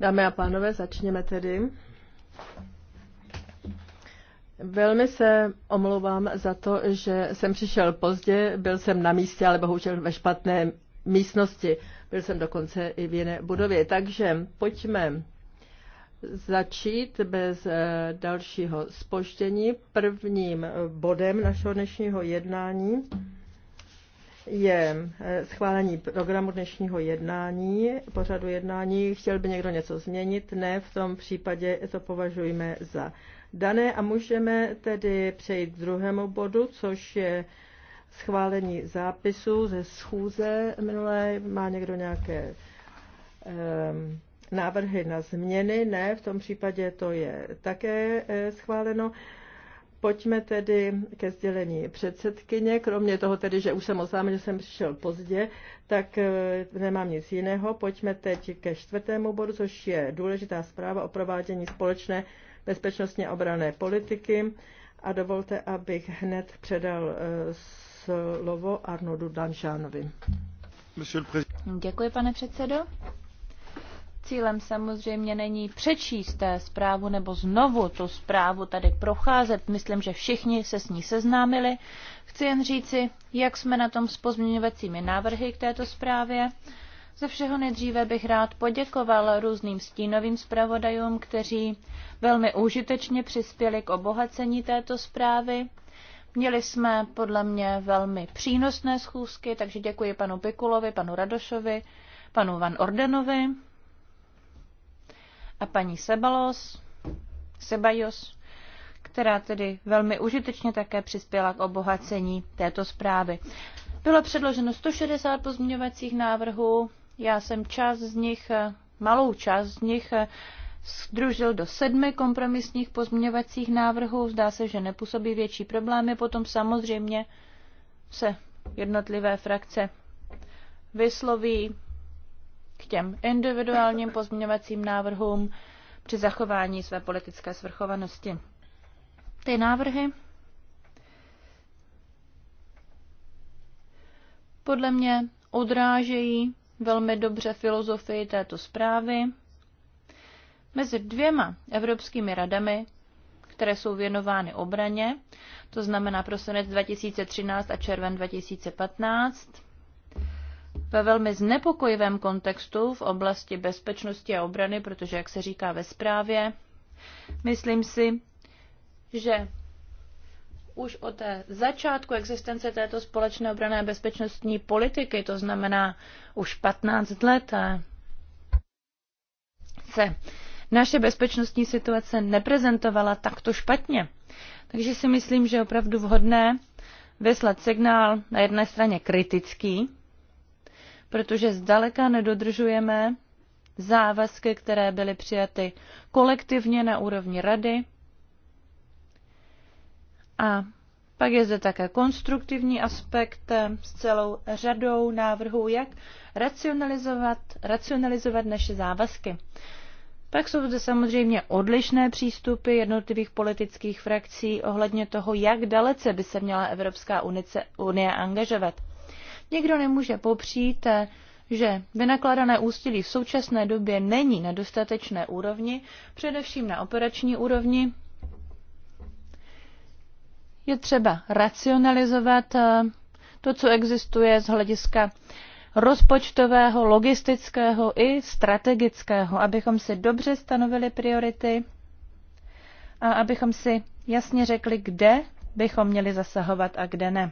Dámy a pánové, začněme tedy. Velmi se omlouvám za to, že jsem přišel pozdě, byl jsem na místě, ale bohužel ve špatné místnosti. Byl jsem dokonce i v jiné budově. Takže pojďme začít bez eh, dalšího spoždění prvním bodem našeho dnešního jednání je eh, schválení programu dnešního jednání, pořadu jednání. Chtěl by někdo něco změnit? Ne, v tom případě to považujeme za dané a můžeme tedy přejít k druhému bodu, což je schválení zápisu ze schůze minulé. Má někdo nějaké um, návrhy na změny? Ne, v tom případě to je také eh, schváleno. Pojďme tedy ke sdělení předsedkyně. Kromě toho tedy, že už jsem oznámil, že jsem přišel pozdě, tak e, nemám nic jiného. Pojďme teď ke čtvrtému bodu, což je důležitá zpráva o provádění společné bezpečnostně obrané politiky. A dovolte, abych hned předal e, slovo Arnoldu Danšánovi. Děkuji, pane předsedo. Cílem samozřejmě není přečíst zprávu nebo znovu tu zprávu tady procházet. Myslím, že všichni se s ní seznámili. Chci jen říci, jak jsme na tom s pozměňovacími návrhy k této zprávě. Ze všeho nejdříve bych rád poděkoval různým stínovým zpravodajům, kteří velmi užitečně přispěli k obohacení této zprávy. Měli jsme podle mě velmi přínosné schůzky, takže děkuji panu Pikulovi, panu Radošovi, panu Van Ordenovi a paní Sebalos, Sebajos, která tedy velmi užitečně také přispěla k obohacení této zprávy. Bylo předloženo 160 pozměňovacích návrhů, já jsem část z nich, malou část z nich, združil do sedmi kompromisních pozměňovacích návrhů. Zdá se, že nepůsobí větší problémy. Potom samozřejmě se jednotlivé frakce vysloví k těm individuálním pozměňovacím návrhům při zachování své politické svrchovanosti. Ty návrhy podle mě odrážejí velmi dobře filozofii této zprávy. Mezi dvěma evropskými radami, které jsou věnovány obraně, to znamená prosinec 2013 a červen 2015, ve velmi znepokojivém kontextu v oblasti bezpečnosti a obrany, protože, jak se říká ve zprávě, myslím si, že už od začátku existence této společné obrané bezpečnostní politiky, to znamená už 15 let, eh, se naše bezpečnostní situace neprezentovala takto špatně. Takže si myslím, že je opravdu vhodné vyslat signál na jedné straně kritický, protože zdaleka nedodržujeme závazky, které byly přijaty kolektivně na úrovni rady. A pak je zde také konstruktivní aspekt s celou řadou návrhů, jak racionalizovat, racionalizovat naše závazky. Pak jsou zde samozřejmě odlišné přístupy jednotlivých politických frakcí ohledně toho, jak dalece by se měla Evropská unice, unie angažovat. Nikdo nemůže popřít, eh, že vynakládané úsilí v současné době není na dostatečné úrovni, především na operační úrovni. Je třeba racionalizovat eh, to, co existuje z hlediska rozpočtového, logistického i strategického, abychom si dobře stanovili priority a abychom si jasně řekli, kde bychom měli zasahovat a kde ne.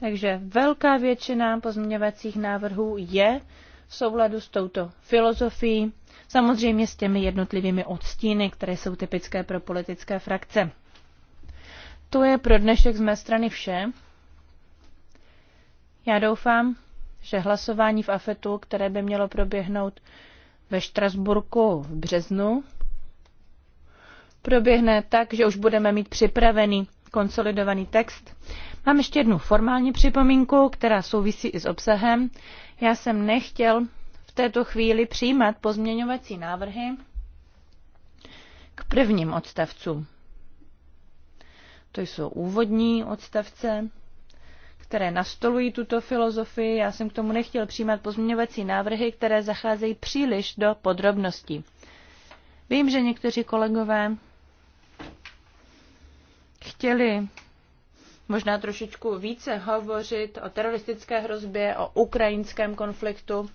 Takže velká většina pozměňovacích návrhů je v souladu s touto filozofií, samozřejmě s těmi jednotlivými odstíny, které jsou typické pro politické frakce. To je pro dnešek z mé strany vše. Já doufám, že hlasování v AFETu, které by mělo proběhnout ve Štrasburku v březnu, proběhne tak, že už budeme mít připravený konsolidovaný text Mám ještě jednu formální připomínku, která souvisí i s obsahem. Já jsem nechtěl v této chvíli přijímat pozměňovací návrhy k prvním odstavcům. To jsou úvodní odstavce, které nastolují tuto filozofii. Já jsem k tomu nechtěl přijímat pozměňovací návrhy, které zacházejí příliš do podrobností. Vím, že někteří kolegové chtěli možná trošičku více hovořit o teroristické hrozbě, o ukrajinském konfliktu.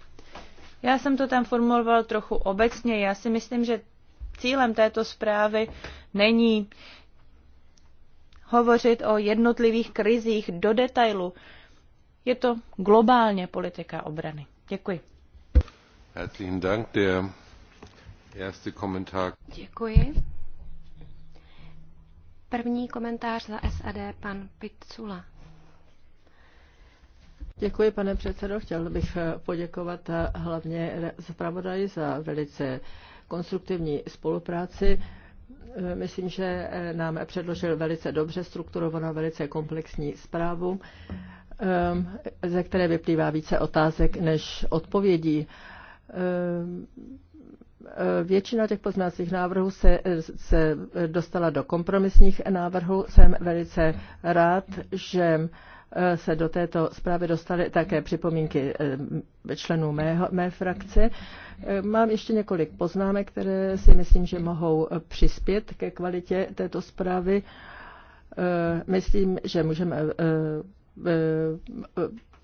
Já jsem to tam formuloval trochu obecně. Já si myslím, že cílem této zprávy není hovořit o jednotlivých krizích do detailu. Je to globálně politika obrany. Děkuji. Herzlichen Dank. Der erste Kommentar. Děkuji. První komentář za SAD, pan Picula. Děkuji, pane předsedo. Chtěl bych eh, poděkovat eh, hlavně zpravodaji za velice konstruktivní spolupráci. Eh, myslím, že nám předložil velice dobře strukturovanou, velice komplexní zprávu, ze které vyplývá více otázek než odpovědí. Eh, většina těch poznacích návrhů se, se dostala do kompromisních návrhů. Jsem velice rád, že eh, se do této zprávy dostaly také připomínky eh, členů mého, mé frakce. Mám ještě několik poznámek, které si myslím, že mohou přispět ke kvalitě této zprávy. Myslím, že můžeme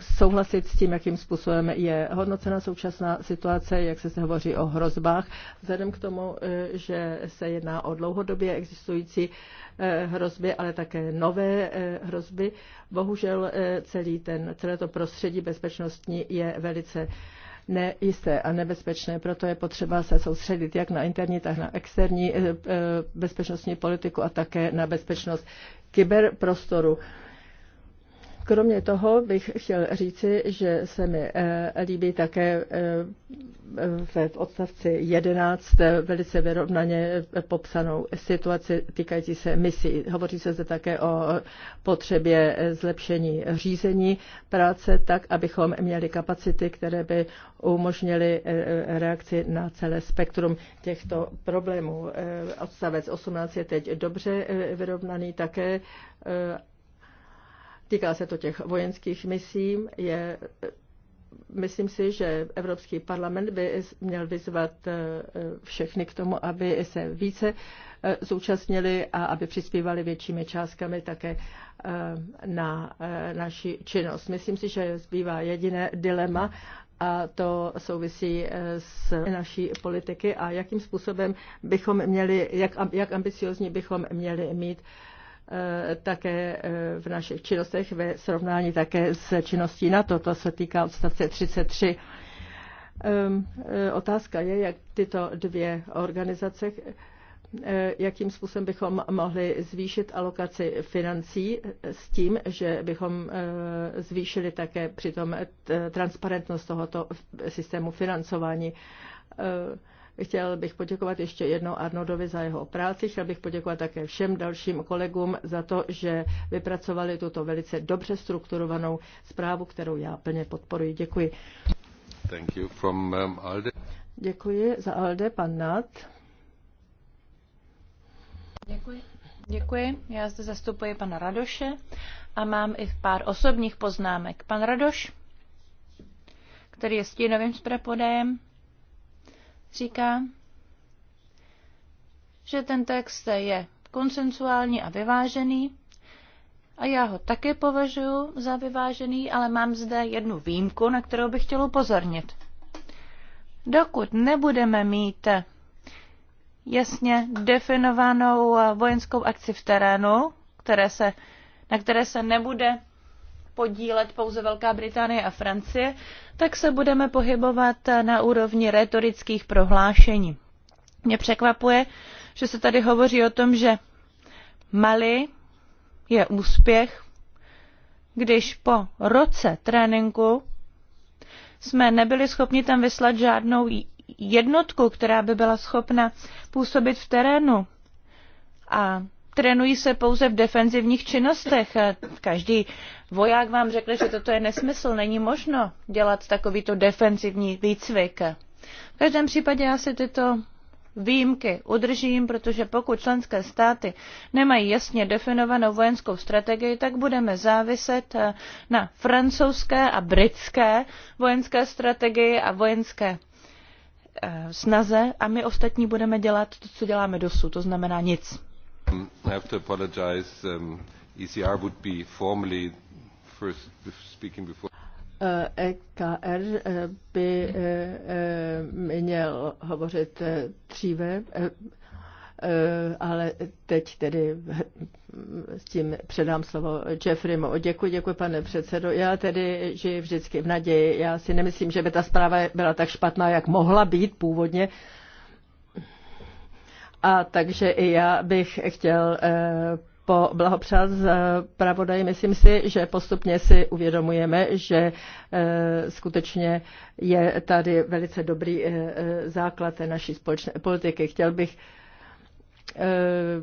souhlasit s tím, jakým způsobem je hodnocena současná situace, jak se se hovoří o hrozbách, vzhledem k tomu, eh, že se jedná o dlouhodobě existující eh, hrozby, ale také nové eh, hrozby. Bohužel celý ten, celé to prostředí bezpečnostní je velice nejisté a nebezpečné, proto je potřeba se soustředit jak na interní, tak na externí bezpečnostní politiku a také na bezpečnost kyberprostoru. Kromě toho bych chtěl říci, že se mi eh, líbí také eh, v odstavci 11 velice vyrovnaně eh, popsanou situaci týkající se misí. Hovoří se zde také o potřebě zlepšení řízení práce tak, abychom měli kapacity, které by umožnily reakci na celé spektrum těchto problémů. Odstavec 18 je teď dobře vyrovnaný také Týká se to těch vojenských misí. Je, myslím si, že Evropský parlament by měl vyzvat eh, všechny k tomu, aby se více eh, zúčastnili a aby přispívali většími částkami také eh, na naši činnost. Myslím si, že zbývá jediné dilema a to souvisí s naší politiky a jakým způsobem bychom měli, jak, jak ambiciozní bychom měli mít uh, Eh, také eh, v našich činnostech ve srovnání také s činností NATO. To se týká odstavce 33. Ehm, eh, otázka je, jak tyto dvě organizace, jakým způsobem bychom mohli zvýšit alokaci financí s tím, že bychom zvýšili také přitom transparentnost tohoto systému financování Chtěl bych poděkovat ještě jednou Arnoldovi za jeho práci, chtěl bych poděkovat také všem dalším kolegům za to, že vypracovali tuto velice dobře strukturovanou zprávu, kterou já plně podporuji. Děkuji. Thank you. From, um, Alde. Děkuji za Alde, pan Nat. Děkuji. Děkuji. Já zde zastupuji pana Radoše a mám i pár osobních poznámek. Pan Radoš, který je stínovým zpravodajem, říká, že ten text je konsensuální a vyvážený. A já ho také považuji za vyvážený, ale mám zde jednu výjimku, na kterou bych chtěl upozornit. Dokud nebudeme mít jasně definovanou vojenskou akci v terénu, které se, na které se nebude podílet pouze Velká Británie a Francie, tak se budeme pohybovat na úrovni retorických prohlášení. Mě překvapuje, že se tady hovoří o tom, že Mali je úspěch, když po roce tréninku jsme nebyli schopni tam vyslat žádnou jednotku, která by byla schopna působit v terénu. A trénují se pouze v defenzivních činnostech. Každý voják vám řekne, že toto je nesmysl, není možno dělat takovýto defenzivní výcvik. V každém případě já si tyto výjimky udržím, protože pokud členské státy nemají jasně definovanou vojenskou strategii, tak budeme záviset eh, na francouzské a britské vojenské strategii a vojenské eh, snaze a my ostatní budeme dělat to, co děláme dosud, to znamená nic. Um, I have to apologize. Um, ECR would be formally first speaking before. Uh, EKR uh, by uh, měl hovořit dříve, ale teď tedy s tím předám slovo Jeffreymu. Děkuji, děkuji, pane předsedo. Já tedy žiji vždycky v naději. Já si nemyslím, že by ta zpráva byla tak špatná, jak mohla být původně. A takže i já bych chtěl eh, poblahopřát pravodaj. Myslím si, že postupně si uvědomujeme, že eh, skutečně je tady velice dobrý eh, základ té naší společné politiky. Chtěl bych Eh,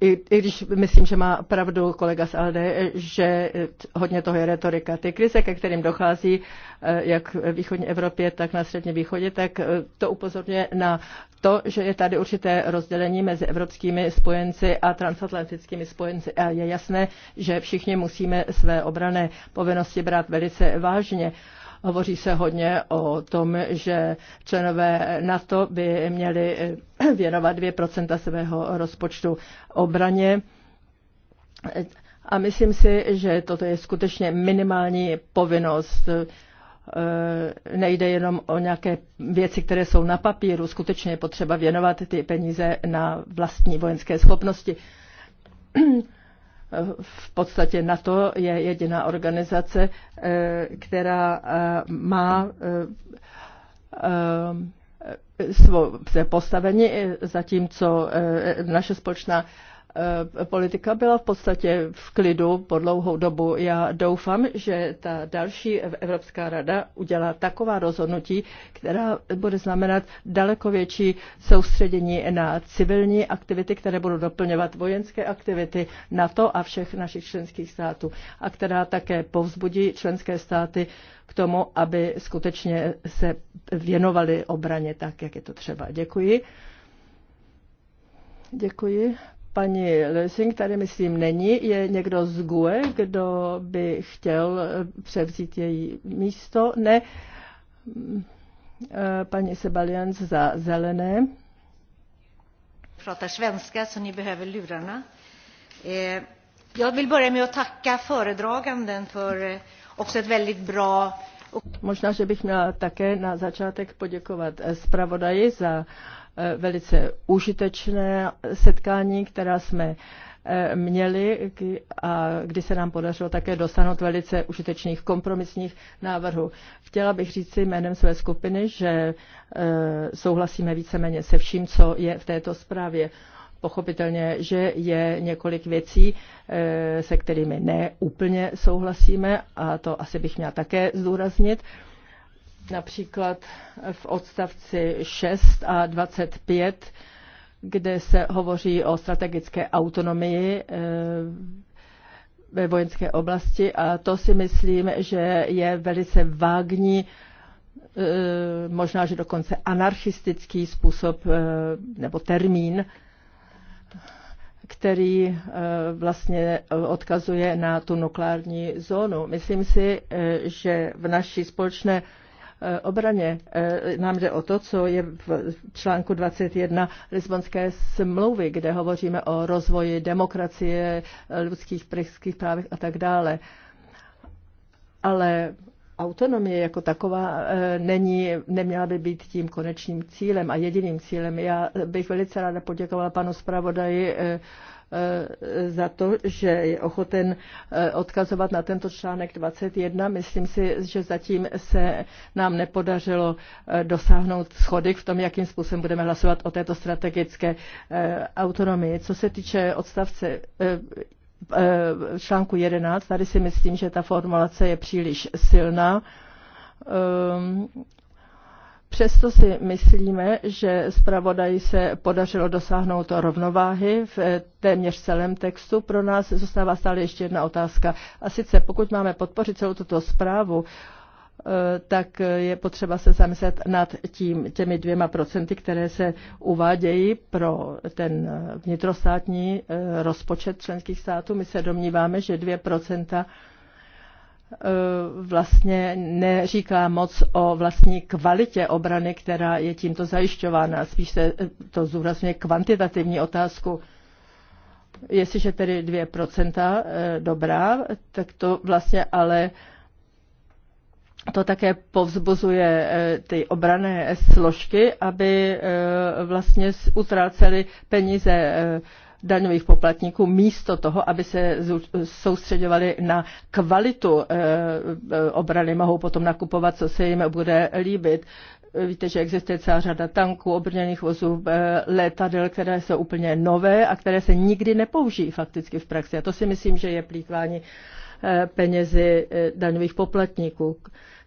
i, i když myslím, že má pravdu kolega z Alde, že hodně toho je retorika. Ty krize, ke kterým dochází eh, jak v východní Evropě, tak na střední východě, tak eh, to upozorňuje na to, že je tady určité rozdělení mezi evropskými spojenci a transatlantickými spojenci. A je jasné, že všichni musíme své obrané povinnosti brát velice vážně. Uh, Hovoří se hodně o tom, že členové NATO by měli eh, věnovat 2% svého rozpočtu obraně. A myslím si, že toto je skutečně minimální povinnost eh, nejde jenom o nějaké věci, které jsou na papíru, skutečně je potřeba věnovat ty peníze na vlastní vojenské schopnosti. v podstatě NATO je jediná organizace, eh, která eh, má eh, své postavení, zatímco naše společná Eh, politika byla v podstatě v klidu po dlouhou dobu. Já doufám, že ta další Evropská rada udělá taková rozhodnutí, která bude znamenat daleko větší soustředění na civilní aktivity, které budou doplňovat vojenské aktivity NATO a všech našich členských států a která také povzbudí členské státy k tomu, aby skutečně se věnovali obraně tak, jak je to třeba. Děkuji. Děkuji paní Lösing tady, myslím, není. Je někdo z GUE, kdo by chtěl eh, převzít její místo? Ne. Eh, paní Sebalians za zelené. Pratar svenska, så ni behöver lurarna. Eh, jag vill börja med att tacka föredraganden för också ett väldigt bra Možná, že bych měla také na začátek poděkovat zpravodaji za uh, Eh, velice užitečné setkání, která jsme eh, měli a kdy se nám podařilo také dosáhnout velice užitečných kompromisních návrhů. Chtěla bych říct si jménem své skupiny, že eh, souhlasíme víceméně se vším, co je v této zprávě. Pochopitelně, že je několik věcí, se kterými neúplně souhlasíme a to asi bych měla také zdůraznit například v odstavci 6 a 25, kde se hovoří o strategické autonomii eh, ve vojenské oblasti a to si myslím, že je velice vágní, eh, možná, že dokonce anarchistický způsob eh, nebo termín, který vlastně odkazuje na tu nukleární zónu. Myslím si, že v naší společné Eh, obraně. Eh, nám jde o to, co je v článku 21 Lisbonské smlouvy, kde hovoříme o rozvoji demokracie, lidských lidských právech a tak dále. Ale autonomie jako taková eh, není, neměla by být tím konečným cílem a jediným cílem. Já bych velice ráda poděkovala panu zpravodaji Eh, za to, že je ochoten eh, odkazovat na tento článek 21. Myslím si, že zatím se nám nepodařilo eh, dosáhnout schody v tom, jakým způsobem budeme hlasovat o této strategické autonomii. Co se týče odstavce článku 11, tady si myslím, že ta formulace je příliš silná ehm, Přesto si myslíme, že zpravodaji se podařilo dosáhnout rovnováhy v eh, téměř celém textu. Pro nás zůstává stále ještě jedna otázka. A sice pokud máme podpořit celou tuto zprávu, eh, tak eh, je potřeba se zamyslet nad tím, těmi dvěma procenty, které se uvádějí pro ten vnitrostátní rozpočet členských států. My se domníváme, že dvě procenta Eh, vlastně neříká moc o vlastní kvalitě obrany, která je tímto zajišťována. Spíš se eh, to zúrazně kvantitativní otázku. Jestliže tedy 2% eh, dobrá, tak to vlastně ale to také povzbuzuje ty obrané složky, aby vlastně utráceli peníze daňových poplatníků místo toho, aby se soustředovali na kvalitu eh, eh, obrany, mohou potom nakupovat, co se jim bude líbit. Víte, že existuje celá řada tanků, obrněných vozů, eh, letadel, které jsou úplně nové a které se nikdy nepoužijí fakticky v praxi. A to si myslím, že je plýtvání penězi daňových poplatníků.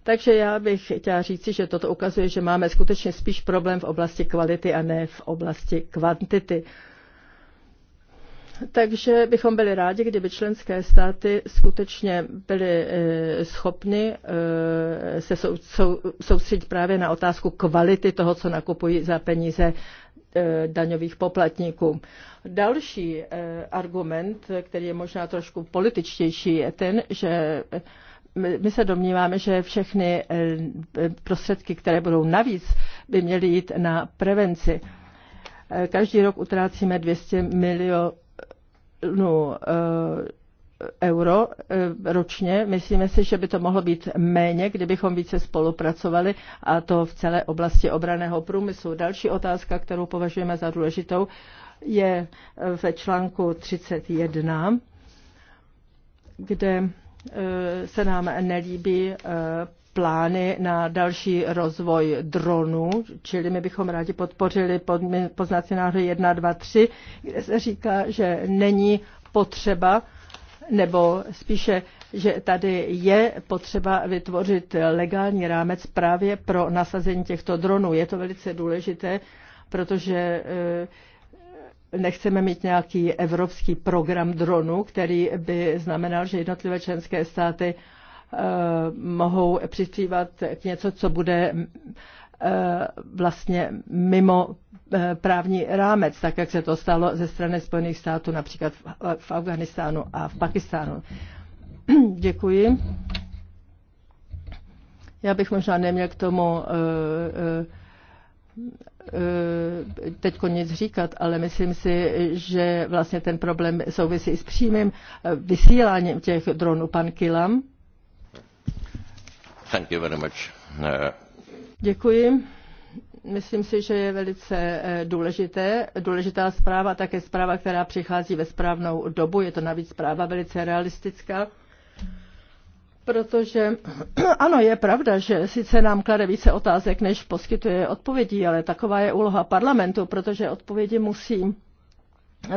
Takže já bych chtěla říci, že toto ukazuje, že máme skutečně spíš problém v oblasti kvality a ne v oblasti kvantity. Takže bychom byli rádi, kdyby členské státy skutečně byly eh, schopny eh, se sou, sou, soustředit právě na otázku kvality toho, co nakupují za peníze eh, daňových poplatníků. Další argument, který je možná trošku političtější, je ten, že my se domníváme, že všechny prostředky, které budou navíc, by měly jít na prevenci. Každý rok utrácíme 200 milionů milionů no, eh, euro eh, ročně. Myslíme si, že by to mohlo být méně, kdybychom více spolupracovali a to v celé oblasti obraného průmyslu. Další otázka, kterou považujeme za důležitou, je eh, ve článku 31, kde se nám nelíbí plány na další rozvoj dronů, čili my bychom rádi podpořili poznací návrhy 1, 2, 3, kde se říká, že není potřeba nebo spíše, že tady je potřeba vytvořit legální rámec právě pro nasazení těchto dronů. Je to velice důležité, protože eh, nechceme mít nějaký evropský program dronů, který by znamenal, že jednotlivé členské státy Eh, mohou přispívat k něco, co bude eh, vlastně mimo eh, právní rámec, tak jak se to stalo ze strany Spojených států, například v Afganistánu a v Pakistánu. Děkuji. Já bych možná neměl k tomu teď nic říkat, ale myslím si, že vlastně ten problém souvisí s přímým vysíláním těch dronů. Pan Kilam. Thank you very much. Děkuji. Myslím si, že je velice eh, důležité, důležitá zpráva, také zpráva, která přichází ve správnou dobu. Je to navíc zpráva velice realistická, protože ano, je pravda, že sice nám klade více otázek, než poskytuje odpovědí, ale taková je úloha parlamentu, protože odpovědi musí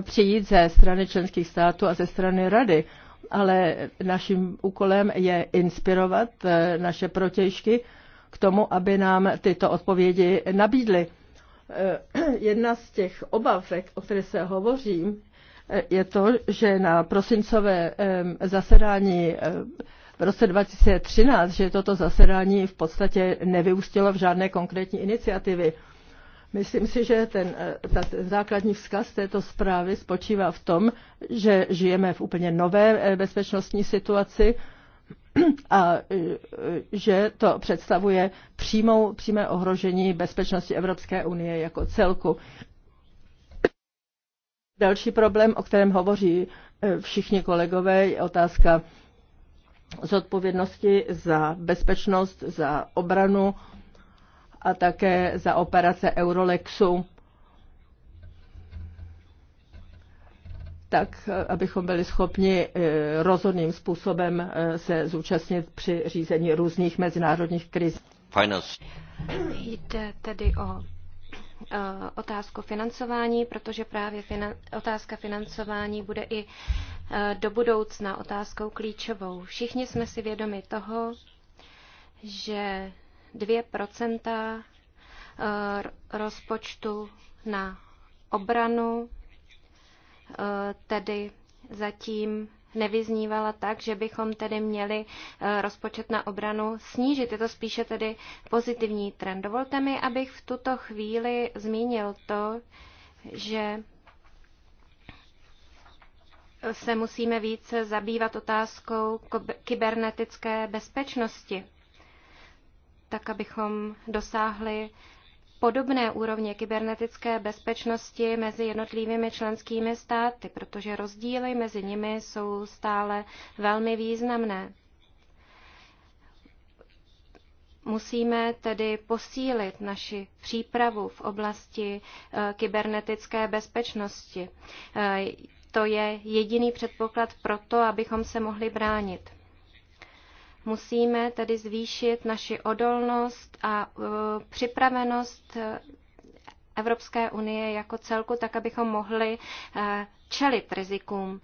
přijít ze strany členských států a ze strany rady ale naším úkolem je inspirovat eh, naše protěžky k tomu, aby nám tyto odpovědi nabídly. Eh, jedna z těch obav, o které se hovořím, eh, je to, že na prosincové zasedání v roce 2013, že toto zasedání v podstatě nevyústilo v žádné konkrétní iniciativy. Myslím si, že ten, eh, ta, ten základní vzkaz této zprávy spočívá v tom, že žijeme v úplně nové eh, bezpečnostní situaci a eh, že to představuje přímou, přímé ohrožení bezpečnosti Evropské unie jako celku. Další problém, o kterém hovoří všichni kolegové, je otázka zodpovědnosti za bezpečnost, za obranu a také za operace Eurolexu. tak eh, abychom byli schopni eh, rozhodným způsobem eh, se zúčastnit při řízení různých mezinárodních kriz. Finance. Jde tedy o otázku financování, protože právě finan- otázka financování bude i do budoucna otázkou klíčovou. Všichni jsme si vědomi toho, že 2 eh, rozpočtu na obranu, eh, tedy zatím nevyznívala tak, že bychom tedy měli eh, rozpočet na obranu snížit. Je to spíše tedy pozitivní trend. Dovolte mi, abych v tuto chvíli zmínil to, že se musíme více zabývat otázkou kybernetické bezpečnosti tak abychom dosáhli podobné úrovně kybernetické bezpečnosti mezi jednotlivými členskými státy, protože rozdíly mezi nimi jsou stále velmi významné. Musíme tedy posílit naši přípravu v oblasti eh, kybernetické bezpečnosti. Eh, to je jediný předpoklad pro to, abychom se mohli bránit. Musíme tedy zvýšit naši odolnost a e, připravenost e, Evropské unie jako celku, tak abychom mohli e, čelit rizikům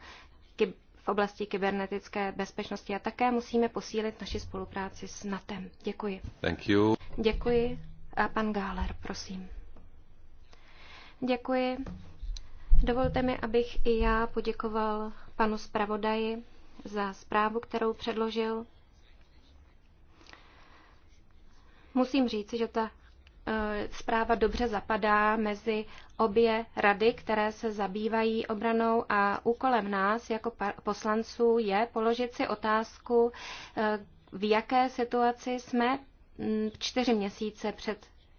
v oblasti kybernetické bezpečnosti a také musíme posílit naši spolupráci s NATO. Děkuji. Thank you. Děkuji. A pan Gáler, prosím. Děkuji. Dovolte mi, abych i já poděkoval panu zpravodaji za zprávu, kterou předložil. Musím říct, že ta e, zpráva dobře zapadá mezi obě rady, které se zabývají obranou a úkolem nás jako poslanců je položit si otázku, e, v jaké situaci jsme čtyři měsíce před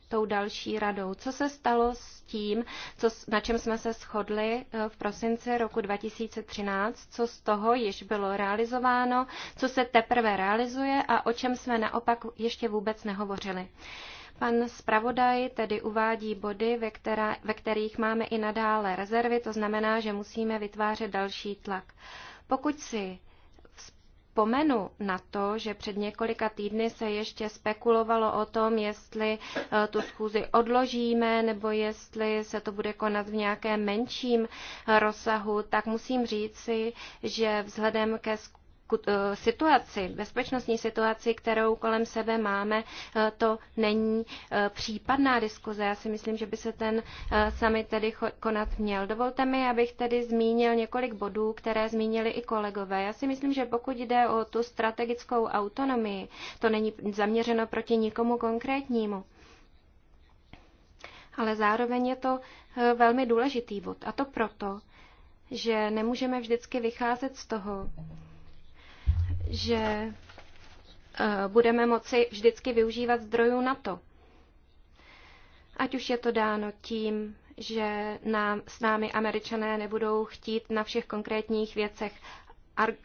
tou další radou. Co se stalo s tím, co, na čem jsme se shodli eh, v prosinci roku 2013, co z toho již bylo realizováno, co se teprve realizuje a o čem jsme naopak ještě vůbec nehovořili. Pan zpravodaj tedy uvádí body, ve, která, ve kterých máme i nadále rezervy, to znamená, že musíme vytvářet další tlak. Pokud si vzpomenu na to, že před několika týdny se ještě spekulovalo o tom, jestli eh, tu schůzi odložíme nebo jestli se to bude konat v nějakém menším eh, rozsahu, tak musím říci, že vzhledem ke Eh, situaci, bezpečnostní situaci, kterou kolem sebe máme, eh, to není eh, případná diskuze. Já si myslím, že by se ten summit tedy konat měl. Dovolte mi, abych tedy zmínil několik bodů, které zmínili i kolegové. Já si myslím, že pokud jde o tu strategickou autonomii, to není zaměřeno proti nikomu konkrétnímu. Ale zároveň je to velmi důležitý bod. A to proto, že nemůžeme vždycky vycházet z toho, že eh, budeme moci vždycky využívat zdrojů to, Ať už je to dáno tím, že nám, s námi američané nebudou chtít na všech konkrétních věcech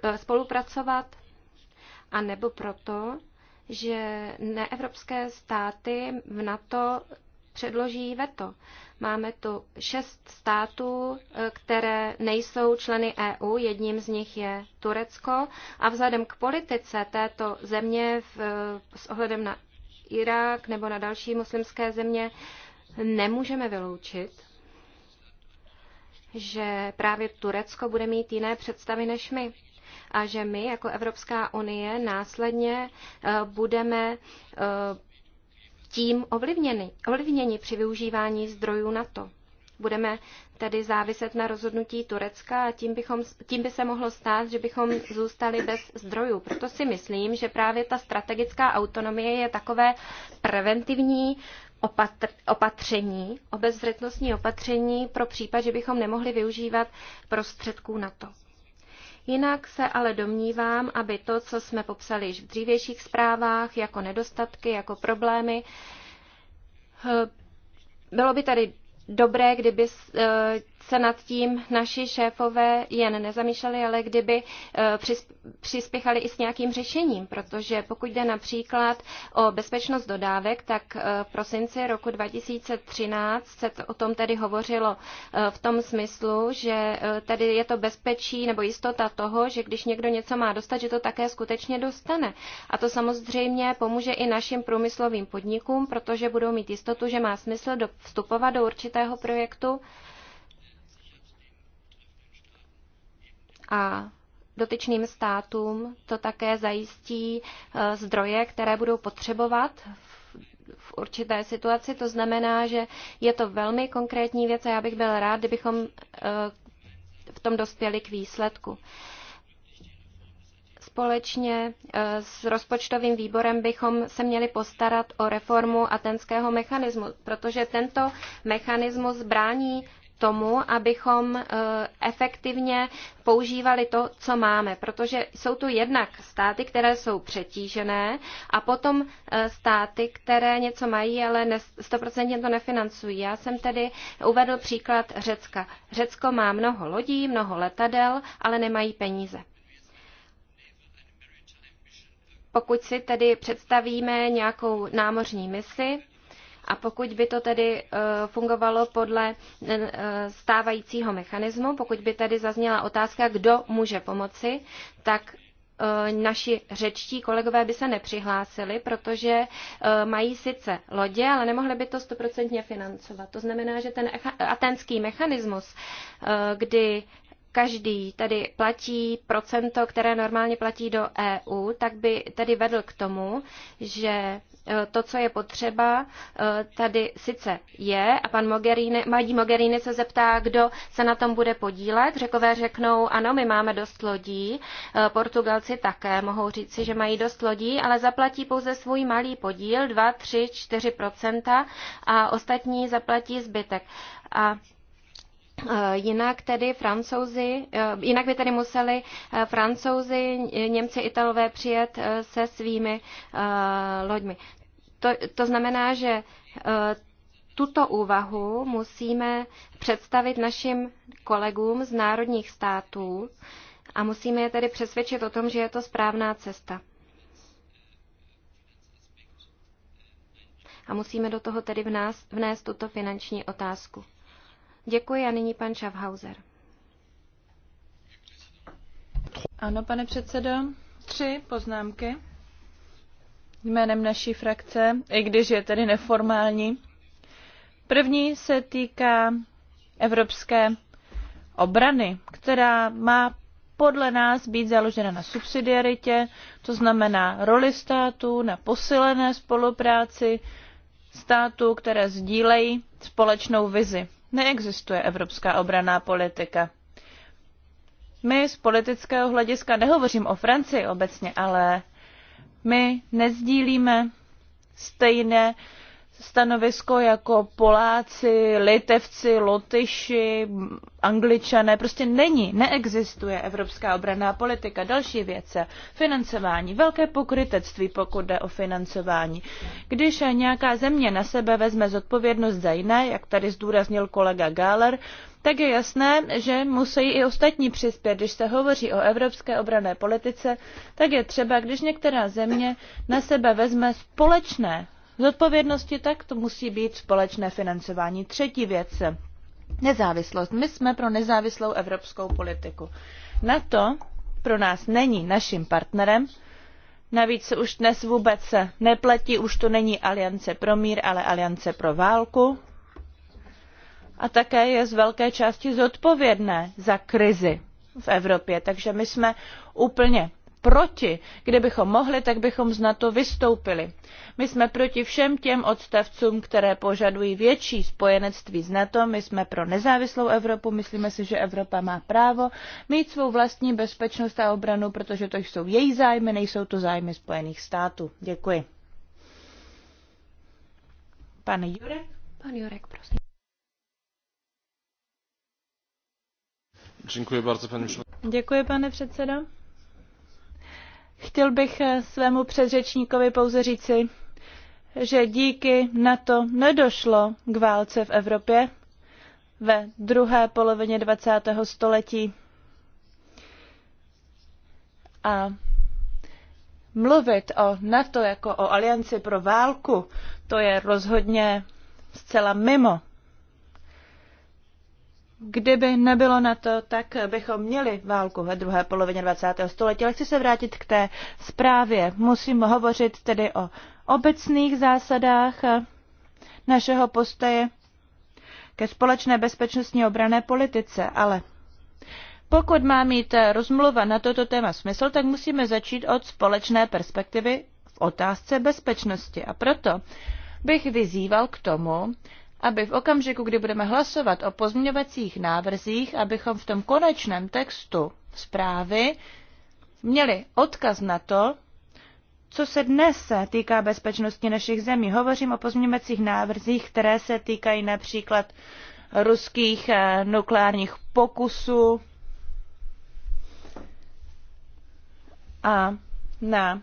eh, spolupracovat, a nebo proto, že neevropské státy v NATO předloží veto. Máme tu šest států, eh, které nejsou členy EU, jedním z nich je Turecko a vzhledem k politice této země v, eh, s ohledem na Irák nebo na další muslimské země nemůžeme vyloučit, že právě Turecko bude mít jiné představy než my a že my jako Evropská unie následně eh, budeme tím ovlivněni, ovlivněni při využívání zdrojů NATO. Budeme tedy záviset na rozhodnutí Turecka a tím, bychom, tím by se mohlo stát, že bychom zůstali bez zdrojů. Proto si myslím, že právě ta strategická autonomie je takové preventivní opatr, opatření, obezřetnostní opatření pro případ, že bychom nemohli využívat prostředků na to. Jinak se ale domnívám, aby to, co jsme popsali již v dřívějších zprávách, jako nedostatky, jako problémy, eh, bylo by tady dobré, kdyby eh, se nad tím naši šéfové jen nezamýšleli, ale kdyby e, přispěchali i s nějakým řešením, protože pokud jde například o bezpečnost dodávek, tak e, v prosinci roku 2013 se o tom tedy hovořilo e, v tom smyslu, že tady je to bezpečí nebo jistota toho, že když někdo něco má dostat, že to také skutečně dostane. A to samozřejmě pomůže i našim průmyslovým podnikům, protože budou mít jistotu, že má smysl vstupovat do určitého projektu, a dotyčným státům to také zajistí eh, zdroje, které budou potřebovat v určité situaci. To znamená, že je to velmi konkrétní věc a já bych byl rád, kdybychom eh, v tom dospěli k výsledku. Společně eh, s rozpočtovým výborem bychom se měli postarat o reformu atenského mechanismu, protože tento mechanismus brání tomu, abychom eh, efektivně používali to, co máme, protože jsou tu jednak státy, které jsou přetížené a potom eh, státy, které něco mají, ale stoprocentně to nefinancují. Já jsem tedy uvedl příklad Řecka. Řecko má mnoho lodí, mnoho letadel, ale nemají peníze. Pokud si tedy představíme nějakou námořní misi, a pokud by to tedy eh, fungovalo podle eh, stávajícího mechanismu, pokud by tedy zazněla otázka, kdo může pomoci, tak eh, naši řečtí kolegové by se nepřihlásili, protože mají sice lodě, ale nemohli by to stoprocentně financovat. To znamená, že ten atenský mechanismus, kdy každý tady platí procento, které normálně platí do EU, tak by tedy vedl k tomu, že Eh, to, co je potřeba, eh, tady sice je a pan Mogherini, mladí Mogherini se zeptá, kdo se na tom bude podílet. Řekové řeknou, ano, my máme dost lodí, eh, Portugalci také mohou říci, že mají dost lodí, ale zaplatí pouze svůj malý podíl, 2, 3, 4 a ostatní zaplatí zbytek. A Eh, jinak tedy francouzi, eh, jinak by tedy museli eh, francouzi, Němci, Italové přijet se svými loďmi. To, to znamená, že tuto úvahu musíme představit našim kolegům z národních států a musíme je tedy přesvědčit o tom, že je to správná cesta. A musíme do toho tedy vnést, vnést tuto finanční otázku. Děkuji a nyní pan Schaffhauser. Ano, pane předsedo, tři poznámky jménem naší frakce, i když je tedy neformální. První se týká evropské obrany, která má podle nás být založena na subsidiaritě, to znamená roli států, na posilené spolupráci států, které sdílejí společnou vizi neexistuje evropská obraná politika. My z politického hlediska nehovořím o Francii obecně, ale my nezdílíme stejné uh, stanovisko jako Poláci, Litevci, Lotyši, Angličané. Prostě není, neexistuje evropská obranná politika. Další věce, financování, velké pokrytectví, pokud jde o financování. Když nějaká země na sebe vezme zodpovědnost za jiné, jak tady zdůraznil kolega Gáler, tak je jasné, že musí i ostatní přispět. Když se hovoří o evropské obrané politice, tak je třeba, když některá země na sebe vezme společné zodpovědnosti, tak to musí být společné financování. Třetí věc, nezávislost. My jsme pro nezávislou evropskou politiku. NATO pro nás není naším partnerem, navíc se už dnes vůbec nepletí, už to není aliance pro mír, ale aliance pro válku. A také je z velké části zodpovědné za krizi v Evropě, takže my jsme úplně proti. Kdybychom mohli, tak bychom z NATO vystoupili. My jsme proti všem těm odstavcům, které požadují větší spojenectví z NATO. My jsme pro nezávislou Evropu. Myslíme si, že Evropa má právo mít svou vlastní bezpečnost a obranu, protože to jsou její zájmy, nejsou to zájmy Spojených států. Děkuji. Pane Jurek? Pan Jurek, prosím. Děkuji, bardzo, Děkuji, pane předsedo. Chtěl bych eh, svému předřečníkovi pouze říci, že díky NATO nedošlo k válce v Evropě ve druhé polovině 20. století. A mluvit o NATO jako o alianci pro válku, to je rozhodně zcela mimo Kdyby nebylo na to, tak bychom měli válku ve druhé polovině 20. století. Ale chci se vrátit k té zprávě. Musím hovořit tedy o obecných zásadách našeho postoje ke společné bezpečnostní obrané politice, ale pokud má mít rozmluva na toto téma smysl, tak musíme začít od společné perspektivy v otázce bezpečnosti. A proto bych vyzýval k tomu, aby v okamžiku, kdy budeme hlasovat o pozměňovacích návrzích, abychom v tom konečném textu zprávy měli odkaz na to, co se dnes týká bezpečnosti našich zemí. Hovořím o pozměňovacích návrzích, které se týkají například ruských eh, nukleárních pokusů a na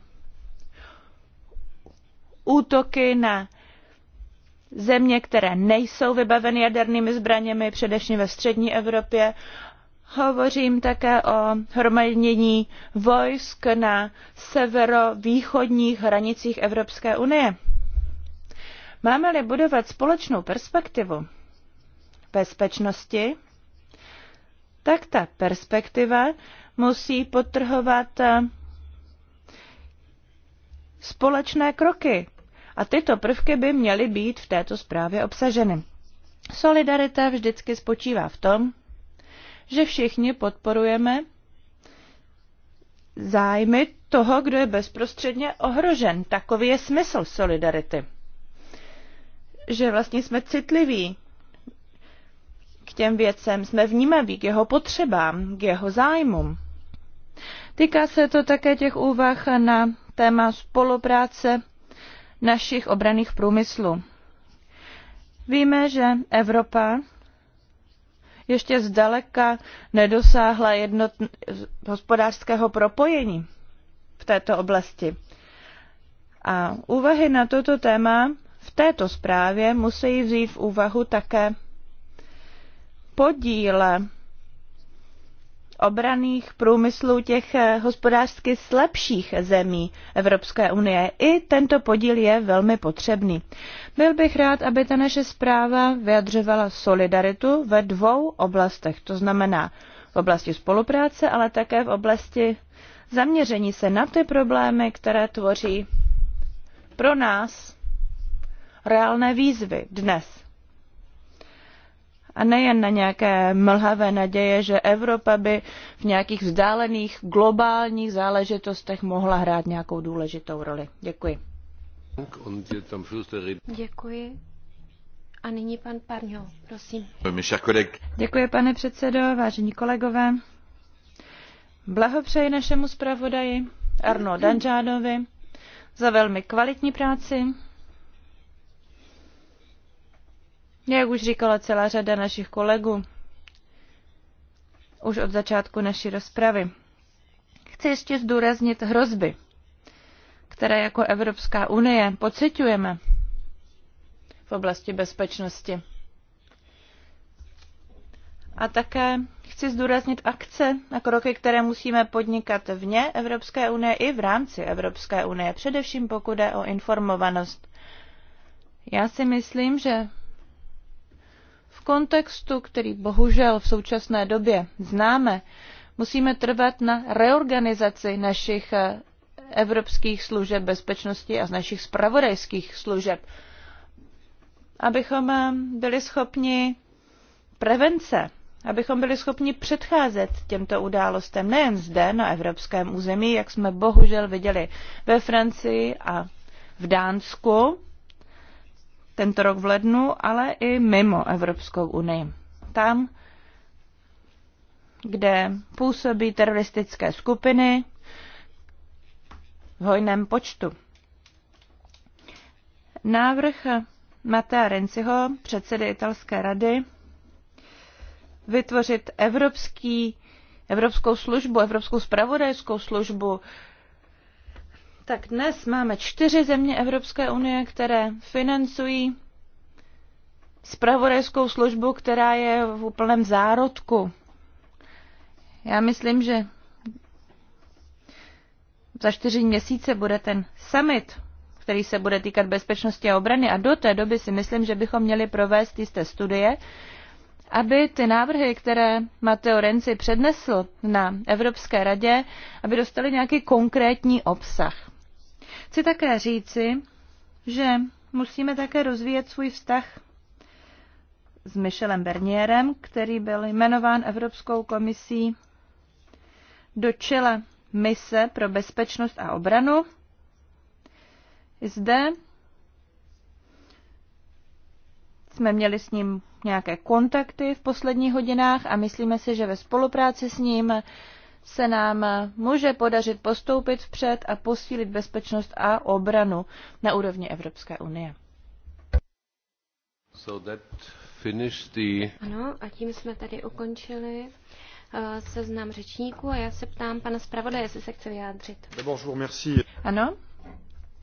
útoky na země, které nejsou vybaveny jadernými zbraněmi, především ve střední Evropě. Hovořím také o hromadění vojsk na severovýchodních hranicích Evropské unie. Máme-li budovat společnou perspektivu bezpečnosti, tak ta perspektiva musí podtrhovat společné kroky a tyto prvky by měly být v této zprávě obsaženy. Solidarita vždycky spočívá v tom, že všichni podporujeme zájmy toho, kdo je bezprostředně ohrožen. Takový je smysl solidarity. Že vlastně jsme citliví k těm věcem, jsme vnímaví k jeho potřebám, k jeho zájmům. Týká se to také těch úvah na téma spolupráce našich obraných průmyslů. Víme, že Evropa ještě zdaleka nedosáhla jednot hospodářského propojení v této oblasti. A úvahy na toto téma v této zprávě musí vzít v úvahu také podíle obraných průmyslů těch eh, hospodářsky slabších zemí Evropské unie. I tento podíl je velmi potřebný. Byl bych rád, aby ta naše zpráva vyjadřovala solidaritu ve dvou oblastech, to znamená v oblasti spolupráce, ale také v oblasti zaměření se na ty problémy, které tvoří pro nás reálné výzvy dnes a nejen na nějaké mlhavé naděje, že Evropa by v nějakých vzdálených globálních záležitostech mohla hrát nějakou důležitou roli. Děkuji. Děkuji. A nyní pan Parňo, prosím. Děkuji, pane předsedo, vážení kolegové. Blahopřeji našemu zpravodaji Arno Danžádovi za velmi kvalitní práci. Jak už říkala celá řada našich kolegů, už od začátku naší rozpravy. Chci ještě zdůraznit hrozby, které jako Evropská unie pocitujeme v oblasti bezpečnosti. A také chci zdůraznit akce a kroky, které musíme podnikat vně Evropské unie i v rámci Evropské unie, především pokud jde o informovanost. Já si myslím, že v kontextu, který bohužel v současné době známe, musíme trvat na reorganizaci našich eh, evropských služeb bezpečnosti a našich spravodajských služeb, abychom eh, byli schopni prevence, abychom byli schopni předcházet těmto událostem nejen zde na evropském území, jak jsme bohužel viděli ve Francii a v Dánsku, tento rok v lednu, ale i mimo Evropskou unii. Tam, kde působí teroristické skupiny v hojném počtu. Návrh Matea Renciho, předsedy italské rady, vytvořit evropský, evropskou službu, evropskou spravodajskou službu, tak dnes máme čtyři země Evropské unie, které financují spravodajskou službu, která je v úplném zárodku. Já myslím, že za čtyři měsíce bude ten summit, který se bude týkat bezpečnosti a obrany a do té doby si myslím, že bychom měli provést jisté studie, aby ty návrhy, které Mateo Renzi přednesl na Evropské radě, aby dostaly nějaký konkrétní obsah. Chci také říci, že musíme také rozvíjet svůj vztah s Michelem Bernierem, který byl jmenován Evropskou komisí do čela mise pro bezpečnost a obranu. Zde jsme měli s ním nějaké kontakty v posledních hodinách a myslíme si, že ve spolupráci s ním se nám může podařit postoupit vpřed a posílit bezpečnost a obranu na úrovni Evropské unie. So that the... Ano, a tím jsme tady ukončili uh, seznam řečníků a já se ptám pana zpravodaje, jestli se chce vyjádřit. Eh, ano,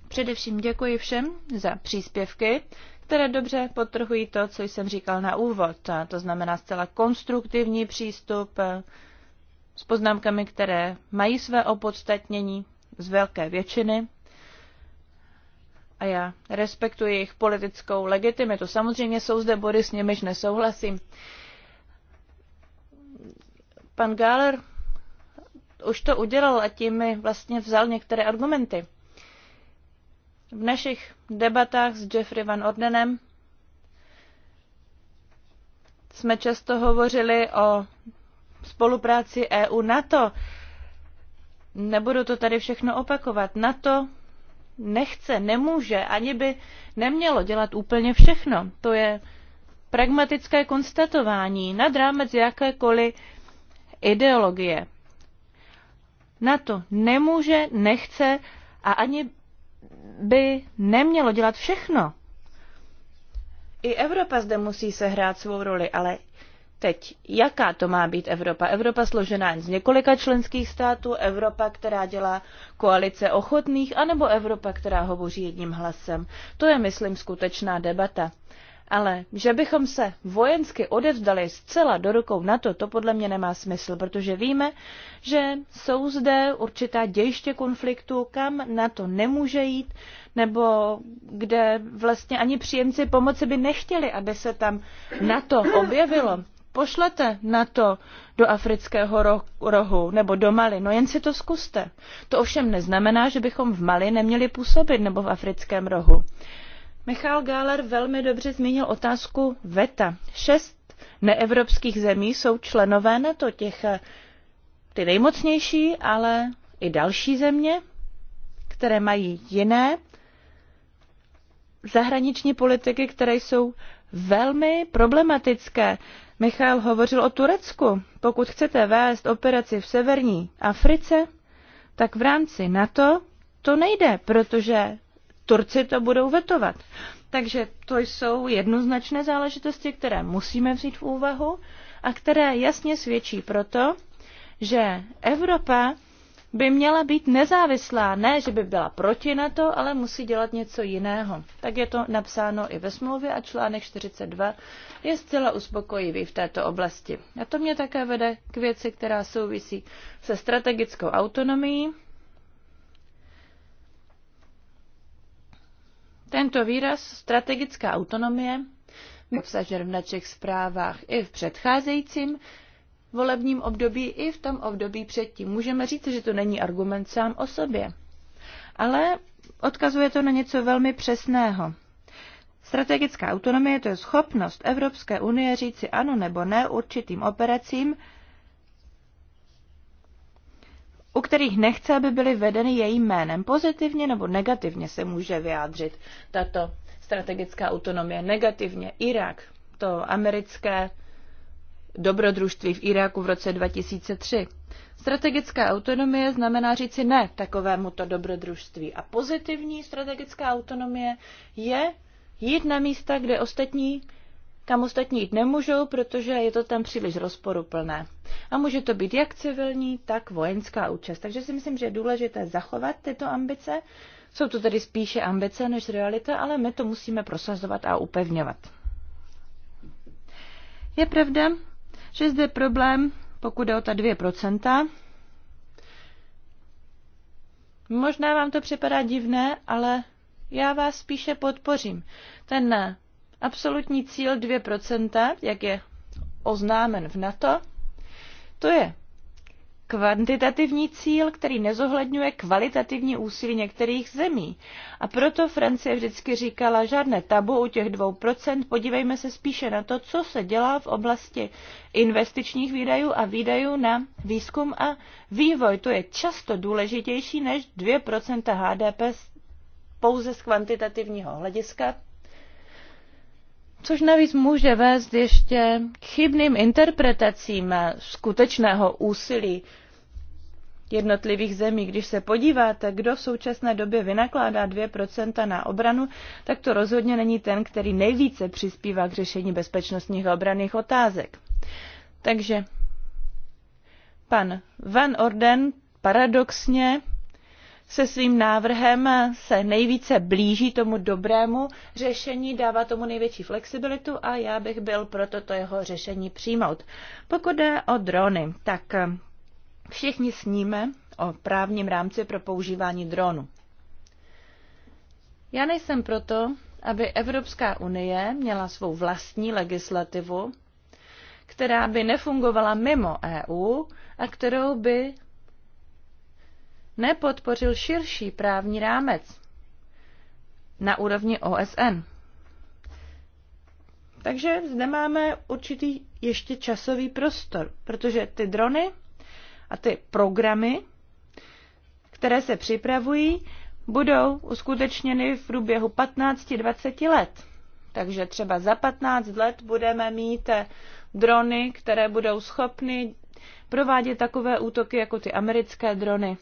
především děkuji všem za příspěvky, které dobře potrhují to, co jsem říkal na úvod. To znamená zcela konstruktivní přístup, eh, s poznámkami, které mají své opodstatnění z velké většiny. A já respektuji jejich politickou legitimitu. Samozřejmě jsou zde body, s nimiž nesouhlasím. Pan Gáler už to udělal a tím mi vlastně vzal některé argumenty. V našich debatách s Jeffrey Van Ordenem jsme často hovořili o spolupráci EU-NATO. Nebudu to tady všechno opakovat. NATO nechce, nemůže, ani by nemělo dělat úplně všechno. To je pragmatické konstatování nad rámec jakékoliv ideologie. Na to nemůže, nechce a ani by nemělo dělat všechno. I Evropa zde musí sehrát svou roli, ale Teď, jaká to má být Evropa? Evropa složená z několika členských států, Evropa, která dělá koalice ochotných, anebo Evropa, která hovoří jedním hlasem? To je, myslím, skutečná debata. Ale že bychom se vojensky odevzdali zcela do rukou na to to podle mě nemá smysl, protože víme, že jsou zde určitá dějiště konfliktu, kam na to nemůže jít, nebo kde vlastně ani příjemci pomoci by nechtěli, aby se tam na to objevilo pošlete na to do afrického rohu nebo do Mali, no jen si to zkuste. To ovšem neznamená, že bychom v Mali neměli působit nebo v africkém rohu. Michal Gáler velmi dobře zmínil otázku VETA. Šest neevropských zemí jsou členové na to těch eh, ty nejmocnější, ale i další země, které mají jiné zahraniční politiky, které jsou velmi problematické. Michal hovořil o Turecku. Pokud chcete vést operaci v severní Africe, tak v rámci NATO to nejde, protože Turci to budou vetovat. Takže to jsou jednoznačné záležitosti, které musíme vzít v úvahu a které jasně svědčí proto, že Evropa by měla být nezávislá. Ne, že by byla proti na to, ale musí dělat něco jiného. Tak je to napsáno i ve smlouvě a článek 42 je zcela uspokojivý v této oblasti. A to mě také vede k věci, která souvisí se strategickou autonomií. Tento výraz strategická autonomie obsažen v našich zprávách i v předcházejícím volebním období i v tom období předtím. Můžeme říct, že to není argument sám o sobě, ale odkazuje to na něco velmi přesného. Strategická autonomie to je schopnost Evropské unie říci ano nebo ne určitým operacím, u kterých nechce, aby byly vedeny jejím jménem. Pozitivně nebo negativně se může vyjádřit tato strategická autonomie. Negativně Irak, to americké dobrodružství v Iráku v roce 2003. Strategická autonomie znamená říci ne takovémuto dobrodružství. A pozitivní strategická autonomie je jít na místa, kde ostatní kam ostatní jít nemůžou, protože je to tam příliš rozporuplné. A může to být jak civilní, tak vojenská účast. Takže si myslím, že je důležité zachovat tyto ambice. Jsou to tedy spíše ambice než realita, ale my to musíme prosazovat a upevňovat. Je pravda, že je zde problém, pokud jde o ta 2%. Možná vám to připadá divné, ale já vás spíše podpořím. Ten absolutní cíl 2%, jak je oznámen v NATO, to je kvantitativní cíl, který nezohledňuje kvalitativní úsilí některých zemí. A proto Francie vždycky říkala, žádné tabu u těch 2%, podívejme se spíše na to, co se dělá v oblasti investičních výdajů a výdajů na výzkum a vývoj. To je často důležitější než 2% HDP pouze z kvantitativního hlediska, což navíc může vést ještě k chybným interpretacím skutečného úsilí jednotlivých zemí. Když se podíváte, kdo v současné době vynakládá 2% na obranu, tak to rozhodně není ten, který nejvíce přispívá k řešení bezpečnostních a obraných otázek. Takže pan Van Orden paradoxně se svým návrhem se nejvíce blíží tomu dobrému řešení, dává tomu největší flexibilitu a já bych byl pro toto jeho řešení přijmout. Pokud jde o drony, tak všichni sníme o právním rámci pro používání dronu. Já nejsem proto, aby Evropská unie měla svou vlastní legislativu, která by nefungovala mimo EU a kterou by nepodpořil širší právní rámec na úrovni OSN. Takže zde máme určitý ještě časový prostor, protože ty drony a ty programy, které se připravují, budou uskutečněny v průběhu 15-20 let. Takže třeba za 15 let budeme mít drony, které budou schopny provádět takové útoky jako ty americké drony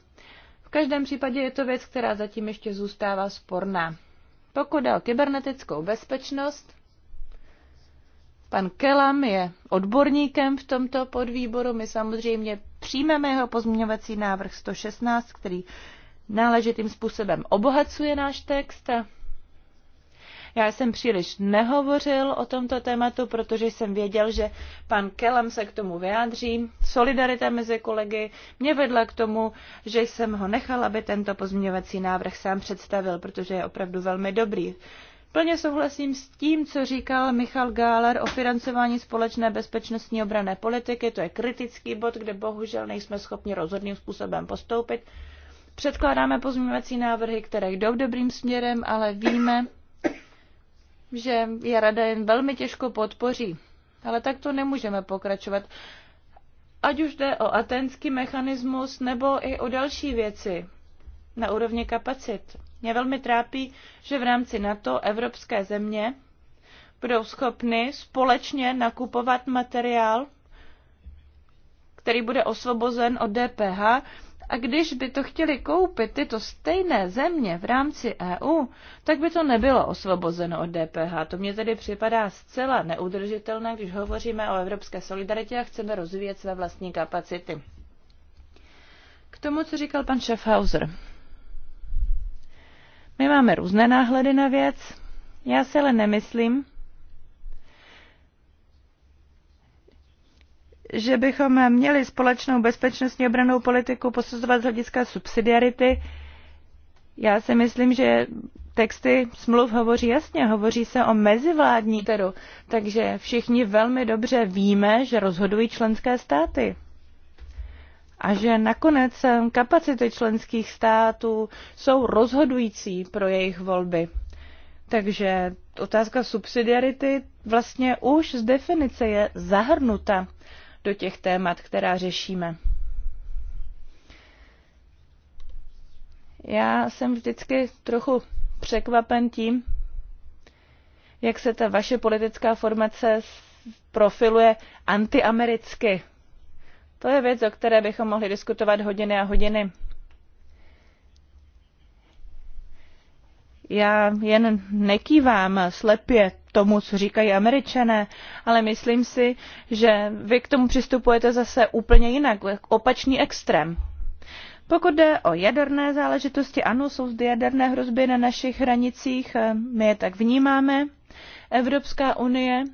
každém případě je to věc, která zatím ještě zůstává sporná. Pokud jde o kybernetickou bezpečnost, pan Kelam je odborníkem v tomto podvýboru. My samozřejmě přijmeme jeho pozměňovací návrh 116, který náležitým způsobem obohacuje náš text. Já jsem příliš nehovořil o tomto tématu, protože jsem věděl, že pan Kelem se k tomu vyjádří. Solidarita mezi kolegy mě vedla k tomu, že jsem ho nechal, aby tento pozměňovací návrh sám představil, protože je opravdu velmi dobrý. Plně souhlasím s tím, co říkal Michal Gáler o financování společné bezpečnostní obrané politiky. To je kritický bod, kde bohužel nejsme schopni rozhodným způsobem postoupit. Předkládáme pozměňovací návrhy, které jdou dobrým směrem, ale víme, že je rada jen velmi těžko podpoří. Ale tak to nemůžeme pokračovat. Ať už jde o atenský mechanismus nebo i o další věci na úrovni kapacit. Mě velmi trápí, že v rámci NATO evropské země budou schopny společně nakupovat materiál, který bude osvobozen od DPH a když by to chtěli koupit tyto stejné země v rámci EU, tak by to nebylo osvobozeno od DPH. To mně tedy připadá zcela neudržitelné, když hovoříme o evropské solidaritě a chceme rozvíjet své vlastní kapacity. K tomu, co říkal pan Schaffhauser. My máme různé náhledy na věc. Já se ale nemyslím, že bychom měli společnou bezpečnostní obranou politiku posuzovat z hlediska subsidiarity. Já si myslím, že texty smluv hovoří jasně, hovoří se o mezivládní teru, takže všichni velmi dobře víme, že rozhodují členské státy. A že nakonec kapacity členských států jsou rozhodující pro jejich volby. Takže otázka subsidiarity vlastně už z definice je zahrnuta do těch témat, která řešíme. Já jsem vždycky trochu překvapen tím, jak se ta vaše politická formace profiluje antiamericky. To je věc, o které bychom mohli diskutovat hodiny a hodiny. Já jen nekývám slepě tomu, co říkají američané, ale myslím si, že vy k tomu přistupujete zase úplně jinak, opačný extrém. Pokud jde o jaderné záležitosti, ano, jsou zde jaderné hrozby na našich hranicích, eh, my je tak vnímáme. Evropská unie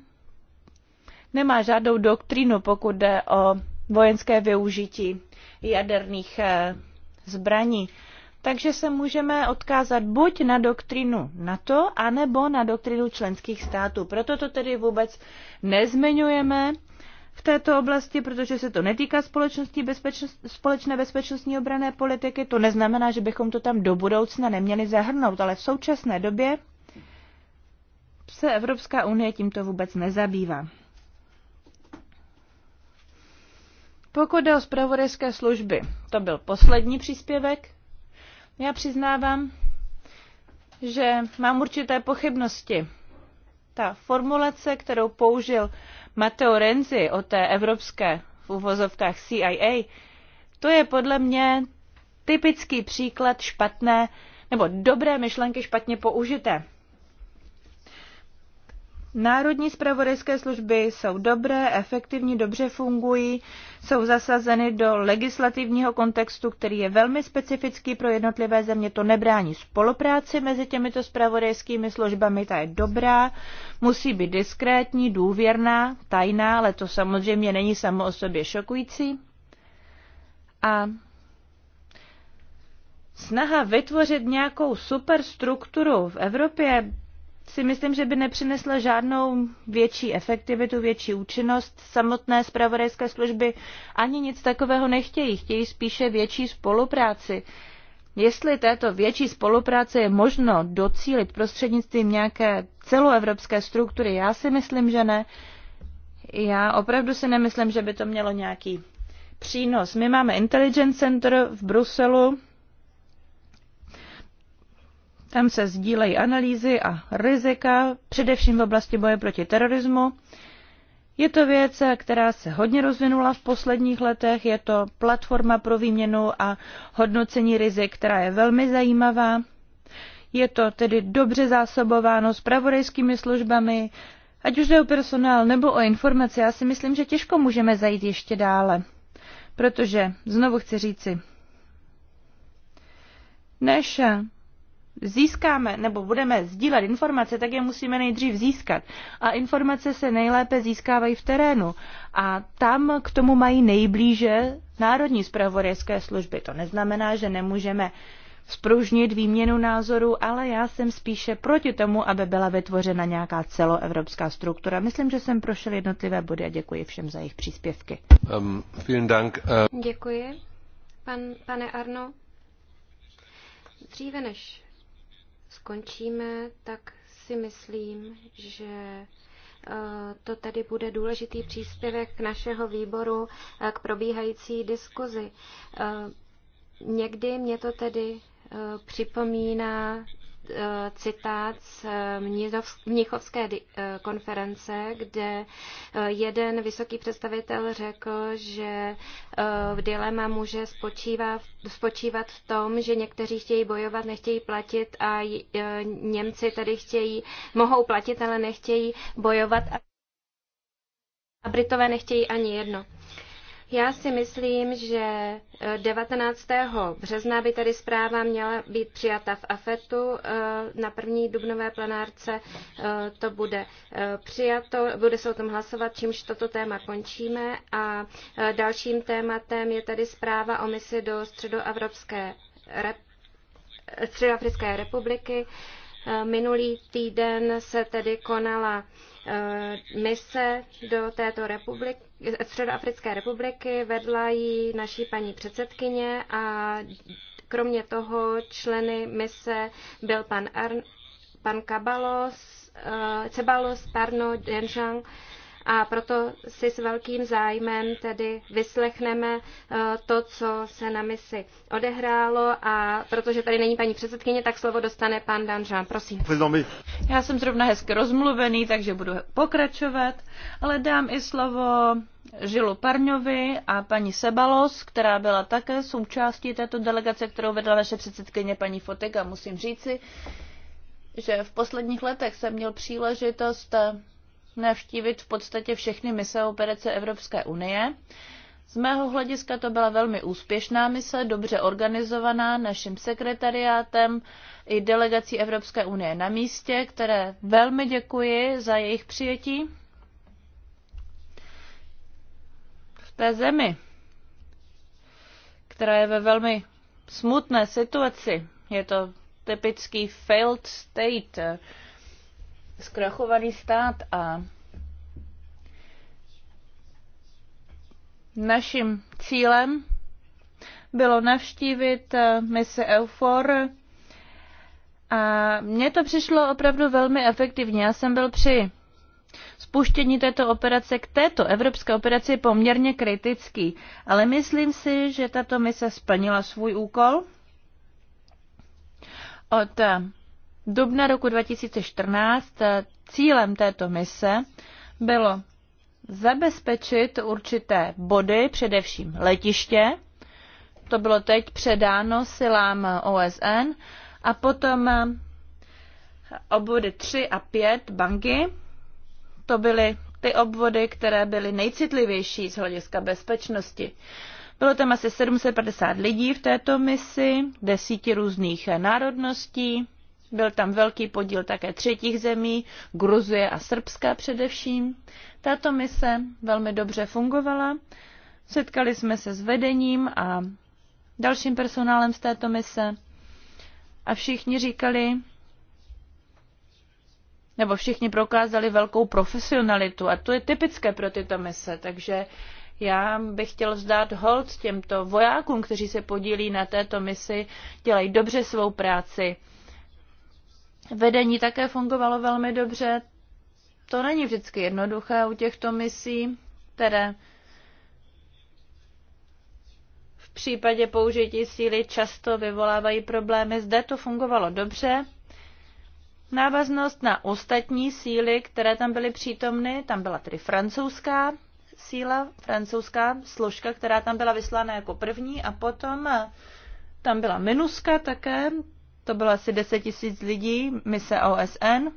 nemá žádnou doktrínu, pokud jde o vojenské využití jaderných eh, zbraní. Takže se můžeme odkázat buď na doktrinu NATO, anebo na doktrinu členských států. Proto to tedy vůbec nezmiňujeme v této oblasti, protože se to netýká společnosti bezpečnost, společné bezpečnostní obrané politiky. To neznamená, že bychom to tam do budoucna neměli zahrnout, ale v současné době se Evropská unie tímto vůbec nezabývá. Pokud jde o zpravodajské služby, to byl poslední příspěvek já přiznávám, že mám určité pochybnosti. Ta formulace, kterou použil Matteo Renzi o té evropské v uvozovkách CIA, to je podle mě typický příklad špatné nebo dobré myšlenky špatně použité. Národní zpravodajské služby jsou dobré, efektivní, dobře fungují, jsou zasazeny do legislativního kontextu, který je velmi specifický pro jednotlivé země. To nebrání spolupráci mezi těmito zpravodajskými službami, ta je dobrá, musí být diskrétní, důvěrná, tajná, ale to samozřejmě není samo o sobě šokující. A snaha vytvořit nějakou superstrukturu v Evropě si myslím, že by nepřinesla žádnou větší efektivitu, větší účinnost. Samotné zpravodajské služby ani nic takového nechtějí, chtějí spíše větší spolupráci. Jestli této větší spolupráce je možno docílit prostřednictvím nějaké celoevropské struktury, já si myslím, že ne. Já opravdu si nemyslím, že by to mělo nějaký přínos. My máme Intelligence Center v Bruselu, tam se sdílejí analýzy a rizika, především v oblasti boje proti terorismu. Je to věc, která se hodně rozvinula v posledních letech. Je to platforma pro výměnu a hodnocení rizik, která je velmi zajímavá. Je to tedy dobře zásobováno spravodajskými službami, ať už jde o personál nebo o informace. Já si myslím, že těžko můžeme zajít ještě dále. Protože, znovu chci říci, než získáme nebo budeme sdílet informace, tak je musíme nejdřív získat. A informace se nejlépe získávají v terénu. A tam k tomu mají nejblíže národní zpravodajské služby. To neznamená, že nemůžeme spružnit výměnu názorů, ale já jsem spíše proti tomu, aby byla vytvořena nějaká celoevropská struktura. Myslím, že jsem prošel jednotlivé body a děkuji všem za jejich příspěvky. Um, vielen Dank, uh... Děkuji, pan, pane Arno. Dříve než skončíme, tak si myslím, že eh, to tedy bude důležitý příspěvek našeho výboru eh, k probíhající diskuzi. Eh, někdy mě to tedy připomíná Eh, citát z eh, Mnichovské eh, konference, kde jeden vysoký představitel řekl, že dilema může spočívat v tom, že někteří chtějí bojovat, nechtějí platit a Němci tedy chtějí, mohou platit, ale nechtějí bojovat a Britové nechtějí ani jedno. Uh, já si myslím, že 19. Eh, března by tady zpráva měla být přijata v AFETu. Eh, na první dubnové plenárce eh, to bude přijato, bude se o tom hlasovat, čímž toto téma končíme. A dalším tématem je tady zpráva o misi do Středoevropské Středoafrické republiky. Eh, minulý týden se tedy konala eh, mise do této republiky, Středoafrické republiky, vedla ji naší paní předsedkyně a kromě toho členy mise byl pan, Arn, pan Kabalos, eh, Cebalos, Parno, Denžang, a proto si s velkým zájmem tedy vyslechneme eh, to, co se na misi odehrálo a protože tady není paní předsedkyně, tak slovo dostane pan Danžán. Prosím. Já jsem zrovna hezky rozmluvený, takže budu pokračovat, ale dám i slovo Žilu Parňovi a paní Sebalos, která byla také součástí této delegace, kterou vedla naše předsedkyně paní Fotek a musím říci, že v posledních letech jsem měl příležitost navštívit v podstatě všechny mise operace Evropské unie. Z mého hlediska to byla velmi úspěšná mise, dobře organizovaná naším sekretariátem i delegací Evropské unie na místě, které velmi děkuji za jejich přijetí v té zemi, která je ve velmi smutné situaci. Je to typický failed state, zkrachovaný stát a naším cílem bylo navštívit eh, misi EUFOR a mně to přišlo opravdu velmi efektivně. Já jsem byl při spuštění této operace k této evropské operaci poměrně kritický, ale myslím si, že tato mise splnila svůj úkol. Od eh, dubna roku 2014 eh, cílem této mise bylo zabezpečit určité body, především letiště. To bylo teď předáno silám OSN a potom eh, obvody 3 a 5 Bangi. To byly ty obvody, které byly nejcitlivější z hlediska bezpečnosti. Bylo tam asi 750 lidí v této misi, desíti různých národností, byl tam velký podíl také třetích zemí, Gruzie a Srbska především. Tato mise velmi dobře fungovala. Setkali jsme se s vedením a dalším personálem z této mise a všichni říkali, nebo všichni prokázali velkou profesionalitu a to je typické pro tyto mise, takže já bych chtěl vzdát hold těmto vojákům, kteří se podílí na této misi, dělají dobře svou práci Vedení také fungovalo velmi dobře. To není vždycky jednoduché u těchto misí, které v případě použití síly často vyvolávají problémy. Zde to fungovalo dobře. Návaznost na ostatní síly, které tam byly přítomny, tam byla tedy francouzská síla, francouzská složka, která tam byla vyslána jako první a potom tam byla Minuska také, to bylo asi 10 tisíc lidí, mise OSN.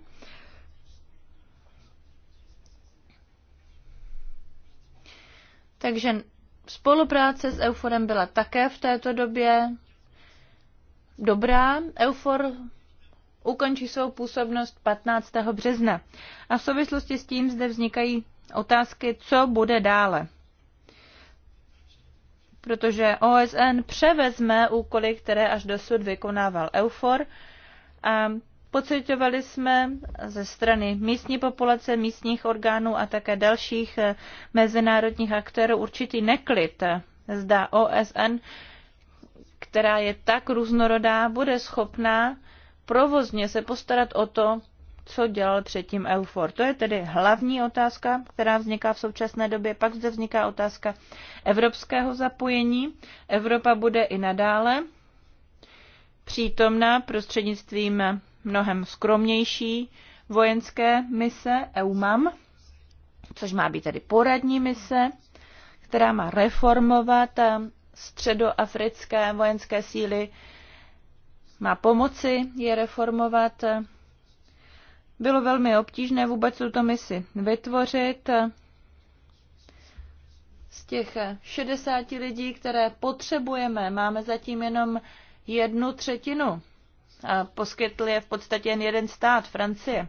Takže spolupráce s Euforem byla také v této době dobrá. Eufor ukončí svou působnost 15. března. A v souvislosti s tím zde vznikají otázky, co bude dále protože OSN převezme úkoly, které až dosud vykonával EUFOR a pocitovali jsme ze strany místní populace, místních orgánů a také dalších eh, mezinárodních aktérů určitý neklid. Eh, zda OSN, která je tak různorodá, bude schopná provozně se postarat o to, co dělal předtím EUFOR. To je tedy hlavní otázka, která vzniká v současné době. Pak zde vzniká otázka evropského zapojení. Evropa bude i nadále přítomná prostřednictvím mnohem skromnější vojenské mise EUMAM, což má být tedy poradní mise, která má reformovat eh, středoafrické vojenské síly, má pomoci je reformovat eh, bylo velmi obtížné vůbec tuto misi vytvořit. Z těch 60 lidí, které potřebujeme, máme zatím jenom jednu třetinu. A poskytl je v podstatě jen jeden stát, Francie.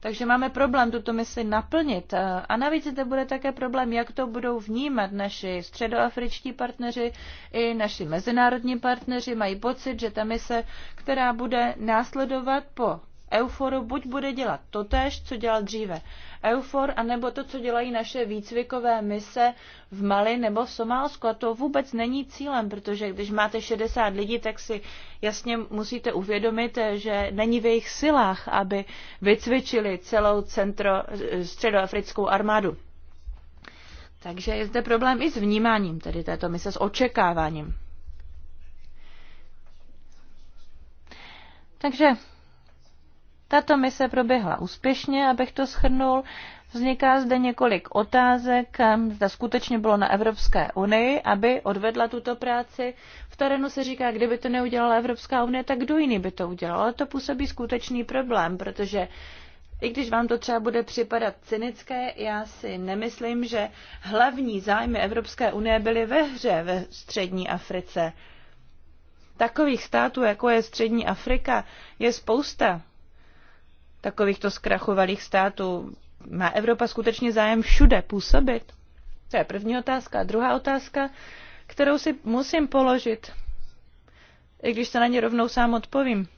Takže máme problém tuto misi naplnit. A navíc zde bude také problém, jak to budou vnímat naši středoafričtí partneři i naši mezinárodní partneři. Mají pocit, že ta mise, která bude následovat po Euforu buď bude dělat totéž, co dělal dříve Eufor, anebo to, co dělají naše výcvikové mise v Mali nebo v Somálsku. A to vůbec není cílem, protože když máte 60 lidí, tak si jasně musíte uvědomit, že není v jejich silách, aby vycvičili celou centro, středoafrickou armádu. Takže je zde problém i s vnímáním tedy této mise, s očekáváním. Takže tato mise proběhla úspěšně, abych to schrnul. Vzniká zde několik otázek, um, zda skutečně bylo na Evropské unii, aby odvedla tuto práci. V terénu se říká, kdyby to neudělala Evropská unie, tak kdo jiný by to udělal? Ale to působí skutečný problém, protože i když vám to třeba bude připadat cynické, já si nemyslím, že hlavní zájmy Evropské unie byly ve hře ve střední Africe. Takových států, jako je střední Afrika, je spousta takovýchto zkrachovalých států. Má Evropa skutečně zájem všude působit? To je první otázka. A druhá otázka, kterou si musím položit, i když se na ně rovnou sám odpovím.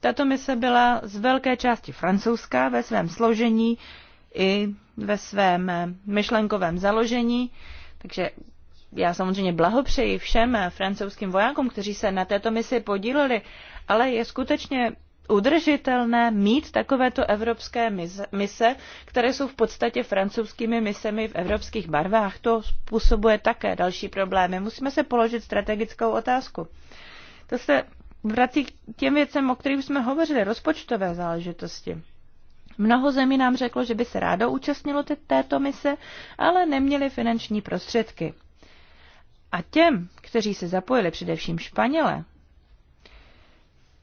Tato mise byla z velké části francouzská ve svém složení i ve svém myšlenkovém založení, takže já samozřejmě blahopřeji všem francouzským vojákům, kteří se na této misi podíleli, ale je skutečně udržitelné mít takovéto evropské mise, které jsou v podstatě francouzskými misemi v evropských barvách. To způsobuje také další problémy. Musíme se položit strategickou otázku. To se vrací k těm věcem, o kterých jsme hovořili, rozpočtové záležitosti. Mnoho zemí nám řeklo, že by se rádo účastnilo této mise, ale neměli finanční prostředky. A těm, kteří se zapojili, především Španěle,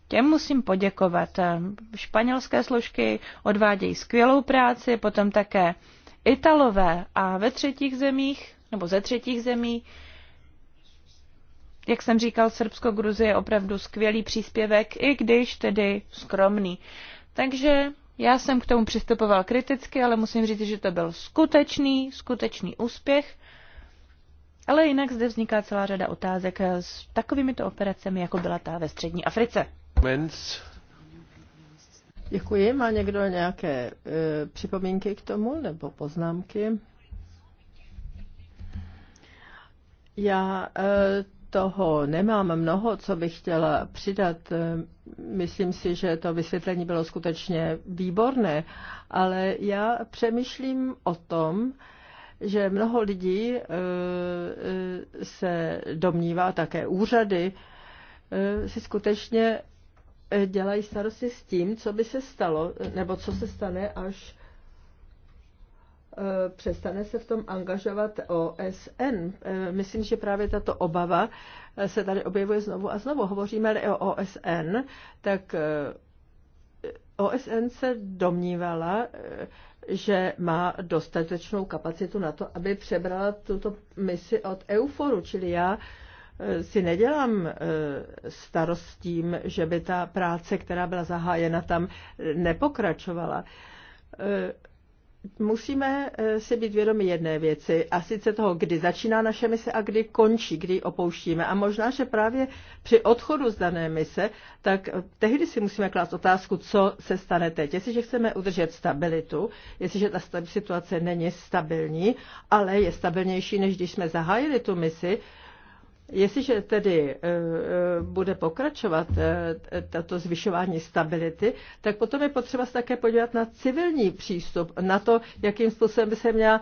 těm musím poděkovat. Španělské složky odvádějí skvělou práci, potom také Italové a ve třetích zemích, nebo ze třetích zemí, jak jsem říkal, Srbsko-Gruzie je opravdu skvělý příspěvek, i když tedy skromný. Takže já jsem k tomu přistupoval kriticky, ale musím říct, že to byl skutečný, skutečný úspěch. Ale jinak zde vzniká celá řada otázek s takovými to operacemi, jako byla ta ve střední Africe. Děkuji. Má někdo nějaké e, připomínky k tomu nebo poznámky? Já e, toho nemám mnoho, co bych chtěla přidat. E, myslím si, že to vysvětlení bylo skutečně výborné, ale já přemýšlím o tom, že mnoho lidí e, e, se domnívá, také úřady, si skutečně Eh, dělají starosti s tím, co by se stalo, eh, nebo co se stane, až eh, přestane se v tom angažovat OSN. Myslím, že právě tato obava se tady objevuje znovu a znovu. hovoříme o OSN, tak OSN se domnívala, že má dostatečnou kapacitu na to, aby přebrala tuto misi od EUFORu, čili já si nedělám eh, starost tím, že by ta práce, která byla zahájena tam, nepokračovala. Eh, musíme eh, si být vědomi jedné věci, a sice toho, kdy začíná naše mise a kdy končí, kdy ji opouštíme. A možná, že právě při odchodu z dané mise, tak tehdy si musíme klást otázku, co se stane teď. Jestliže chceme udržet stabilitu, jestliže ta situace není stabilní, ale je stabilnější, než když jsme zahájili tu misi, Jestliže tedy eh, eh, bude pokračovat eh, tato zvyšování stability, tak potom je potřeba se také podívat na civilní přístup, na to, jakým způsobem by se měla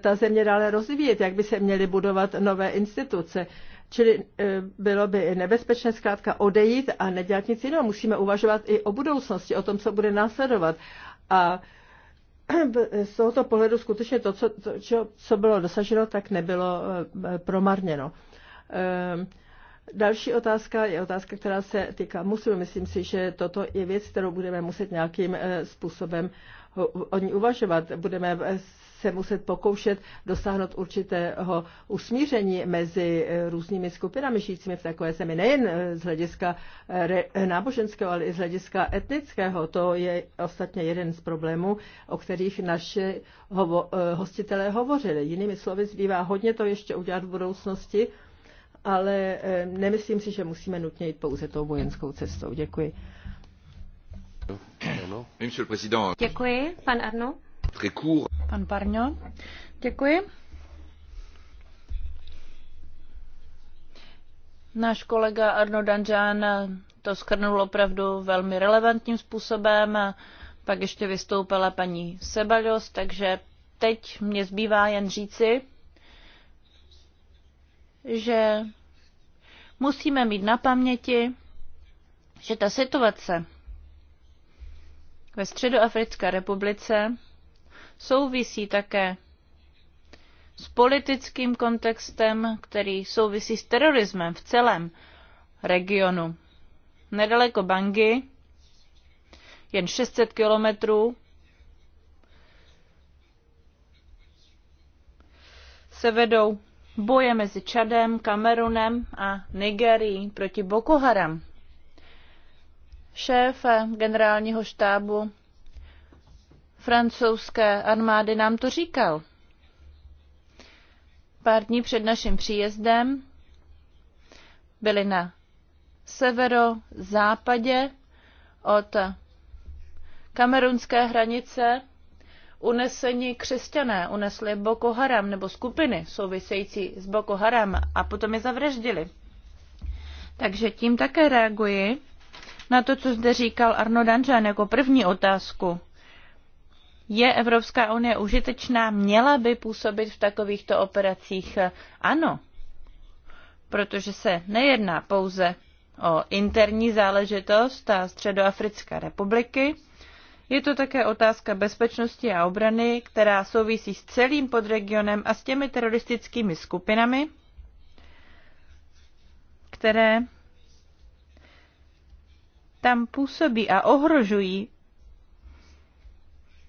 ta země dále rozvíjet, jak by se měly budovat nové instituce. Čili bylo by nebezpečné zkrátka odejít a nedělat nic jiného. Musíme uvažovat i o budoucnosti, o tom, co bude následovat. A z tohoto pohledu skutečně to, co, to, co bylo dosaženo, tak nebylo promarněno. Ehm, další otázka je otázka, která se týká muslimů. Myslím si, že toto je věc, kterou budeme muset nějakým eh, způsobem o ní uvažovat. Budeme eh, se muset pokoušet dosáhnout určitého usmíření mezi eh, různými skupinami žijícími v takové zemi, nejen z hlediska náboženského, ale i z hlediska etnického. To je ostatně jeden z problémů, o kterých naše hovo- hostitelé hovořili. Jinými slovy, zbývá hodně to ještě udělat v budoucnosti ale eh, nemyslím si, že musíme nutně jít pouze tou vojenskou cestou. Děkuji. Děkuji, pan Arno. Pan Parňo, děkuji. Náš kolega Arno Danžán to skrnul opravdu velmi relevantním způsobem. Pak ještě vystoupila paní Sebados, takže teď mě zbývá jen říci, že musíme mít na paměti, že ta situace ve Středoafrické republice souvisí také s politickým kontextem, který souvisí s terorismem v celém regionu. Nedaleko Bangi, jen 600 kilometrů, se vedou boje mezi Čadem, Kamerunem a Nigerií proti Boko Haram. Šéf generálního štábu francouzské armády nám to říkal. Pár dní před naším příjezdem byli na severozápadě od kamerunské hranice uneseni křesťané, unesli Boko Haram nebo skupiny související s Boko Haram a potom je zavraždili. Takže tím také reaguji na to, co zde říkal Arno Danžan jako první otázku. Je Evropská unie užitečná? Měla by působit v takovýchto operacích? Ano, protože se nejedná pouze o interní záležitost a Středoafrické republiky, je to také otázka bezpečnosti a obrany, která souvisí s celým podregionem a s těmi teroristickými skupinami, které tam působí a ohrožují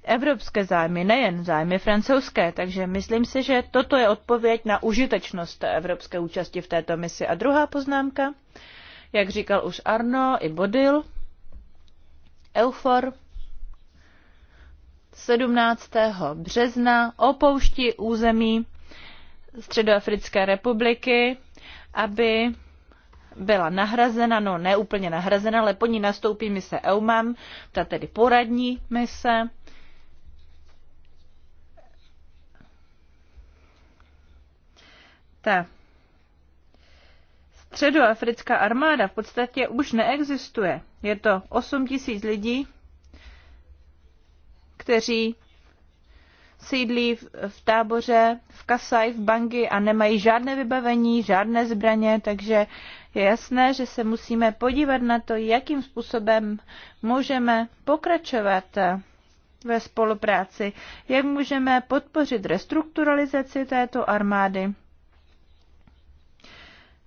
evropské zájmy, nejen zájmy francouzské. Takže myslím si, že toto je odpověď na užitečnost evropské účasti v této misi. A druhá poznámka, jak říkal už Arno i Bodil, EUFOR 17. března opouští území Středoafrické republiky, aby byla nahrazena, no ne úplně nahrazena, ale po ní nastoupí mise EUMAM, ta tedy poradní mise. Ta středoafrická armáda v podstatě už neexistuje. Je to 8 tisíc lidí, kteří sídlí v táboře v Kasaj, v Bangi a nemají žádné vybavení, žádné zbraně, takže je jasné, že se musíme podívat na to, jakým způsobem můžeme pokračovat ve spolupráci, jak můžeme podpořit restrukturalizaci této armády.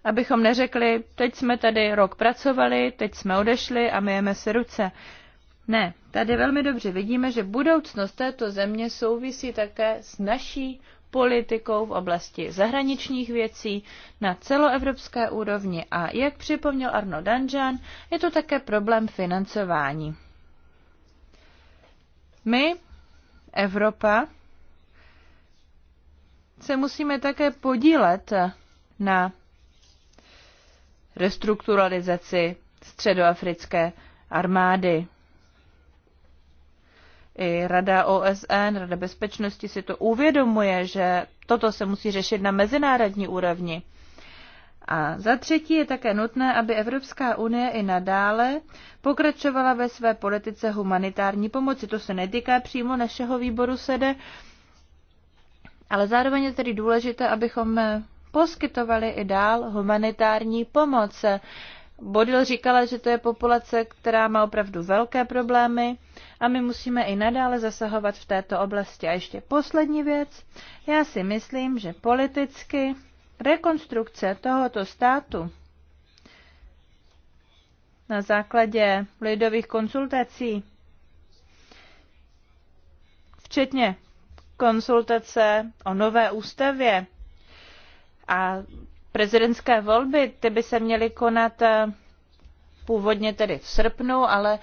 Abychom neřekli, teď jsme tady rok pracovali, teď jsme odešli a myjeme si ruce. Ne, tady velmi dobře vidíme, že budoucnost této země souvisí také s naší politikou v oblasti zahraničních věcí na celoevropské úrovni a, jak připomněl Arno Danžan, je to také problém financování. My, Evropa, se musíme také podílet na restrukturalizaci středoafrické armády. I Rada OSN, Rada bezpečnosti si to uvědomuje, že toto se musí řešit na mezinárodní úrovni. A za třetí je také nutné, aby Evropská unie i nadále pokračovala ve své politice humanitární pomoci. To se netýká přímo našeho výboru SEDE, ale zároveň je tedy důležité, abychom poskytovali i dál humanitární pomoc Bodil říkala, že to je populace, která má opravdu velké problémy a my musíme i nadále zasahovat v této oblasti. A ještě poslední věc. Já si myslím, že politicky rekonstrukce tohoto státu na základě lidových konsultací, včetně konsultace o nové ústavě a prezidentské volby, ty by se měly konat eh, původně tedy v srpnu, ale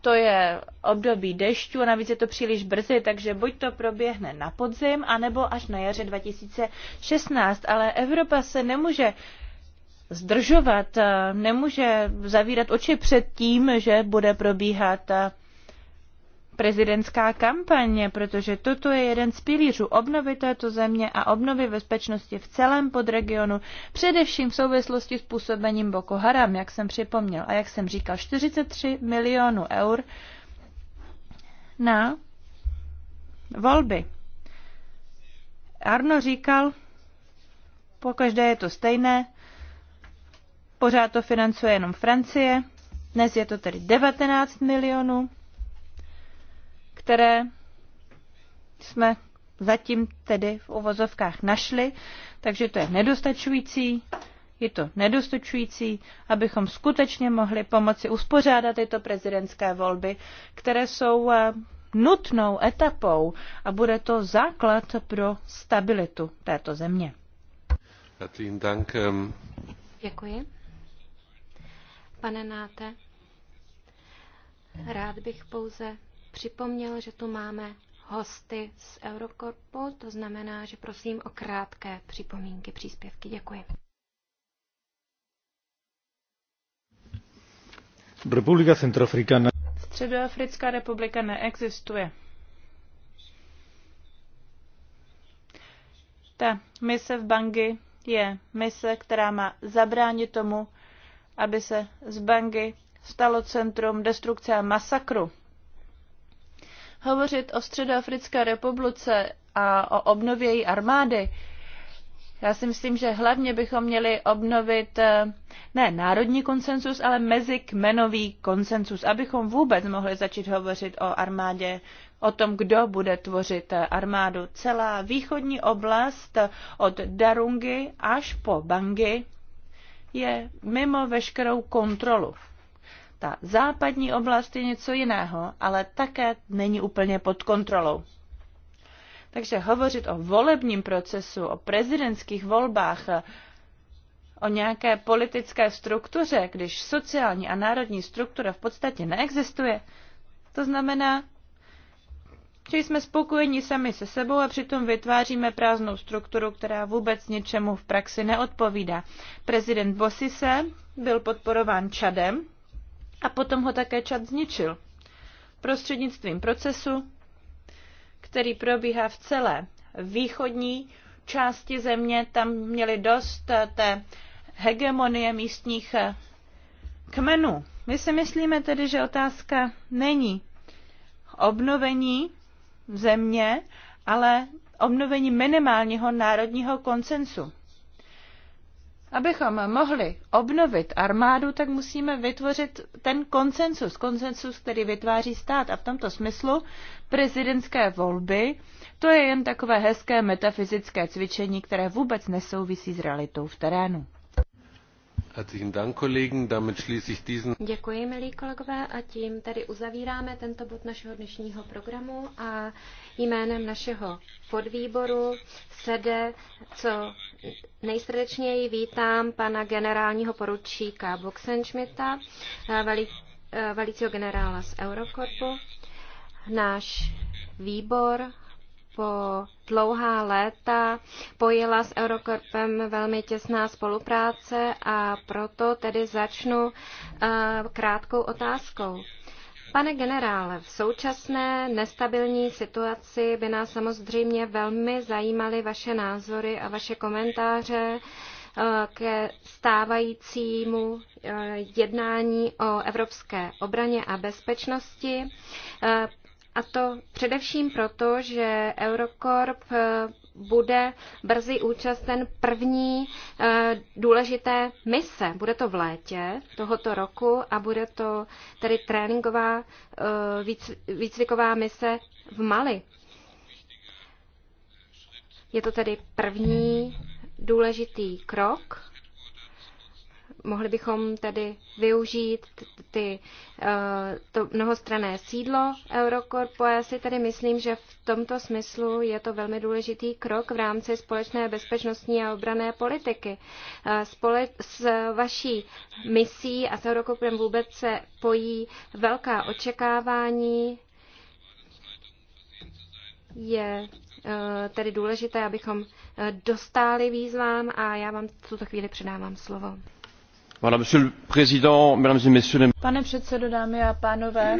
to je období dešťů a navíc je to příliš brzy, takže buď to proběhne na podzim, anebo až na jaře 2016. Ale Evropa se nemůže zdržovat, eh, nemůže zavírat oči před tím, že bude probíhat eh, prezidentská kampaně, protože toto je jeden z pilířů obnovy této země a obnovy bezpečnosti v celém podregionu, především v souvislosti s působením Boko Haram, jak jsem připomněl. A jak jsem říkal, 43 milionů eur na volby. Arno říkal, pokaždé je to stejné, pořád to financuje jenom Francie, dnes je to tedy 19 milionů které jsme zatím tedy v uvozovkách našli, takže to je nedostačující. Je to nedostačující, abychom skutečně mohli pomoci uspořádat tyto prezidentské volby, které jsou eh, nutnou etapou a bude to základ pro stabilitu této země. Ehm. Děkuji. Pane Náte, rád bych pouze připomněl, že tu máme hosty z Eurokorpu, to znamená, že prosím o krátké připomínky, příspěvky. Děkuji. Republika Centroafrikana. Středoafrická republika neexistuje. Ta mise v Bangi je mise, která má zabránit tomu, aby se z Bangi stalo centrum destrukce a masakru hovořit o Středoafrické republice a o obnově její armády, já si myslím, že hlavně bychom měli obnovit eh, ne národní konsensus, ale mezikmenový konsensus, abychom vůbec mohli začít hovořit o armádě, o tom, kdo bude tvořit eh, armádu. Celá východní oblast eh, od Darungy až po Bangi je mimo veškerou kontrolu ta západní oblast je něco jiného, ale také není úplně pod kontrolou. Takže hovořit o volebním procesu, o prezidentských volbách, o nějaké politické struktuře, když sociální a národní struktura v podstatě neexistuje, to znamená, že jsme spokojeni sami se sebou a přitom vytváříme prázdnou strukturu, která vůbec ničemu v praxi neodpovídá. Prezident Bosise byl podporován Čadem, a potom ho také čat zničil. Prostřednictvím procesu, který probíhá v celé východní části země, tam měli dost té hegemonie místních kmenů. My si myslíme tedy, že otázka není obnovení země, ale obnovení minimálního národního koncensu. Abychom mohli obnovit armádu, tak musíme vytvořit ten konsensus, konsensus, který vytváří stát. A v tomto smyslu prezidentské volby, to je jen takové hezké metafyzické cvičení, které vůbec nesouvisí s realitou v terénu. Děkuji, milí kolegové, a tím tedy uzavíráme tento bod našeho dnešního programu a jménem našeho podvýboru sede, co Nejsrdečněji vítám pana generálního poručíka Buxenschmidta, velí, velícího generála z Eurokorpu. Náš výbor po dlouhá léta pojila s Eurokorpem velmi těsná spolupráce a proto tedy začnu eh, krátkou otázkou. Pane generále, v současné nestabilní situaci by nás samozřejmě velmi zajímaly vaše názory a vaše komentáře eh, ke stávajícímu eh, jednání o evropské obraně a bezpečnosti. Eh, a to především proto, že Eurocorp bude brzy účasten první eh, důležité mise. Bude to v létě tohoto roku a bude to tedy tréninková eh, výcviková mise v Mali. Je to tedy první důležitý krok mohli bychom tedy využít ty, eh, to mnohostrané sídlo Eurokorpu já si tedy myslím, že v tomto smyslu je to velmi důležitý krok v rámci společné bezpečnostní a obrané politiky. Eh, spole- s vaší misí a s Eurokorpem vůbec se pojí velká očekávání. Je eh, tedy důležité, abychom dostáli výzvám a já vám v tuto chvíli předávám slovo. Pane předsedo, dámy a pánové,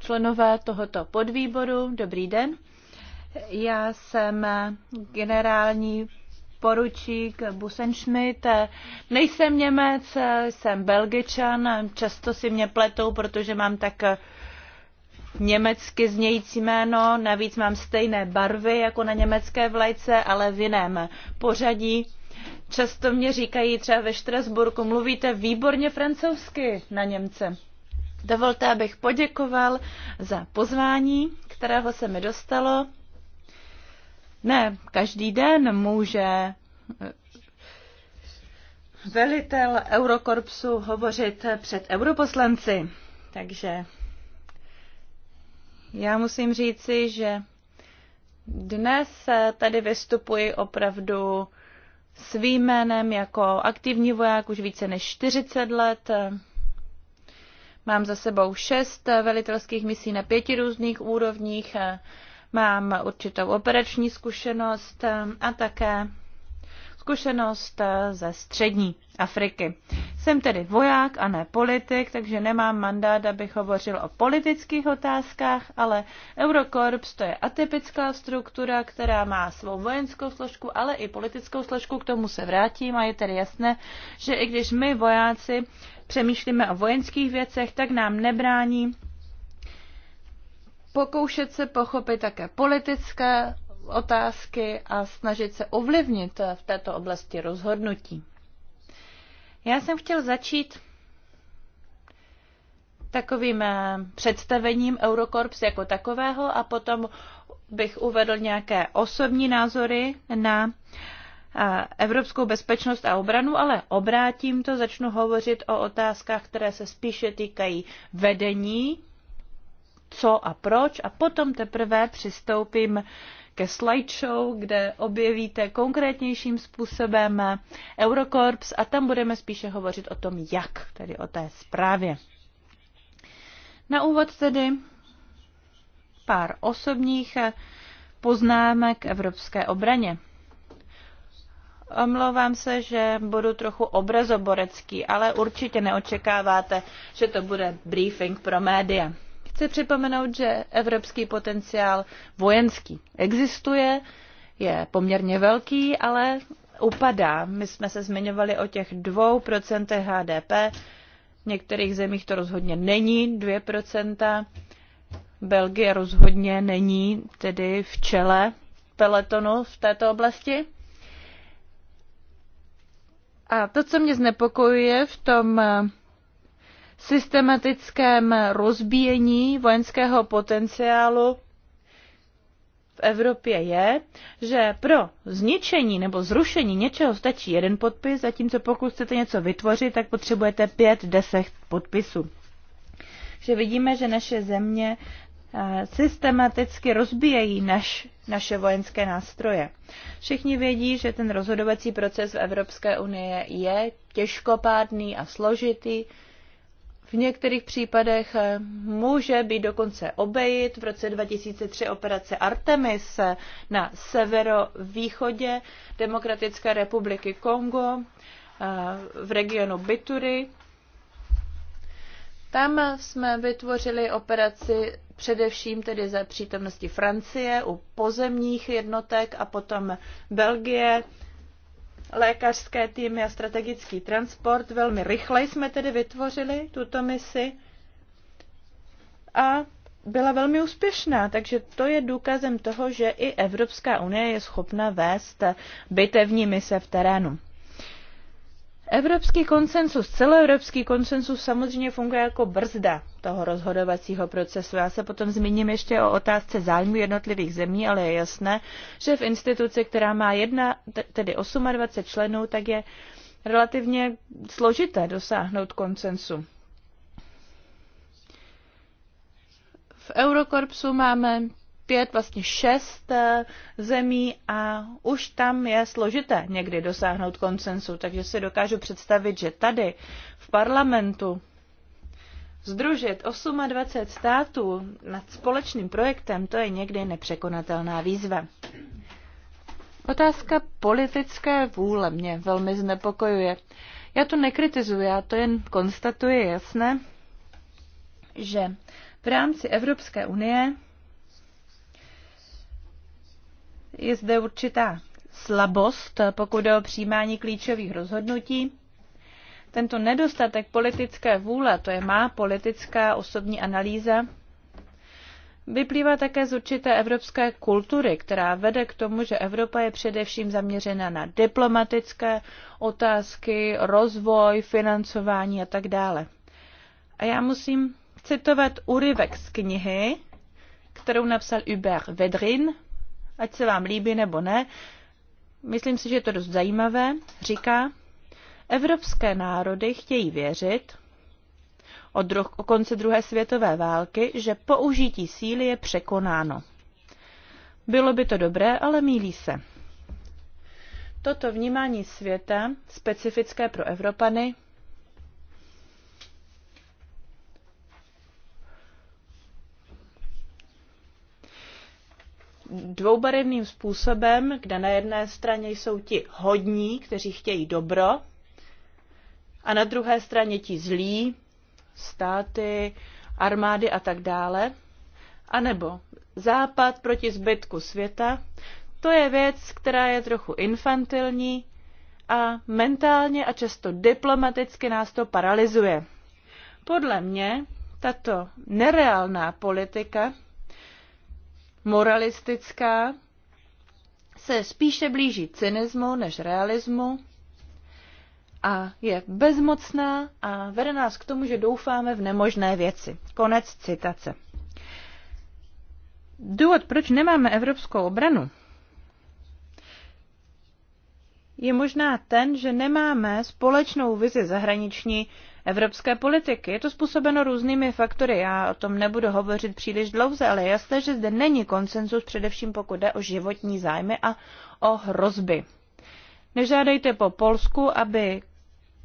členové tohoto podvýboru, dobrý den. Já jsem generální poručík Busenschmidt. Nejsem Němec, jsem Belgičan. Často si mě pletou, protože mám tak německy znějící jméno. Navíc mám stejné barvy jako na německé vlajce, ale v jiném pořadí Často mě říkají třeba ve Štrasburku, mluvíte výborně francouzsky na Němce. Dovolte, abych poděkoval za pozvání, kterého se mi dostalo. Ne, každý den může eh, velitel Eurokorpsu hovořit před europoslanci. Takže já musím říci, že dnes eh, tady vystupuji opravdu svým jménem jako aktivní voják už více než 40 let. Mám za sebou šest velitelských misí na pěti různých úrovních, mám určitou operační zkušenost a také zkušenost eh, ze střední Afriky. Jsem tedy voják a ne politik, takže nemám mandát, abych hovořil o politických otázkách, ale Eurokorps to je atypická struktura, která má svou vojenskou složku, ale i politickou složku, k tomu se vrátím a je tedy jasné, že i když my vojáci přemýšlíme o vojenských věcech, tak nám nebrání pokoušet se pochopit také politické otázky a snažit se ovlivnit v této oblasti rozhodnutí. Já jsem chtěl začít takovým eh, představením Eurokorps jako takového a potom bych uvedl nějaké osobní názory na eh, evropskou bezpečnost a obranu, ale obrátím to, začnu hovořit o otázkách, které se spíše týkají vedení, co a proč, a potom teprve přistoupím ke slideshow, kde objevíte konkrétnějším způsobem Eurocorps a tam budeme spíše hovořit o tom, jak, tedy o té zprávě. Na úvod tedy pár osobních poznámek evropské obraně. Omlouvám se, že budu trochu obrazoborecký, ale určitě neočekáváte, že to bude briefing pro média. Chci připomenout, že evropský potenciál vojenský existuje, je poměrně velký, ale upadá. My jsme se zmiňovali o těch dvou procentech HDP. V některých zemích to rozhodně není 2%. Belgie rozhodně není tedy v čele peletonu v této oblasti. A to, co mě znepokojuje v tom systematickém rozbíjení vojenského potenciálu v Evropě je, že pro zničení nebo zrušení něčeho stačí jeden podpis, zatímco pokud chcete něco vytvořit, tak potřebujete pět, deset podpisů. Že vidíme, že naše země eh, systematicky rozbíjejí naš, naše vojenské nástroje. Všichni vědí, že ten rozhodovací proces v Evropské unii je těžkopádný a složitý, v některých případech eh, může být dokonce obejit. V roce 2003 operace Artemis eh, na severovýchodě Demokratické republiky Kongo eh, v regionu Bituri. Tam jsme vytvořili operaci především tedy za přítomnosti Francie u pozemních jednotek a potom Belgie lékařské týmy a strategický transport. Velmi rychle jsme tedy vytvořili tuto misi a byla velmi úspěšná, takže to je důkazem toho, že i Evropská unie je schopna vést bitevní mise v terénu. Evropský konsensus, celoevropský konsensus samozřejmě funguje jako brzda toho rozhodovacího procesu. Já se potom zmíním ještě o otázce zájmu jednotlivých zemí, ale je jasné, že v instituci, která má jedna, tedy 28 členů, tak je relativně složité dosáhnout konsensu. V Eurokorpsu máme pět, vlastně šest eh, zemí a už tam je složité někdy dosáhnout konsensu. Takže si dokážu představit, že tady v parlamentu Združit 28 států nad společným projektem, to je někdy nepřekonatelná výzva. Otázka politické vůle mě velmi znepokojuje. Já to nekritizuji, já to jen konstatuji jasné, že v rámci Evropské unie Je zde určitá slabost, pokud jde o přijímání klíčových rozhodnutí. Tento nedostatek politické vůle, to je má politická osobní analýza, vyplývá také z určité evropské kultury, která vede k tomu, že Evropa je především zaměřena na diplomatické otázky, rozvoj, financování a tak dále. A já musím citovat úryvek z knihy, kterou napsal Hubert Vedrin, ať se vám líbí nebo ne, myslím si, že je to dost zajímavé, říká, evropské národy chtějí věřit od dru- o konce druhé světové války, že použití síly je překonáno. Bylo by to dobré, ale mílí se. Toto vnímání světa, specifické pro Evropany, dvoubarevným způsobem, kde na jedné straně jsou ti hodní, kteří chtějí dobro, a na druhé straně ti zlí, státy, armády a tak dále, anebo západ proti zbytku světa, to je věc, která je trochu infantilní a mentálně a často diplomaticky nás to paralyzuje. Podle mě tato nereálná politika moralistická, se spíše blíží cynismu než realismu a je bezmocná a vede nás k tomu, že doufáme v nemožné věci. Konec citace. Důvod, proč nemáme evropskou obranu, je možná ten, že nemáme společnou vizi zahraniční evropské politiky. Je to způsobeno různými faktory, já o tom nebudu hovořit příliš dlouze, ale je jasné, že zde není konsenzus, především pokud jde o životní zájmy a o hrozby. Nežádejte po Polsku, aby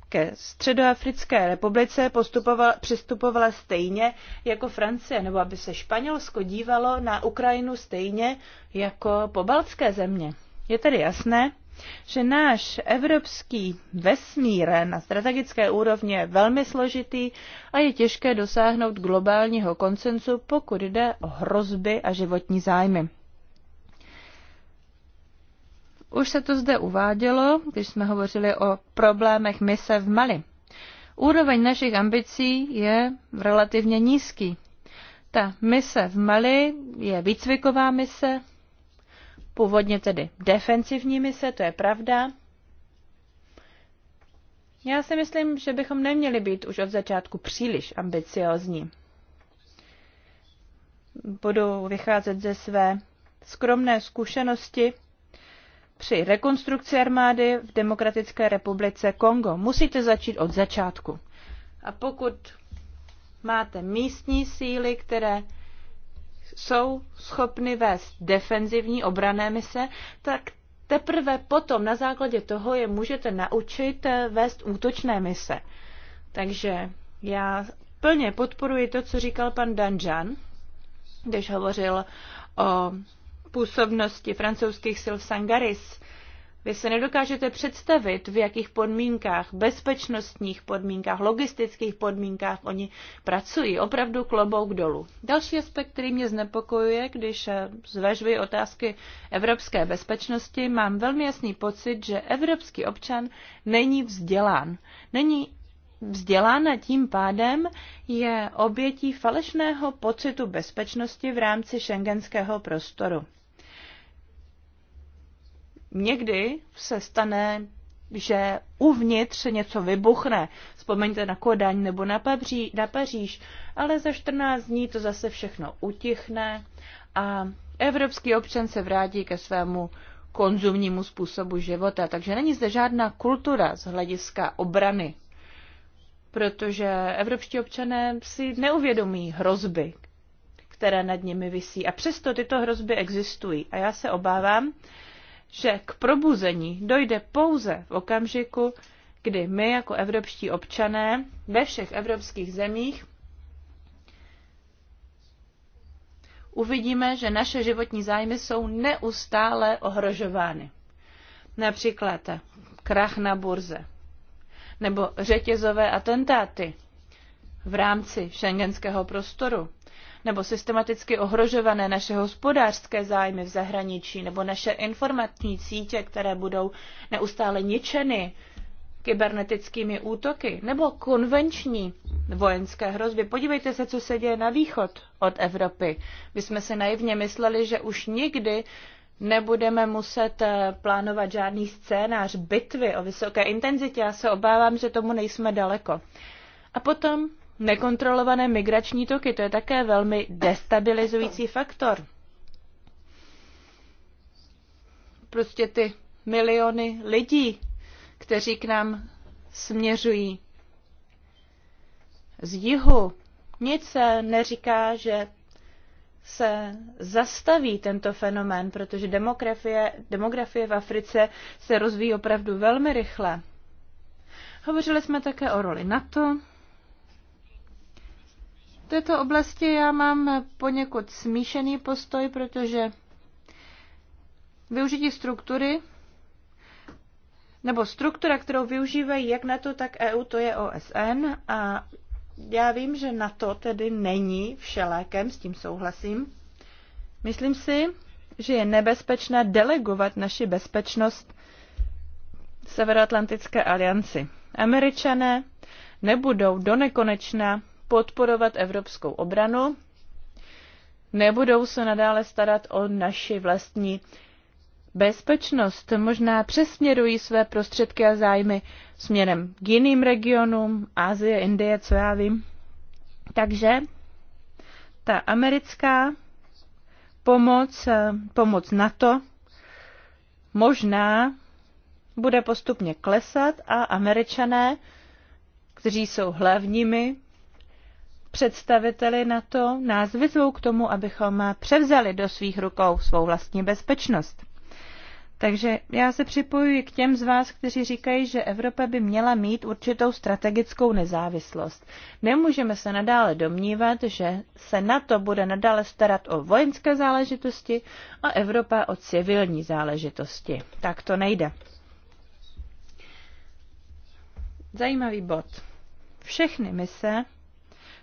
ke Středoafrické republice postupovala, přistupovala stejně jako Francie, nebo aby se Španělsko dívalo na Ukrajinu stejně jako po pobaltské země. Je tedy jasné, že náš evropský vesmír na strategické úrovni je velmi složitý a je těžké dosáhnout globálního konsensu, pokud jde o hrozby a životní zájmy. Už se to zde uvádělo, když jsme hovořili o problémech mise v Mali. Úroveň našich ambicí je relativně nízký. Ta mise v Mali je výcviková mise, původně tedy defensivní mise, to je pravda. Já si myslím, že bychom neměli být už od začátku příliš ambiciozní. Budu vycházet ze své skromné zkušenosti při rekonstrukci armády v Demokratické republice Kongo. Musíte začít od začátku. A pokud máte místní síly, které jsou schopny vést defenzivní obrané mise, tak teprve potom na základě toho je můžete naučit eh, vést útočné mise. Takže já plně podporuji to, co říkal pan Danjan, když hovořil o působnosti francouzských sil v Sangaris. Vy se nedokážete představit, v jakých podmínkách, bezpečnostních podmínkách, logistických podmínkách oni pracují. Opravdu klobouk dolů. Další aspekt, který mě znepokojuje, když eh, zvažuji otázky evropské bezpečnosti, mám velmi jasný pocit, že evropský občan není vzdělán. Není vzdělán a tím pádem je obětí falešného pocitu bezpečnosti v rámci šengenského prostoru někdy se stane, že uvnitř něco vybuchne. Vzpomeňte na Kodaň nebo na, Pabří, na Paříž, ale za 14 dní to zase všechno utichne a evropský občan se vrátí ke svému konzumnímu způsobu života. Takže není zde žádná kultura z hlediska obrany, protože evropští občané si neuvědomí hrozby, které nad nimi visí. A přesto tyto hrozby existují. A já se obávám, že k probuzení dojde pouze v okamžiku, kdy my jako evropští občané ve všech evropských zemích uvidíme, že naše životní zájmy jsou neustále ohrožovány. Například krach na burze nebo řetězové atentáty v rámci šengenského prostoru nebo systematicky ohrožované naše hospodářské zájmy v zahraničí nebo naše informační sítě, které budou neustále ničeny kybernetickými útoky nebo konvenční vojenské hrozby. Podívejte se, co se děje na východ od Evropy. My jsme si naivně mysleli, že už nikdy nebudeme muset eh, plánovat žádný scénář bitvy o vysoké intenzitě. Já se obávám, že tomu nejsme daleko. A potom nekontrolované migrační toky. To je také velmi destabilizující faktor. Prostě ty miliony lidí, kteří k nám směřují z jihu. Nic se neříká, že se zastaví tento fenomén, protože demografie, demografie v Africe se rozvíjí opravdu velmi rychle. Hovořili jsme také o roli NATO této oblasti já mám poněkud smíšený postoj, protože využití struktury nebo struktura, kterou využívají jak na to, tak EU, to je OSN a já vím, že na to tedy není všelékem, s tím souhlasím. Myslím si, že je nebezpečné delegovat naši bezpečnost Severoatlantické alianci. Američané nebudou do nekonečna podporovat evropskou obranu, nebudou se nadále starat o naši vlastní bezpečnost. Možná přesměrují své prostředky a zájmy směrem k jiným regionům, Asie, Indie, co já vím. Takže ta americká pomoc, pomoc NATO, možná bude postupně klesat a američané, kteří jsou hlavními představiteli to nás vyzvou k tomu, abychom převzali do svých rukou svou vlastní bezpečnost. Takže já se připojuji k těm z vás, kteří říkají, že Evropa by měla mít určitou strategickou nezávislost. Nemůžeme se nadále domnívat, že se na to bude nadále starat o vojenské záležitosti a Evropa o civilní záležitosti. Tak to nejde. Zajímavý bod. Všechny mise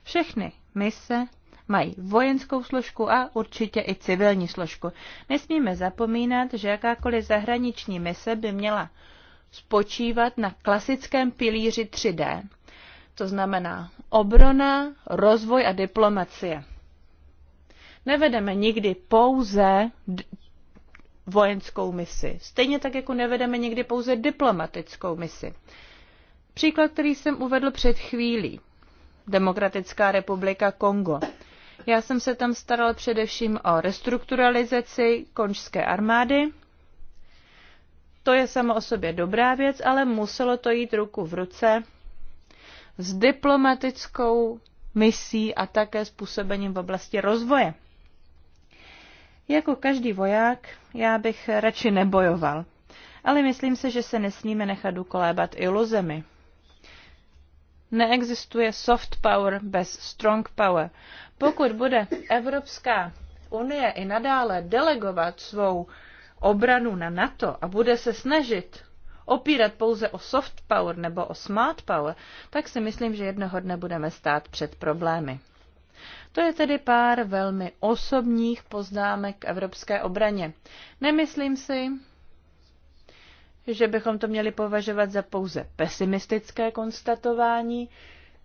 všechny mise mají vojenskou složku a určitě i civilní složku. Nesmíme zapomínat, že jakákoliv zahraniční mise by měla spočívat na klasickém pilíři 3D, to znamená obrona, rozvoj a diplomacie. Nevedeme nikdy pouze vojenskou misi, stejně tak jako nevedeme někdy pouze diplomatickou misi. Příklad, který jsem uvedl před chvílí. Demokratická republika Kongo. Já jsem se tam staral především o restrukturalizaci konžské armády. To je samo o sobě dobrá věc, ale muselo to jít ruku v ruce s diplomatickou misí a také způsobením v oblasti rozvoje. Jako každý voják, já bych radši nebojoval. Ale myslím se, že se nesmíme nechat ukolébat iluzemi. Neexistuje soft power bez strong power. Pokud bude Evropská unie i nadále delegovat svou obranu na NATO a bude se snažit opírat pouze o soft power nebo o smart power, tak si myslím, že jednoho dne budeme stát před problémy. To je tedy pár velmi osobních poznámek k evropské obraně. Nemyslím si, že bychom to měli považovat za pouze pesimistické konstatování.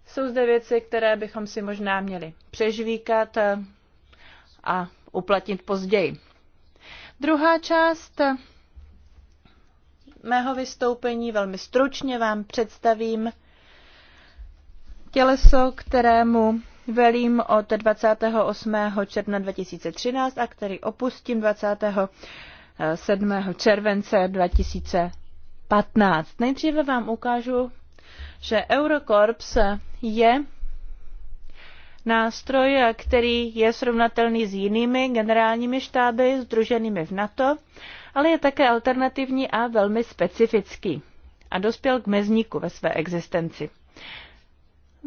Jsou zde věci, které bychom si možná měli přežvíkat eh, a uplatnit později. Druhá část mého vystoupení velmi stručně vám představím těleso, kterému velím od 28. června 2013 a který opustím 20. 7. července 2015. Nejdříve vám ukážu, že Eurocorps je nástroj, který je srovnatelný s jinými generálními štáby združenými v NATO, ale je také alternativní a velmi specifický a dospěl k mezníku ve své existenci.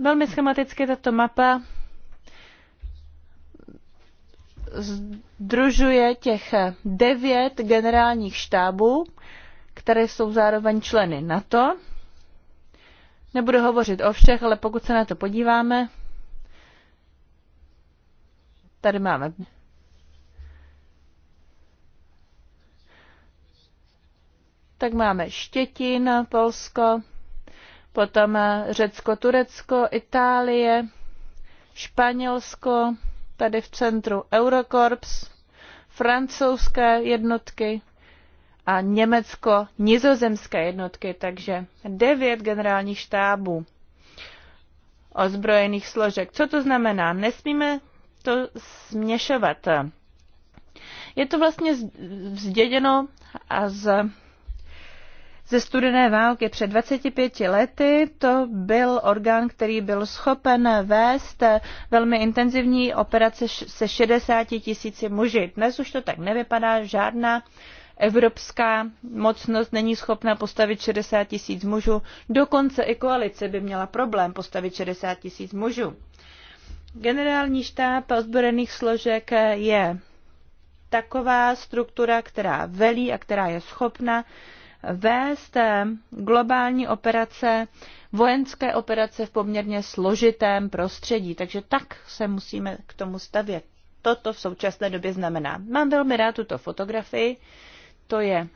Velmi schematicky tato mapa združuje těch devět generálních štábů, které jsou zároveň členy NATO. Nebudu hovořit o všech, ale pokud se na to podíváme, tady máme tak máme Štětin, Polsko, potom Řecko, Turecko, Itálie, Španělsko, tady v centru Eurokorps, francouzské jednotky a německo-nizozemské jednotky, takže devět generálních štábů ozbrojených složek. Co to znamená? Nesmíme to směšovat. Je to vlastně zděděno a z ze studené války před 25 lety. To byl orgán, který byl schopen vést velmi intenzivní operace se 60 tisíci muži. Dnes už to tak nevypadá, žádná evropská mocnost není schopna postavit 60 tisíc mužů, dokonce i koalice by měla problém postavit 60 tisíc mužů. Generální štáb ozbrojených složek je taková struktura, která velí a která je schopna vést eh, globální operace, vojenské operace v poměrně složitém prostředí. Takže tak se musíme k tomu stavět. Toto v současné době znamená. Mám velmi rád tuto fotografii. To je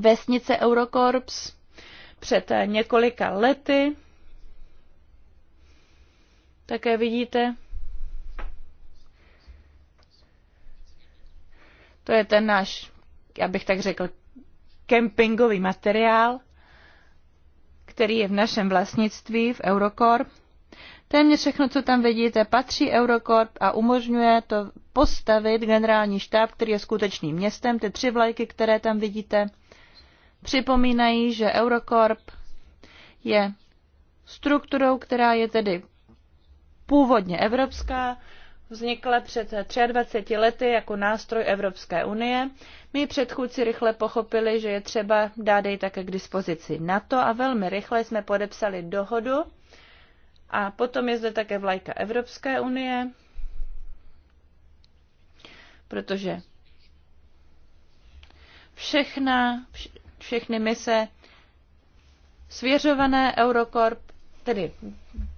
vesnice Eurokorps před eh, několika lety. Také vidíte, to je ten náš, já bych tak řekl, kempingový materiál, který je v našem vlastnictví v Eurocorp. Téměř všechno, co tam vidíte, patří Eurocorp a umožňuje to postavit generální štáb, který je skutečným městem. Ty tři vlajky, které tam vidíte, připomínají, že Eurocorp je strukturou, která je tedy původně evropská, vznikla před 23 lety jako nástroj Evropské unie. My předchůdci rychle pochopili, že je třeba dát jej také k dispozici NATO a velmi rychle jsme podepsali dohodu. A potom je zde také vlajka Evropské unie, protože všechna, všechny mise svěřované Eurocorp, tedy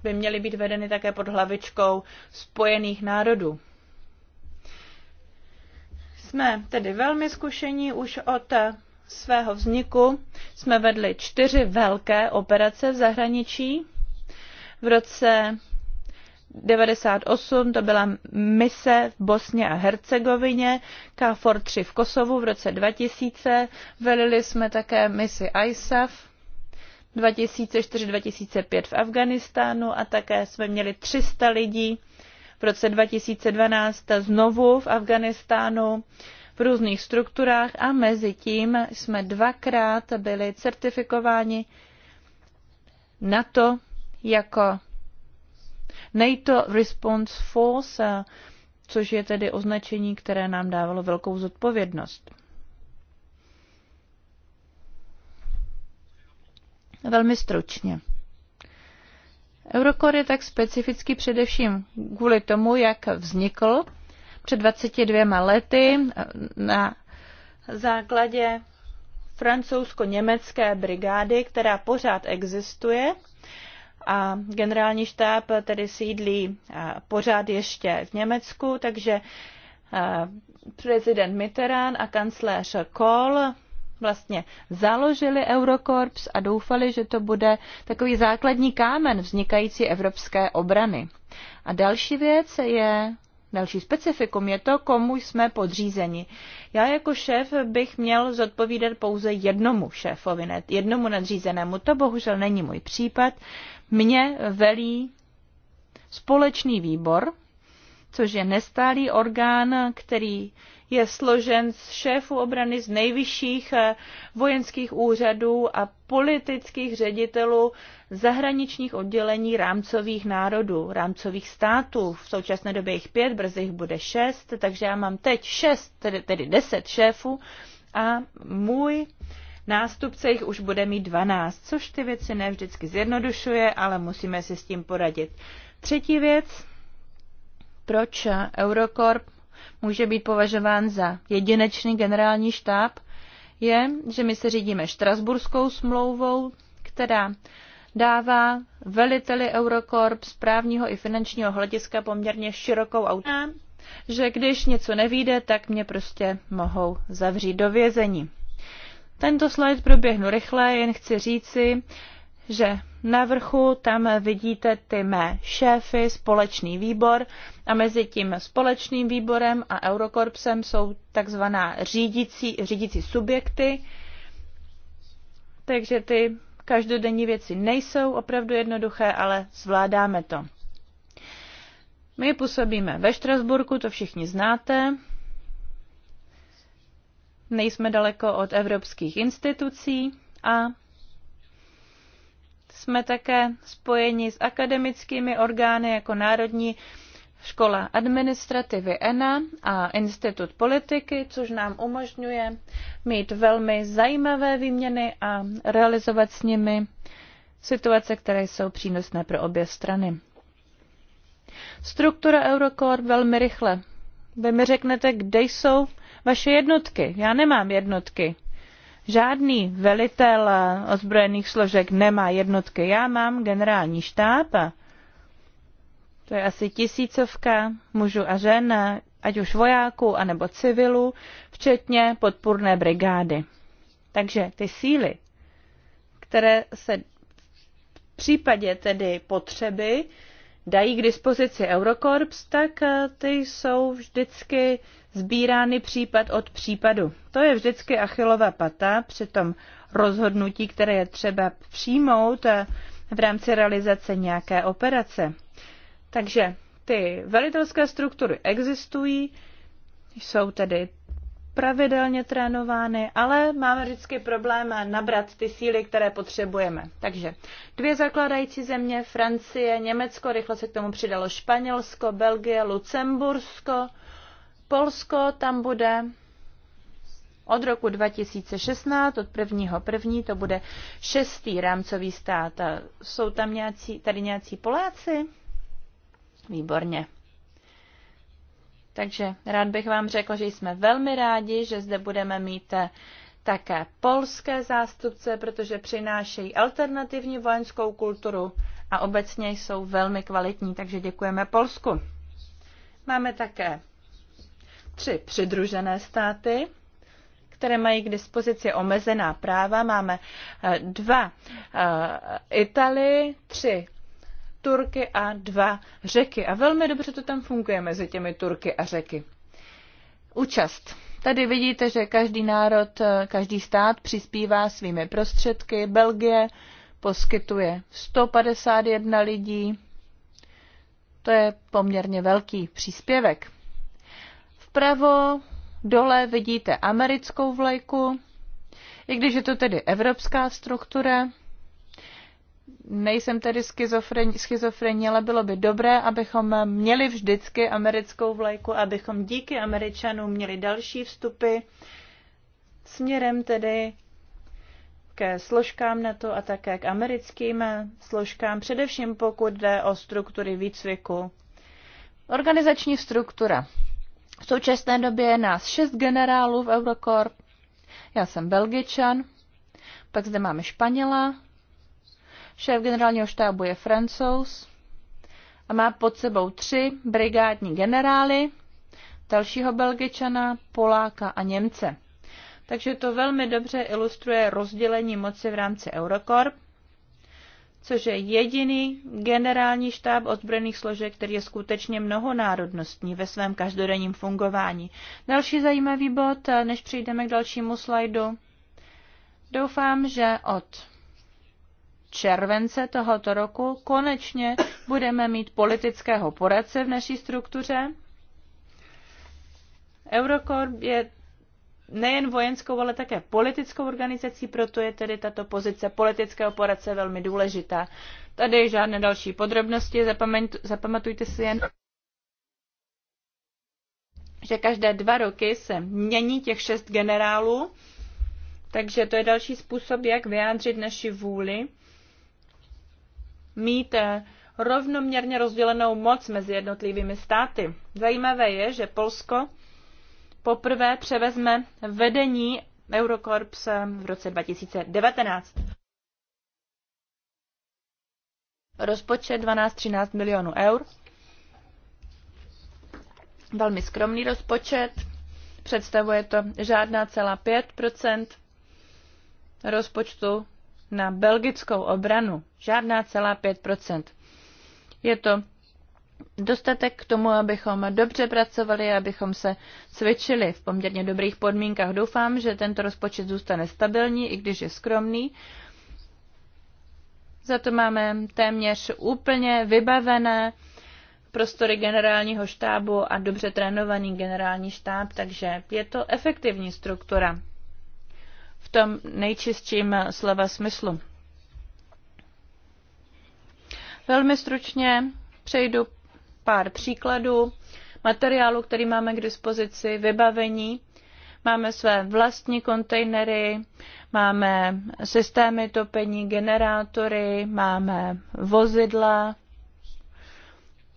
by měly být vedeny také pod hlavičkou Spojených národů. Jsme tedy velmi zkušení už od svého vzniku. Jsme vedli čtyři velké operace v zahraničí. V roce 98 to byla mise v Bosně a Hercegovině, KFOR 3 v Kosovu v roce 2000. Velili jsme také misi ISAF 2004-2005 v Afganistánu a také jsme měli 300 lidí v roce 2012 znovu v Afganistánu v různých strukturách a mezi tím jsme dvakrát byli certifikováni na to jako NATO Response Force, což je tedy označení, které nám dávalo velkou zodpovědnost. Velmi stručně. Eurokor je tak specifický především kvůli tomu, jak vznikl před 22 lety na základě francouzsko-německé brigády, která pořád existuje a generální štáb tedy sídlí pořád ještě v Německu, takže prezident Mitterrand a kancléř Kohl vlastně založili Eurokorps a doufali, že to bude takový základní kámen vznikající evropské obrany. A další věc je, další specifikum je to, komu jsme podřízeni. Já jako šéf bych měl zodpovídat pouze jednomu šéfovi, ne, jednomu nadřízenému. To bohužel není můj případ. Mně velí společný výbor, což je nestálý orgán, který je složen z šéfů obrany z nejvyšších eh, vojenských úřadů a politických ředitelů zahraničních oddělení rámcových národů, rámcových států. V současné době jich pět, brzy jich bude šest, takže já mám teď šest, tedy, tedy deset šéfů a můj nástupce jich už bude mít dvanáct, což ty věci ne vždycky zjednodušuje, ale musíme si s tím poradit. Třetí věc, proč Eurocorp může být považován za jedinečný generální štáb, je, že my se řídíme Štrasburskou smlouvou, která dává veliteli Eurocorp z právního i finančního hlediska poměrně širokou autonomii, že když něco nevíde, tak mě prostě mohou zavřít do vězení. Tento slide proběhnu rychle, jen chci říci, že na vrchu tam vidíte ty mé šéfy, společný výbor a mezi tím společným výborem a Eurokorpsem jsou takzvaná řídící, řídící subjekty, takže ty každodenní věci nejsou opravdu jednoduché, ale zvládáme to. My působíme ve Štrasburku, to všichni znáte. Nejsme daleko od evropských institucí a jsme také spojeni s akademickými orgány jako Národní škola administrativy ENA a Institut politiky, což nám umožňuje mít velmi zajímavé výměny a realizovat s nimi situace, které jsou přínosné pro obě strany. Struktura Eurocore velmi rychle. Vy mi řeknete, kde jsou vaše jednotky. Já nemám jednotky. Žádný velitel ozbrojených složek nemá jednotky. Já mám generální štáb, to je asi tisícovka mužů a žen, ať už vojáků, anebo civilů, včetně podpůrné brigády. Takže ty síly, které se v případě tedy potřeby dají k dispozici Eurokorps, tak ty jsou vždycky sbírány případ od případu. To je vždycky achilová pata při tom rozhodnutí, které je třeba přijmout eh, v rámci realizace nějaké operace. Takže ty velitelské struktury existují, jsou tedy pravidelně trénovány, ale máme vždycky problém nabrat ty síly, které potřebujeme. Takže dvě zakládající země, Francie, Německo, rychle se k tomu přidalo Španělsko, Belgie, Lucembursko, Polsko tam bude od roku 2016, od prvního první, to bude šestý rámcový stát. A jsou tam nějací, tady nějací Poláci? Výborně. Takže rád bych vám řekl, že jsme velmi rádi, že zde budeme mít eh, také polské zástupce, protože přinášejí alternativní vojenskou kulturu a obecně jsou velmi kvalitní, takže děkujeme Polsku. Máme také tři přidružené státy, které mají k dispozici omezená práva. Máme eh, dva eh, Italy, tři Turky a dva Řeky. A velmi dobře to tam funguje mezi těmi Turky a Řeky. Účast. Tady vidíte, že každý národ, eh, každý stát přispívá svými prostředky. Belgie poskytuje 151 lidí. To je poměrně velký příspěvek. Vpravo dole vidíte americkou vlajku, i když je to tedy evropská struktura. Nejsem tedy schizofrenní, ale bylo by dobré, abychom měli vždycky americkou vlajku, abychom díky američanům měli další vstupy směrem tedy ke složkám NATO a také k americkým složkám, především pokud jde o struktury výcviku. Organizační struktura. V současné době je nás šest generálů v Eurocorp. Já jsem Belgičan, pak zde máme Španěla, šéf generálního štábu je Francouz a má pod sebou tři brigádní generály, dalšího Belgičana, Poláka a Němce. Takže to velmi dobře ilustruje rozdělení moci v rámci Eurocorp což je jediný generální štáb ozbrojených složek, který je skutečně mnohonárodnostní ve svém každodenním fungování. Další zajímavý bod, než přejdeme k dalšímu slajdu. Doufám, že od července tohoto roku konečně budeme mít politického poradce v naší struktuře. Eurocorp je nejen vojenskou, ale také politickou organizací, proto je tedy tato pozice politického poradce velmi důležitá. Tady žádné další podrobnosti, zapamatujte si jen, že každé dva roky se mění těch šest generálů, takže to je další způsob, jak vyjádřit naši vůli, mít eh, rovnoměrně rozdělenou moc mezi jednotlivými státy. Zajímavé je, že Polsko poprvé převezme vedení Eurocorps eh, v roce 2019. Rozpočet 12-13 milionů eur. Velmi skromný rozpočet. Představuje to žádná celá 5 rozpočtu na belgickou obranu. Žádná celá 5 Je to dostatek k tomu, abychom dobře pracovali, abychom se cvičili v poměrně dobrých podmínkách. Doufám, že tento rozpočet zůstane stabilní, i když je skromný. Za to máme téměř úplně vybavené prostory generálního štábu a dobře trénovaný generální štáb, takže je to efektivní struktura v tom nejčistším slova smyslu. Velmi stručně přejdu pár příkladů materiálu, který máme k dispozici, vybavení. Máme své vlastní kontejnery, máme systémy topení, generátory, máme vozidla.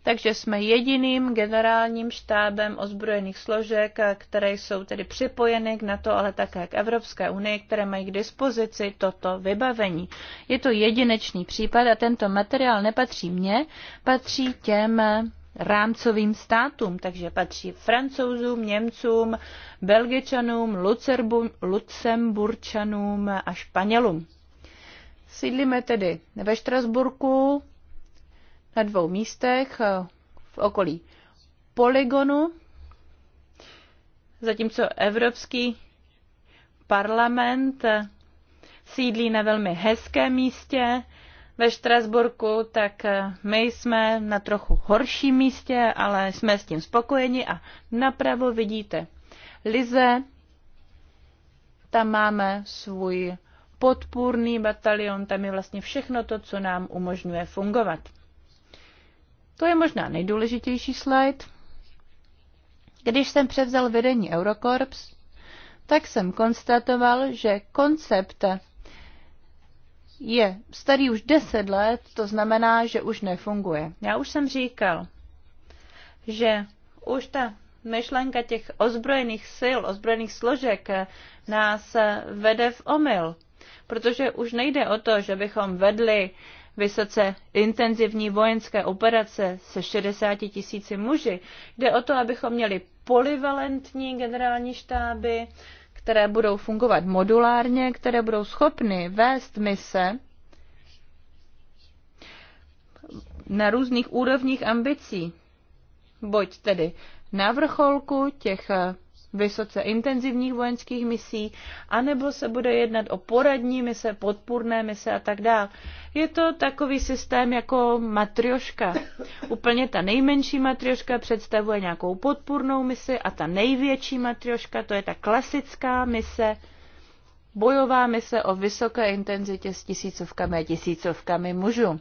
Takže jsme jediným generálním štábem ozbrojených složek, které jsou tedy připojeny k NATO, ale také k Evropské unii, které mají k dispozici toto vybavení. Je to jedinečný případ a tento materiál nepatří mně, patří těm rámcovým státům, takže patří francouzům, Němcům, Belgičanům, Lucemburčanům a Španělům. Sídlíme tedy ve Štrasburku na dvou místech v okolí polygonu, zatímco Evropský parlament sídlí na velmi hezkém místě ve Štrasburku, tak eh, my jsme na trochu horším místě, ale jsme s tím spokojeni a napravo vidíte Lize, tam máme svůj podpůrný batalion, tam je vlastně všechno to, co nám umožňuje fungovat. To je možná nejdůležitější slide. Když jsem převzal vedení Eurokorps, tak jsem konstatoval, že koncept je starý už deset let, to znamená, že už nefunguje. Já už jsem říkal, že už ta myšlenka těch ozbrojených sil, ozbrojených složek eh, nás eh, vede v omyl. Protože už nejde o to, že bychom vedli vysoce intenzivní vojenské operace se 60 tisíci muži. Jde o to, abychom měli polivalentní generální štáby, které budou fungovat modulárně, které budou schopny vést mise na různých úrovních ambicí. Buď tedy na vrcholku těch vysoce intenzivních vojenských misí, anebo se bude jednat o poradní mise, podpůrné mise a tak dále. Je to takový systém jako matrioška. Úplně ta nejmenší matrioška představuje nějakou podpůrnou misi a ta největší matrioška to je ta klasická mise, bojová mise o vysoké intenzitě s tisícovkami a tisícovkami mužů.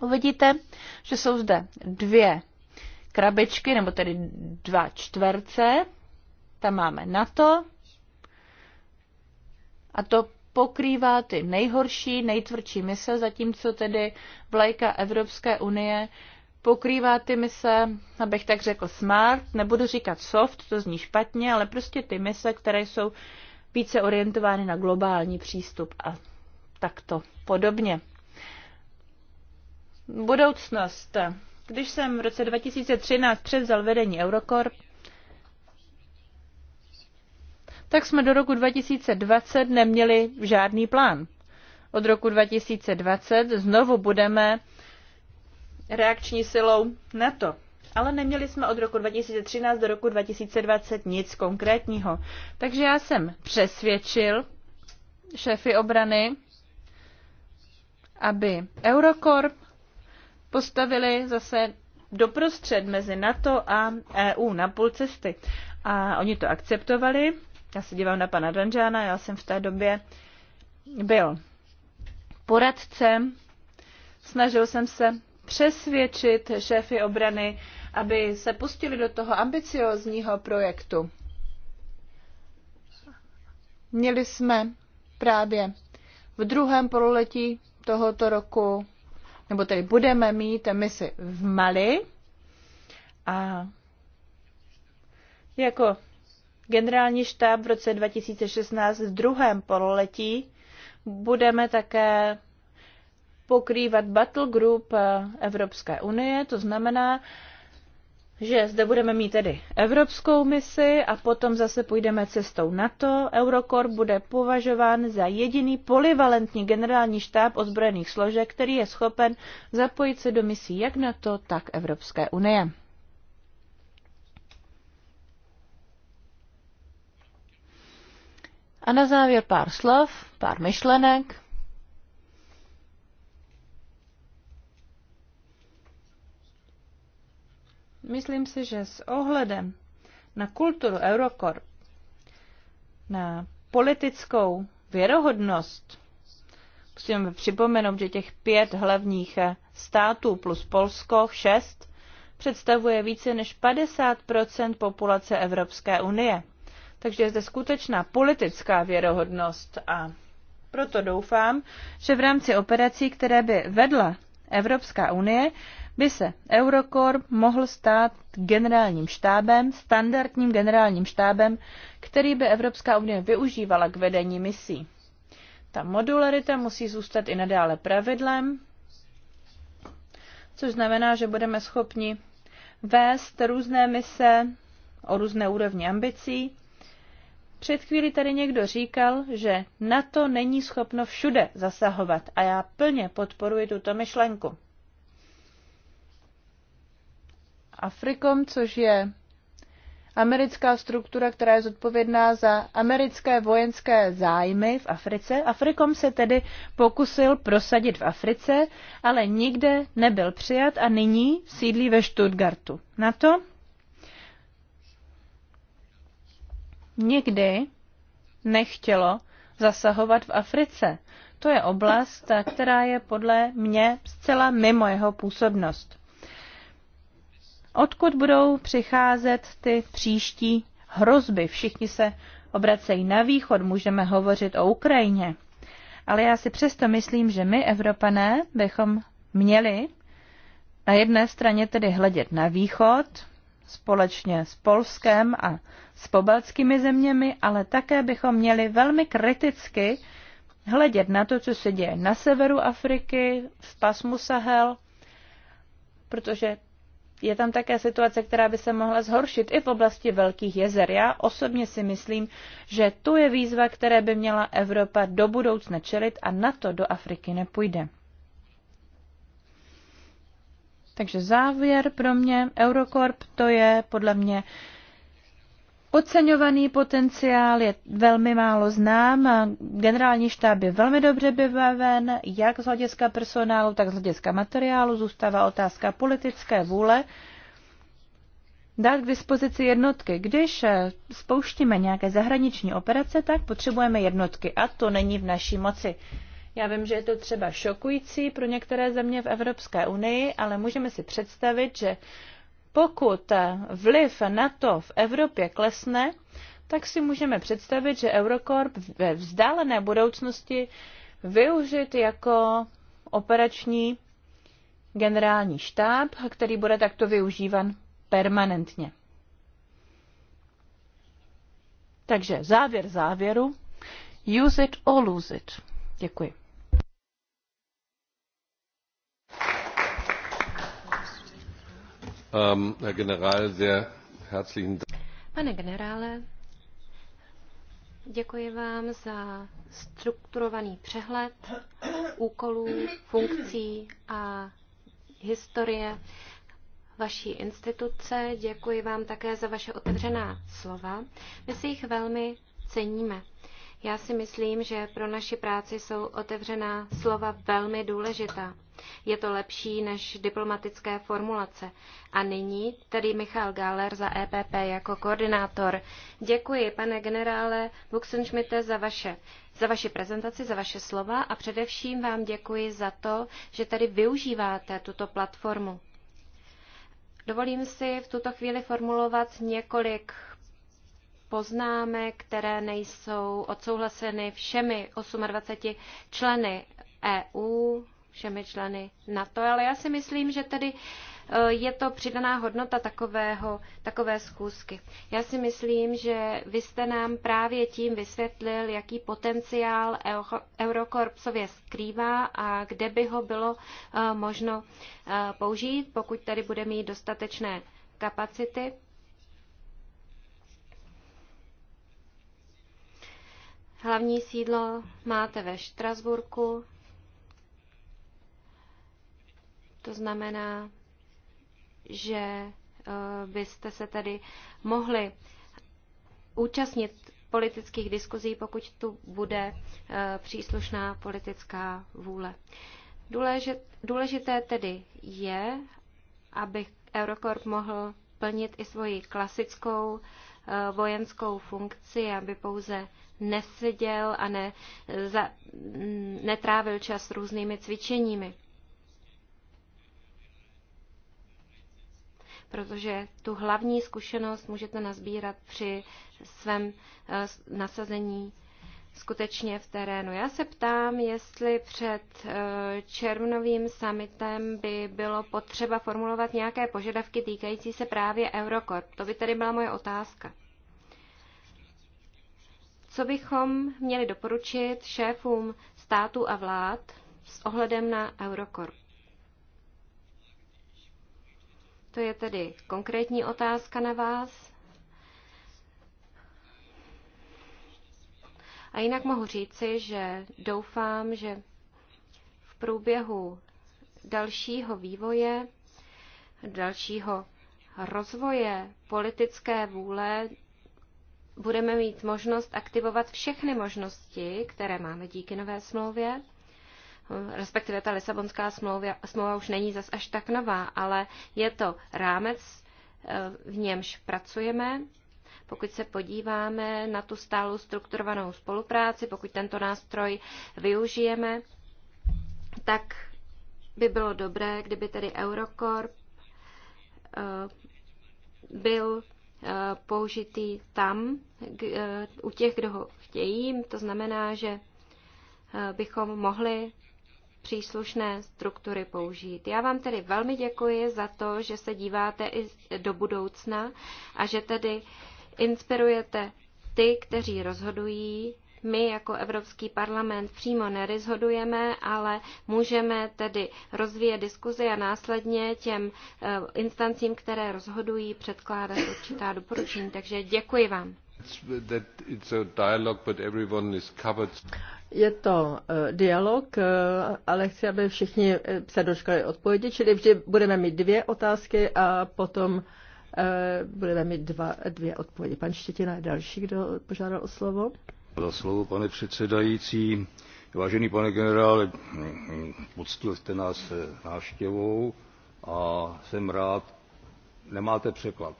Uvidíte, že jsou zde dvě krabičky, nebo tedy dva čtverce, tam máme NATO a to pokrývá ty nejhorší, nejtvrdší mise, zatímco tedy vlajka Evropské unie pokrývá ty mise, abych tak řekl smart, nebudu říkat soft, to zní špatně, ale prostě ty mise, které jsou více orientovány na globální přístup a takto podobně. Budoucnost. Když jsem v roce 2013 převzal vedení Eurocorp, tak jsme do roku 2020 neměli žádný plán. Od roku 2020 znovu budeme reakční silou NATO. Ale neměli jsme od roku 2013 do roku 2020 nic konkrétního. Takže já jsem přesvědčil šéfy obrany, aby Eurocorp postavili zase doprostřed mezi NATO a EU na půl cesty. A oni to akceptovali já se dívám na pana Danžána, já jsem v té době byl poradcem. Snažil jsem se přesvědčit šéfy obrany, aby se pustili do toho ambiciozního projektu. Měli jsme právě v druhém pololetí tohoto roku, nebo tedy budeme mít misi v Mali a jako generální štáb v roce 2016 v druhém pololetí budeme také pokrývat battle group eh, Evropské unie, to znamená, že zde budeme mít tedy evropskou misi a potom zase půjdeme cestou NATO. Eurokor bude považován za jediný polivalentní generální štáb ozbrojených složek, který je schopen zapojit se do misí jak NATO, tak Evropské unie. A na závěr pár slov, pár myšlenek. Myslím si, že s ohledem na kulturu Eurocorp, na politickou věrohodnost, musím připomenout, že těch pět hlavních států plus Polsko, šest, představuje více než 50 populace Evropské unie. Takže je zde skutečná politická věrohodnost a proto doufám, že v rámci operací, které by vedla Evropská unie, by se Eurocorp mohl stát generálním štábem, standardním generálním štábem, který by Evropská unie využívala k vedení misí. Ta modularita musí zůstat i nadále pravidlem, což znamená, že budeme schopni vést různé mise o různé úrovni ambicí před chvíli tady někdo říkal, že NATO není schopno všude zasahovat a já plně podporuji tuto myšlenku. Afrikom, což je americká struktura, která je zodpovědná za americké vojenské zájmy v Africe. Afrikom se tedy pokusil prosadit v Africe, ale nikde nebyl přijat a nyní sídlí ve Stuttgartu. Na to nikdy nechtělo zasahovat v Africe. To je oblast, která je podle mě zcela mimo jeho působnost. Odkud budou přicházet ty příští hrozby? Všichni se obracejí na východ, můžeme hovořit o Ukrajině. Ale já si přesto myslím, že my, Evropané, bychom měli na jedné straně tedy hledět na východ, společně s Polskem a s pobaltskými zeměmi, ale také bychom měli velmi kriticky hledět na to, co se děje na severu Afriky, v pasmu Sahel, protože je tam také situace, která by se mohla zhoršit i v oblasti velkých jezer. Já osobně si myslím, že tu je výzva, které by měla Evropa do budoucna čelit a na to do Afriky nepůjde. Takže závěr pro mě, Eurocorp, to je podle mě Podceňovaný potenciál je velmi málo znám. Generální štáb je velmi dobře vybaven, jak z hlediska personálu, tak z hlediska materiálu. Zůstává otázka politické vůle dát k dispozici jednotky. Když eh, spouštíme nějaké zahraniční operace, tak potřebujeme jednotky a to není v naší moci. Já vím, že je to třeba šokující pro některé země v Evropské unii, ale můžeme si představit, že pokud vliv NATO v Evropě klesne, tak si můžeme představit, že Eurocorp ve vzdálené budoucnosti využit jako operační generální štáb, který bude takto využívan permanentně. Takže závěr závěru. Use it or lose it. Děkuji. Ähm, Herr General, sehr herzlichen Dank. Pane generále, děkuji vám za strukturovaný přehled úkolů, funkcí a historie vaší instituce. Děkuji vám také za vaše otevřená slova. My si jich velmi ceníme. Já si myslím, že pro naši práci jsou otevřená slova velmi důležitá. Je to lepší než diplomatické formulace. A nyní tedy Michal Gáler za EPP jako koordinátor. Děkuji, pane generále Buxenschmitte, za vaše za vaši prezentaci, za vaše slova a především vám děkuji za to, že tady využíváte tuto platformu. Dovolím si v tuto chvíli formulovat několik poznámek, které nejsou odsouhlaseny všemi 28 členy EU, všemi členy NATO, ale já si myslím, že tedy e, je to přidaná hodnota takového, takové schůzky. Já si myslím, že vy jste nám právě tím vysvětlil, jaký potenciál Eurokorpsově skrývá a kde by ho bylo e, možno e, použít, pokud tady bude mít dostatečné kapacity. Hlavní sídlo máte ve Štrasburku, to znamená, že eh, byste se tedy mohli účastnit politických diskuzí, pokud tu bude eh, příslušná politická vůle. Důležité tedy je, aby Eurocorp mohl plnit i svoji klasickou eh, vojenskou funkci, aby pouze neseděl a ne, za, netrávil čas různými cvičeními. protože tu hlavní zkušenost můžete nazbírat při svém eh, nasazení skutečně v terénu. Já se ptám, jestli před eh, červnovým summitem by bylo potřeba formulovat nějaké požadavky týkající se právě Eurocorp. To by tedy byla moje otázka. Co bychom měli doporučit šéfům států a vlád s ohledem na Eurocorp? To je tedy konkrétní otázka na vás. A jinak mohu říci, že doufám, že v průběhu dalšího vývoje, dalšího rozvoje politické vůle budeme mít možnost aktivovat všechny možnosti, které máme díky nové smlouvě respektive ta Lisabonská smlouva, smlouva už není zas až tak nová, ale je to rámec, eh, v němž pracujeme. Pokud se podíváme na tu stálou strukturovanou spolupráci, pokud tento nástroj využijeme, tak by bylo dobré, kdyby tedy Eurocorp eh, byl eh, použitý tam, u těch, kdo ho chtějí. To znamená, že bychom mohli příslušné struktury použít. Já vám tedy velmi děkuji za to, že se díváte i do budoucna a že tedy inspirujete ty, kteří rozhodují. My jako Evropský parlament přímo nerozhodujeme, ale můžeme tedy rozvíjet diskuzi a následně těm eh, instancím, které rozhodují, předkládat určitá doporučení. Takže děkuji vám. Je to eh, dialog, eh, ale chci, aby všichni eh, se dočkali odpovědi, čili vždy budeme mít dvě otázky a potom budeme mít dva, dvě odpovědi. Pan Štětina je další, kdo požádal o slovo. Za slovo, pane předsedající. Vážený pane generále, poctil jste nás návštěvou a jsem rád, nemáte překlad.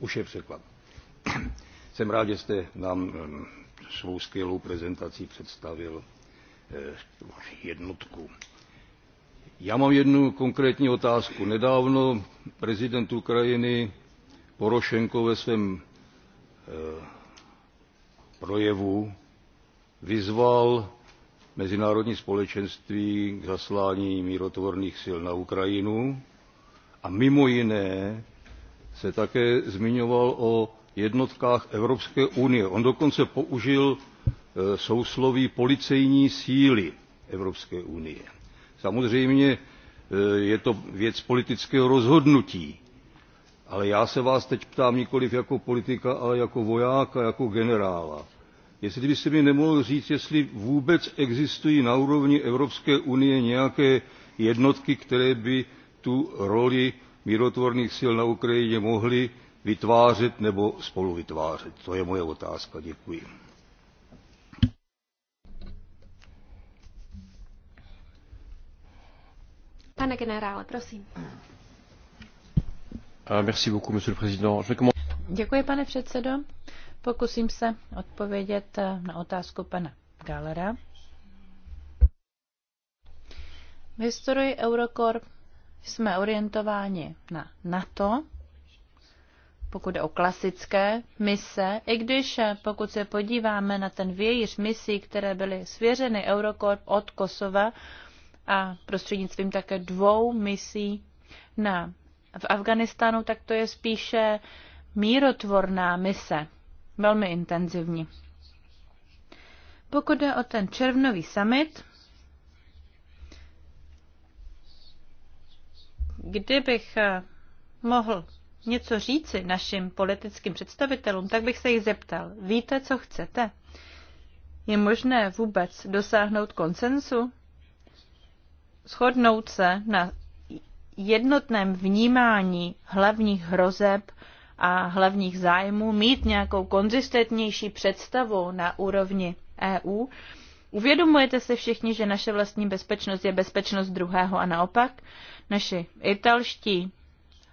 Už je překlad Jsem rád, že jste nám svou skvělou prezentací představil eh, jednotku. Já mám jednu konkrétní otázku. Nedávno prezident Ukrajiny Porošenko ve svém eh, projevu vyzval mezinárodní společenství k zaslání mírotvorných sil na Ukrajinu a mimo jiné se také zmiňoval o jednotkách Evropské unie. On dokonce použil e, sousloví policejní síly Evropské unie. Samozřejmě e, je to věc politického rozhodnutí, ale já se vás teď ptám nikoliv jako politika, ale jako vojáka, jako generála. Jestli byste mi nemohl říct, jestli vůbec existují na úrovni Evropské unie nějaké jednotky, které by tu roli mírotvorných sil na Ukrajině mohly vytvářet nebo spoluvytvářet. To je moje otázka. Děkuji. Pane generále, prosím. Ah, merci beaucoup, monsieur le président. Děkuji, pane předsedo. Pokusím se odpovědět eh, na otázku pana Galera. V historii Eurocorp jsme orientováni na NATO pokud je o klasické mise, i když eh, pokud se podíváme na ten vějíř misí, které byly svěřeny Eurocorp od Kosova a prostřednictvím také dvou misí na, v Afganistánu, tak to je spíše mírotvorná mise, velmi intenzivní. Pokud jde o ten červnový summit, kdybych eh, mohl něco říci našim politickým představitelům, tak bych se jich zeptal, víte, co chcete? Je možné vůbec dosáhnout konsensu? Shodnout se na jednotném vnímání hlavních hrozeb a hlavních zájmů, mít nějakou konzistentnější představu na úrovni EU. Uvědomujete se všichni, že naše vlastní bezpečnost je bezpečnost druhého a naopak? Naši italští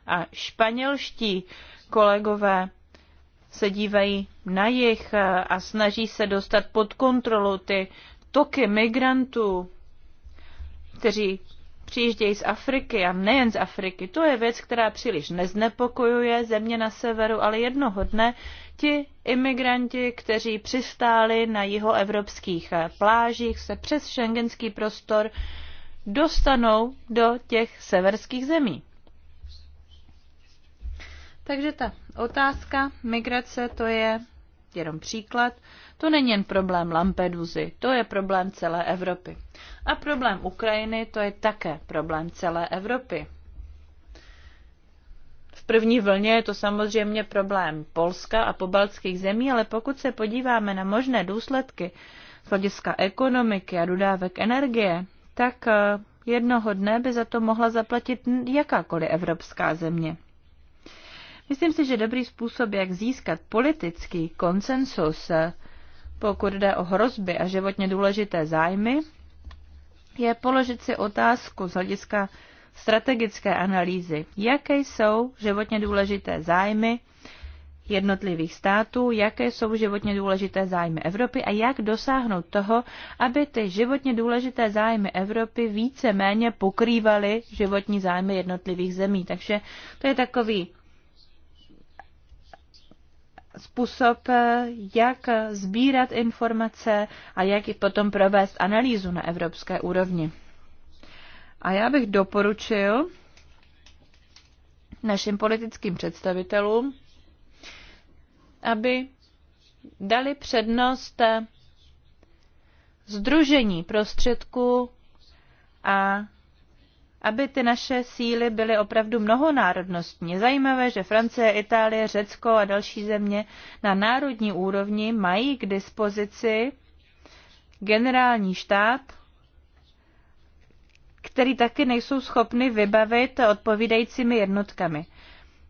a španělští kolegové se dívají na jich eh, a snaží se dostat pod kontrolu ty toky migrantů, kteří přijíždějí z Afriky a nejen z Afriky. To je věc, která příliš neznepokojuje země na severu, ale jednoho dne ti imigranti, kteří přistáli na jihoevropských eh, plážích, se přes šengenský prostor dostanou do těch severských zemí. Takže ta otázka migrace to je jenom příklad, to není jen problém Lampeduzy, to je problém celé Evropy. A problém Ukrajiny to je také problém celé Evropy. V první vlně je to samozřejmě problém Polska a pobaltských zemí, ale pokud se podíváme na možné důsledky z hlediska ekonomiky a dodávek energie, tak eh, jednoho dne by za to mohla zaplatit jakákoliv evropská země. Myslím si, že dobrý způsob, jak získat politický konsensus, pokud jde o hrozby a životně důležité zájmy, je položit si otázku z hlediska strategické analýzy, jaké jsou životně důležité zájmy jednotlivých států, jaké jsou životně důležité zájmy Evropy a jak dosáhnout toho, aby ty životně důležité zájmy Evropy více méně pokrývaly životní zájmy jednotlivých zemí. Takže to je takový způsob, jak sbírat informace a jak i potom provést analýzu na evropské úrovni. A já bych doporučil našim politickým představitelům, aby dali přednost združení prostředků a aby ty naše síly byly opravdu mnohonárodnostní. Zajímavé, že Francie, Itálie, Řecko a další země na národní úrovni mají k dispozici generální štát, který taky nejsou schopny vybavit odpovídajícími jednotkami.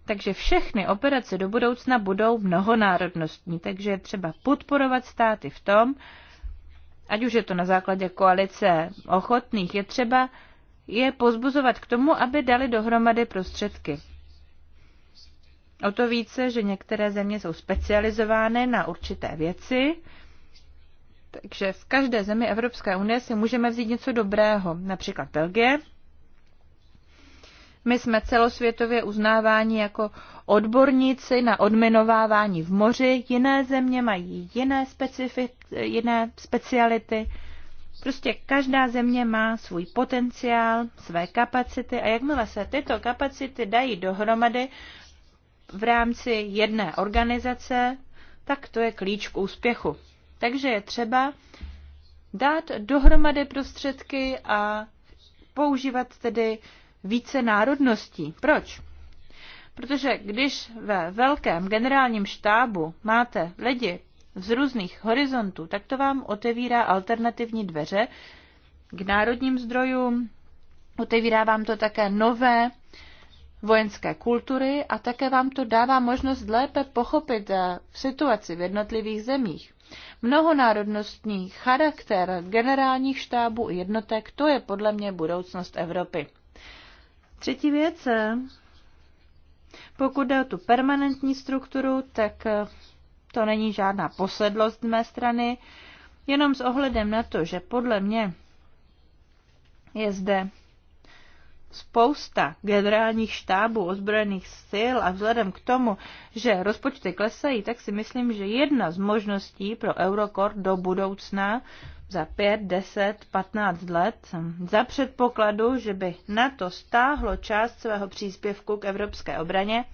Takže všechny operace do budoucna budou mnohonárodnostní, takže je třeba podporovat státy v tom, ať už je to na základě koalice ochotných, je třeba je pozbuzovat k tomu, aby dali dohromady prostředky. O to více, že některé země jsou specializovány na určité věci, takže v každé zemi Evropské unie si můžeme vzít něco dobrého, například Belgie. My jsme celosvětově uznáváni jako odborníci na odminovávání v moři, jiné země mají jiné, specifi- jiné speciality. Prostě každá země má svůj potenciál, své kapacity a jakmile se tyto kapacity dají dohromady v rámci jedné organizace, tak to je klíč k úspěchu. Takže je třeba dát dohromady prostředky a používat tedy více národností. Proč? Protože když ve velkém generálním štábu máte lidi z různých horizontů, tak to vám otevírá alternativní dveře k národním zdrojům, otevírá vám to také nové vojenské kultury a také vám to dává možnost lépe pochopit eh, situaci v jednotlivých zemích. Mnohonárodnostní charakter generálních štábů i jednotek, to je podle mě budoucnost Evropy. Třetí věc, eh, pokud jde o tu permanentní strukturu, tak eh, to není žádná posedlost z mé strany, jenom s ohledem na to, že podle mě je zde spousta generálních štábů ozbrojených sil a vzhledem k tomu, že rozpočty klesají, tak si myslím, že jedna z možností pro Eurokor do budoucna za 5, 10, 15 let, za předpokladu, že by NATO stáhlo část svého příspěvku k evropské obraně,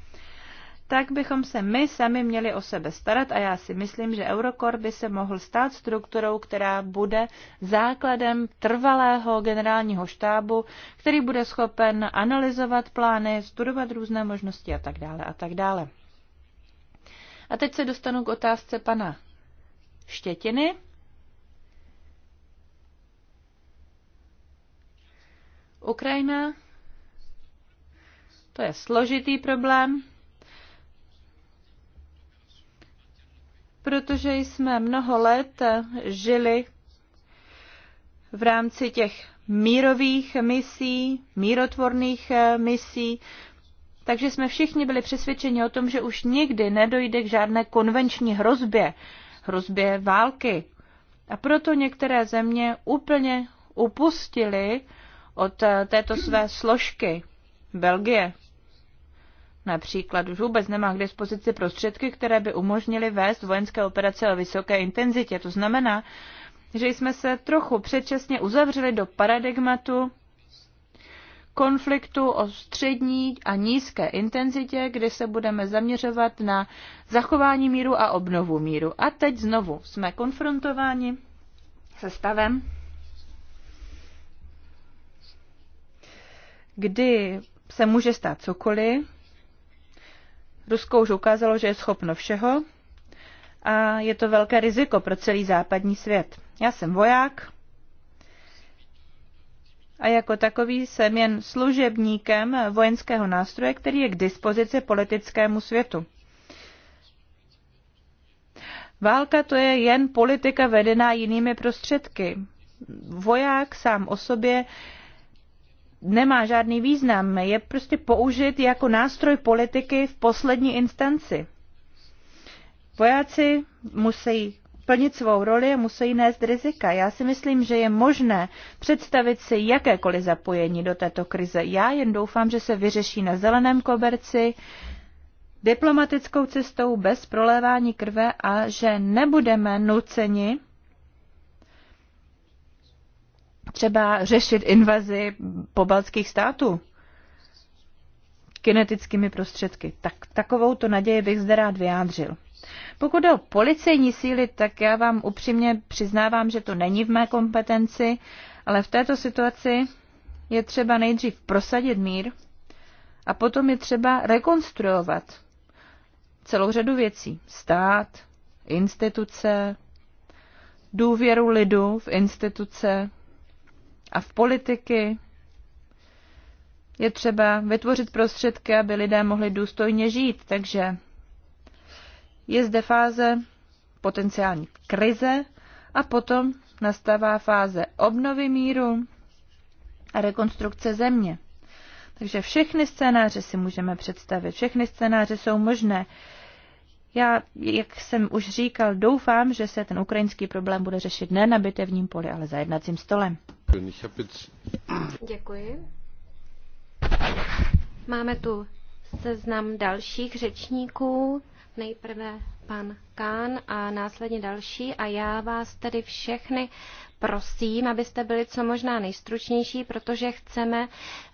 tak bychom se my sami měli o sebe starat a já si myslím, že Eurokor by se mohl stát strukturou, která bude základem trvalého generálního štábu, který bude schopen analyzovat plány, studovat různé možnosti a tak dále a tak dále. A teď se dostanu k otázce pana Štětiny. Ukrajina, to je složitý problém. protože jsme mnoho let žili v rámci těch mírových misí, mírotvorných eh, misí, takže jsme všichni byli přesvědčeni o tom, že už nikdy nedojde k žádné konvenční hrozbě, hrozbě války. A proto některé země úplně upustily od eh, této své složky. Belgie Například už vůbec nemá k dispozici prostředky, které by umožnily vést vojenské operace o vysoké intenzitě. To znamená, že jsme se trochu předčasně uzavřeli do paradigmatu konfliktu o střední a nízké intenzitě, kdy se budeme zaměřovat na zachování míru a obnovu míru. A teď znovu jsme konfrontováni se stavem, kdy se může stát cokoliv, Rusko už ukázalo, že je schopno všeho a je to velké riziko pro celý západní svět. Já jsem voják a jako takový jsem jen služebníkem vojenského nástroje, který je k dispozici politickému světu. Válka to je jen politika vedená jinými prostředky. Voják sám o sobě nemá žádný význam, je prostě použit jako nástroj politiky v poslední instanci. Vojáci musí plnit svou roli a musí nést rizika. Já si myslím, že je možné představit si jakékoliv zapojení do této krize. Já jen doufám, že se vyřeší na zeleném koberci, diplomatickou cestou bez prolévání krve a že nebudeme nuceni třeba řešit invazi pobaltských států kinetickými prostředky. Tak takovou to naději bych zde rád vyjádřil. Pokud o policejní síly, tak já vám upřímně přiznávám, že to není v mé kompetenci, ale v této situaci je třeba nejdřív prosadit mír a potom je třeba rekonstruovat celou řadu věcí. Stát, instituce, důvěru lidu v instituce, a v politiky. Je třeba vytvořit prostředky, aby lidé mohli důstojně žít, takže je zde fáze potenciální krize a potom nastává fáze obnovy míru a rekonstrukce země. Takže všechny scénáře si můžeme představit, všechny scénáře jsou možné. Já, jak jsem už říkal, doufám, že se ten ukrajinský problém bude řešit ne na bitevním poli, ale za jednacím stolem. Děkuji. Máme tu seznam dalších řečníků. Nejprve pan Kán a následně další. A já vás tedy všechny prosím, abyste byli co možná nejstručnější, protože chceme,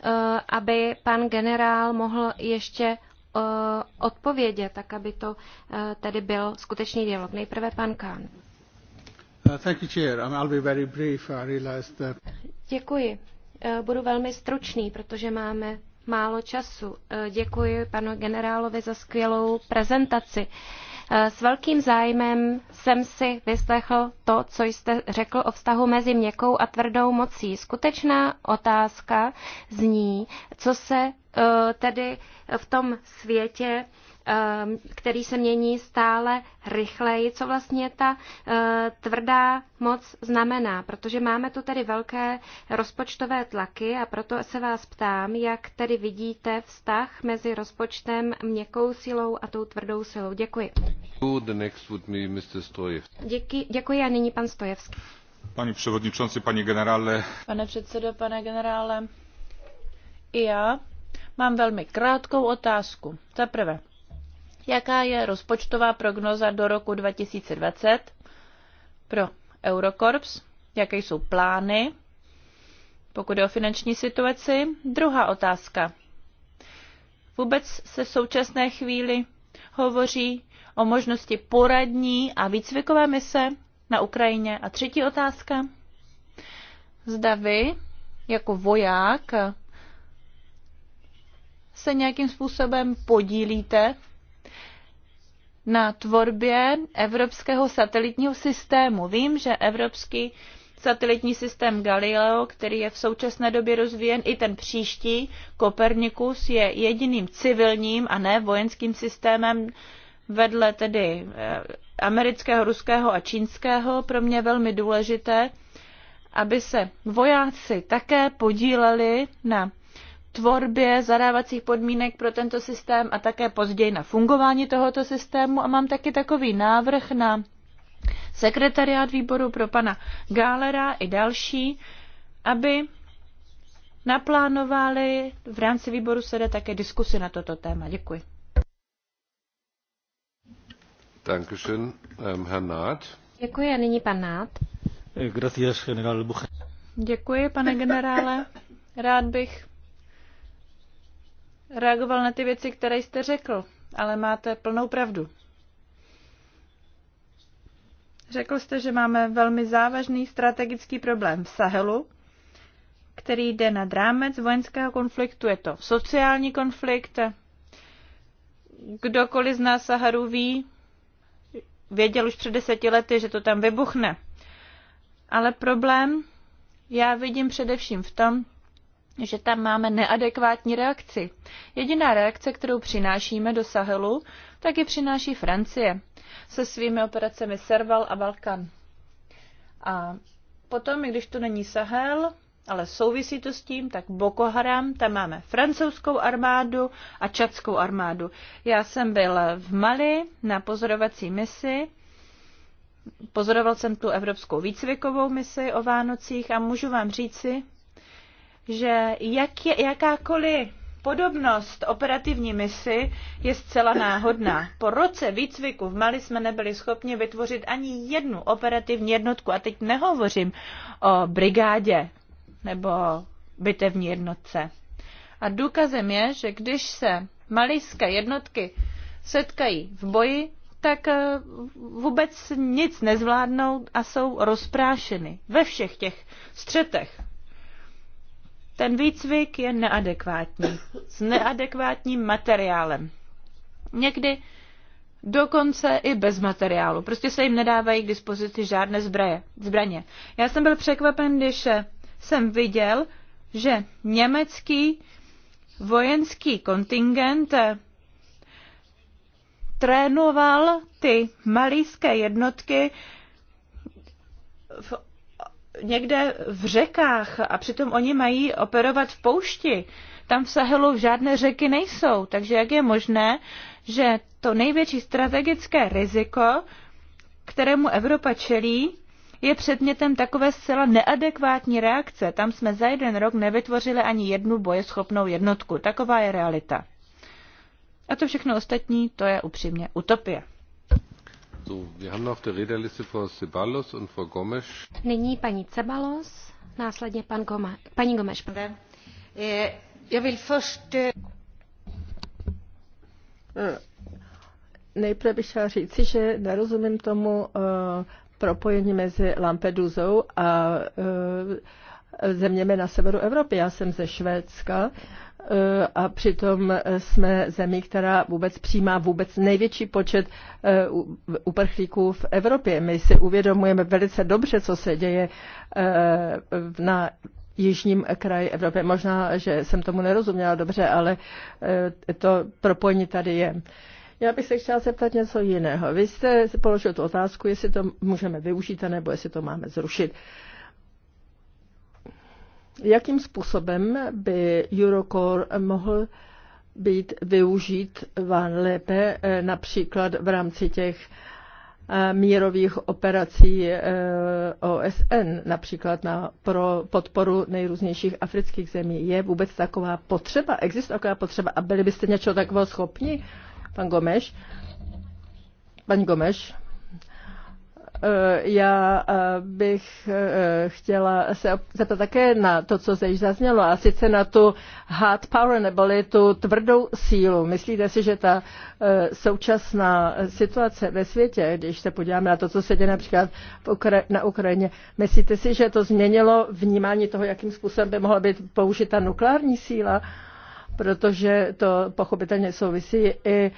eh, aby pan generál mohl ještě odpovědě, tak aby to e, tedy byl skutečný dialog. Nejprve pan Kán. Uh, děkuji. E, budu velmi stručný, protože máme málo času. E, děkuji panu generálovi za skvělou prezentaci. Uh, s velkým zájmem jsem si vyslechl to, co jste řekl o vztahu mezi měkkou a tvrdou mocí. Skutečná otázka zní, co se eh, tedy v tom světě Ehm, který se mění stále rychleji, co vlastně ta eh, tvrdá moc znamená, protože máme tu tedy velké rozpočtové tlaky a proto se vás ptám, jak tedy vidíte vztah mezi rozpočtem měkkou silou a tou tvrdou silou. Děkuji. Děkuji, děkuji a nyní pan Stojevský. Pani předsedající, paní generále. Pane předsedo, pane generále, i já mám velmi krátkou otázku. Za prvé, jaká je rozpočtová prognoza do roku 2020 pro Eurokorps, jaké jsou plány, pokud je o finanční situaci. Druhá otázka. Vůbec se v současné chvíli hovoří o možnosti poradní a výcvikové mise na Ukrajině. A třetí otázka. Zda vy, jako voják, se nějakým způsobem podílíte na tvorbě evropského satelitního systému. Vím, že evropský satelitní systém Galileo, který je v současné době rozvíjen, i ten příští, Kopernikus, je jediným civilním a ne vojenským systémem vedle tedy eh, amerického, ruského a čínského. Pro mě velmi důležité, aby se vojáci také podíleli na tvorbě zadávacích podmínek pro tento systém a také později na fungování tohoto systému. A mám taky takový návrh na sekretariát výboru pro pana Gálera i další, aby naplánovali v rámci výboru sede také diskusy na toto téma. Děkuji. Dankeschön, ähm, Herr Naht. Děkuji a nyní pan Naht. Děkuji, pane generále. Rád bych reagoval na ty věci, které jste řekl, ale máte plnou pravdu. Řekl jste, že máme velmi závažný strategický problém v Sahelu, který jde na rámec vojenského konfliktu. Je to sociální konflikt. Kdokoliv z nás Saharu ví, věděl už před deseti lety, že to tam vybuchne. Ale problém já vidím především v tom, že tam máme neadekvátní reakci. Jediná reakce, kterou přinášíme do Sahelu, tak ji přináší Francie se svými operacemi Serval a Balkan. A potom, i když to není Sahel, ale souvisí to s tím, tak Boko Haram, tam máme francouzskou armádu a čadskou armádu. Já jsem byl v Mali na pozorovací misi, pozoroval jsem tu evropskou výcvikovou misi o Vánocích a můžu vám říci, že jak je, jakákoliv podobnost operativní misi je zcela náhodná. Po roce výcviku v Mali jsme nebyli schopni vytvořit ani jednu operativní jednotku. A teď nehovořím o brigádě nebo bitevní jednotce. A důkazem je, že když se malijské jednotky setkají v boji, tak eh, vůbec nic nezvládnou a jsou rozprášeny ve všech těch střetech. Ten výcvik je neadekvátní, s neadekvátním materiálem. Někdy dokonce i bez materiálu. Prostě se jim nedávají k dispozici žádné zbraje, zbraně. Já jsem byl překvapen, když jsem viděl, že německý vojenský kontingent eh, trénoval ty malíské jednotky v někde v řekách a přitom oni mají operovat v poušti. Tam v Sahelu žádné řeky nejsou, takže jak je možné, že to největší strategické riziko, kterému Evropa čelí, je předmětem takové zcela neadekvátní reakce. Tam jsme za jeden rok nevytvořili ani jednu bojeschopnou jednotku. Taková je realita. A to všechno ostatní, to je upřímně utopie. Nyní paní Cebalos, následně paní Gomes. Eh, eh, Nejprve bych chtěla říci, že nerozumím tomu eh, propojení mezi Lampedusou a zeměmi na severu Evropy. Já jsem ze Švédska. Uh, Eh, a přitom eh, jsme zemí, která vůbec přijímá vůbec největší počet eh, uprchlíků v Evropě. My si uvědomujeme velice dobře, co se děje na jižním kraji Evropy. Možná, že jsem tomu nerozuměla dobře, ale to propojení tady je. Já bych se chtěla zeptat něco jiného. Vy jste položil tu otázku, jestli to můžeme využít, nebo jestli to máme zrušit. Uh, jakým způsobem by Eurocore mohl být využít vám lépe, eh, například v rámci těch eh, mírových operací eh, OSN, například na, pro podporu nejrůznějších afrických zemí. Je vůbec taková potřeba? Existuje taková potřeba? A byli byste něčeho takového schopni, pan Gomeš? Pan Gomeš? Eh, já eh, bych eh, chtěla se zeptat také na to, co zde již zaznělo, a sice na tu hard power, neboli tu tvrdou sílu. Myslíte si, že ta současná situace ve světě, když se podíváme na to, co se děje například na Ukrajině, myslíte si, že to změnilo vnímání toho, jakým způsobem by mohla být použita nukleární síla? protože to pochopitelně souvisí i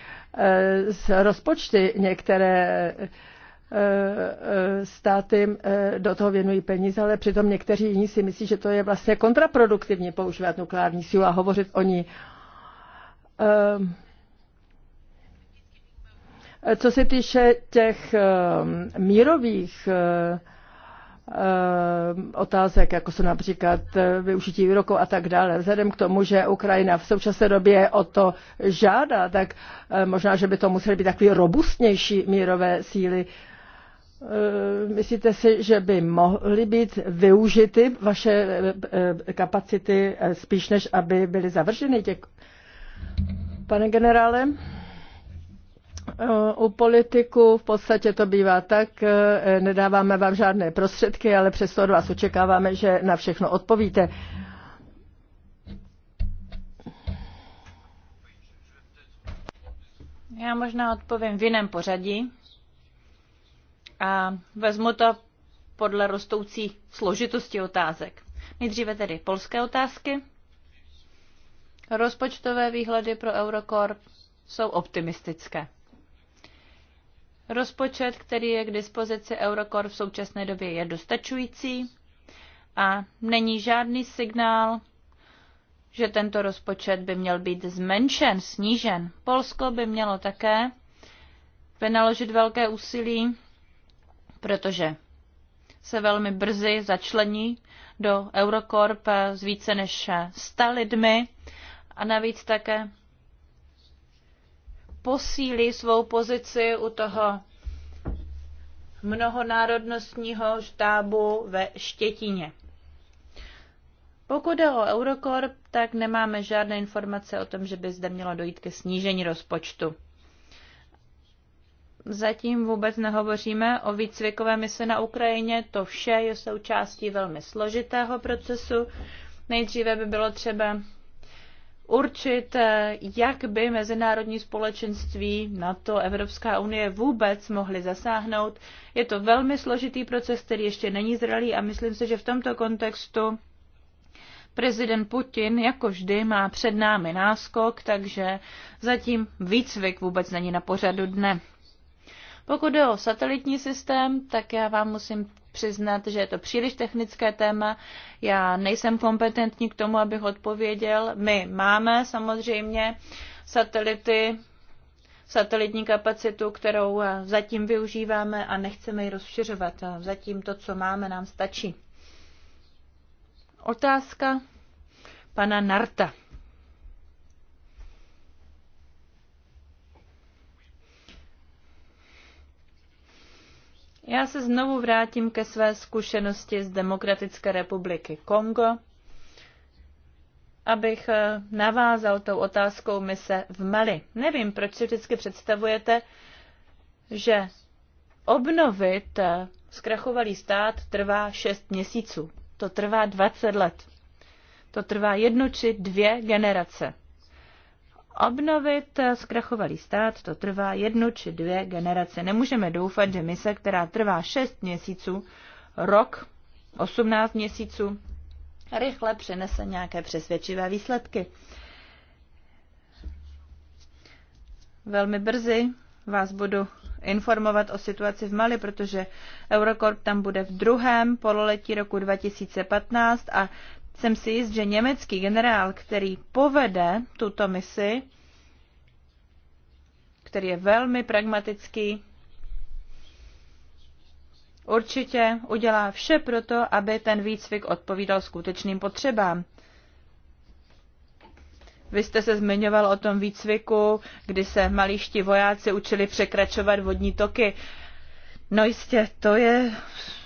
s rozpočty některé Eh, eh, státy eh, do toho věnují peníze, ale přitom někteří jiní si myslí, že to je vlastně kontraproduktivní používat nukleární sílu a hovořit o ní. Co se týče těch mírových otázek, jako jsou například využití výroku a tak dále. Vzhledem k tomu, že Ukrajina v současné době o to žádá, tak možná, že by to musely být takové robustnější mírové síly, Eh, myslíte si, že by mohly být využity vaše eh, eh, kapacity spíš, než aby byly zavrženy? Děku... Pane generále, u politiku v podstatě to bývá tak, nedáváme vám žádné prostředky, ale přesto od vás očekáváme, že na všechno odpovíte. Já možná odpovím v jiném pořadí. A vezmu to podle rostoucí složitosti otázek. Nejdříve tedy polské otázky. Rozpočtové výhledy pro Eurocorp jsou optimistické. Rozpočet, který je k dispozici Eurocorp v současné době, je dostačující a není žádný signál, že tento rozpočet by měl být zmenšen, snížen. Polsko by mělo také vynaložit velké úsilí protože se velmi brzy začlení do Eurocorp s více než 100 lidmi a navíc také posílí svou pozici u toho mnohonárodnostního štábu ve Štětině. Pokud jde o Eurocorp, tak nemáme žádné informace o tom, že by zde mělo dojít ke snížení rozpočtu. Zatím vůbec nehovoříme o výcvikové mise na Ukrajině, to vše je součástí velmi složitého procesu. Nejdříve by bylo třeba určit, jak by mezinárodní společenství, na to Evropská unie vůbec mohly zasáhnout. Je to velmi složitý proces, který ještě není zralý a myslím si, že v tomto kontextu prezident Putin, jako vždy, má před námi náskok, takže zatím výcvik vůbec není na pořadu dne. Pokud jde o satelitní systém, tak já vám musím přiznat, že je to příliš technické téma. Já nejsem kompetentní k tomu, abych odpověděl. My máme samozřejmě satelity, satelitní kapacitu, kterou eh, zatím využíváme a nechceme ji rozšiřovat. Eh, zatím to, co máme, nám stačí. Otázka pana Narta. Já se znovu vrátím ke své zkušenosti z Demokratické republiky Kongo, abych eh, navázal tou otázkou mise v Mali. Nevím, proč si vždycky představujete, že obnovit eh, zkrachovalý stát trvá 6 měsíců. To trvá 20 let. To trvá jednu či dvě generace obnovit eh, zkrachovalý stát, to trvá jednu či dvě generace. Nemůžeme doufat, že mise, která trvá 6 měsíců, rok, 18 měsíců, rychle přinese nějaké přesvědčivé výsledky. Velmi brzy vás budu informovat o situaci v Mali, protože Eurocorp tam bude v druhém pololetí roku 2015 a jsem si jist, že německý generál, který povede tuto misi, který je velmi pragmatický, určitě udělá vše proto, aby ten výcvik odpovídal skutečným potřebám. Vy jste se zmiňoval o tom výcviku, kdy se malíští vojáci učili překračovat vodní toky. No jistě, to je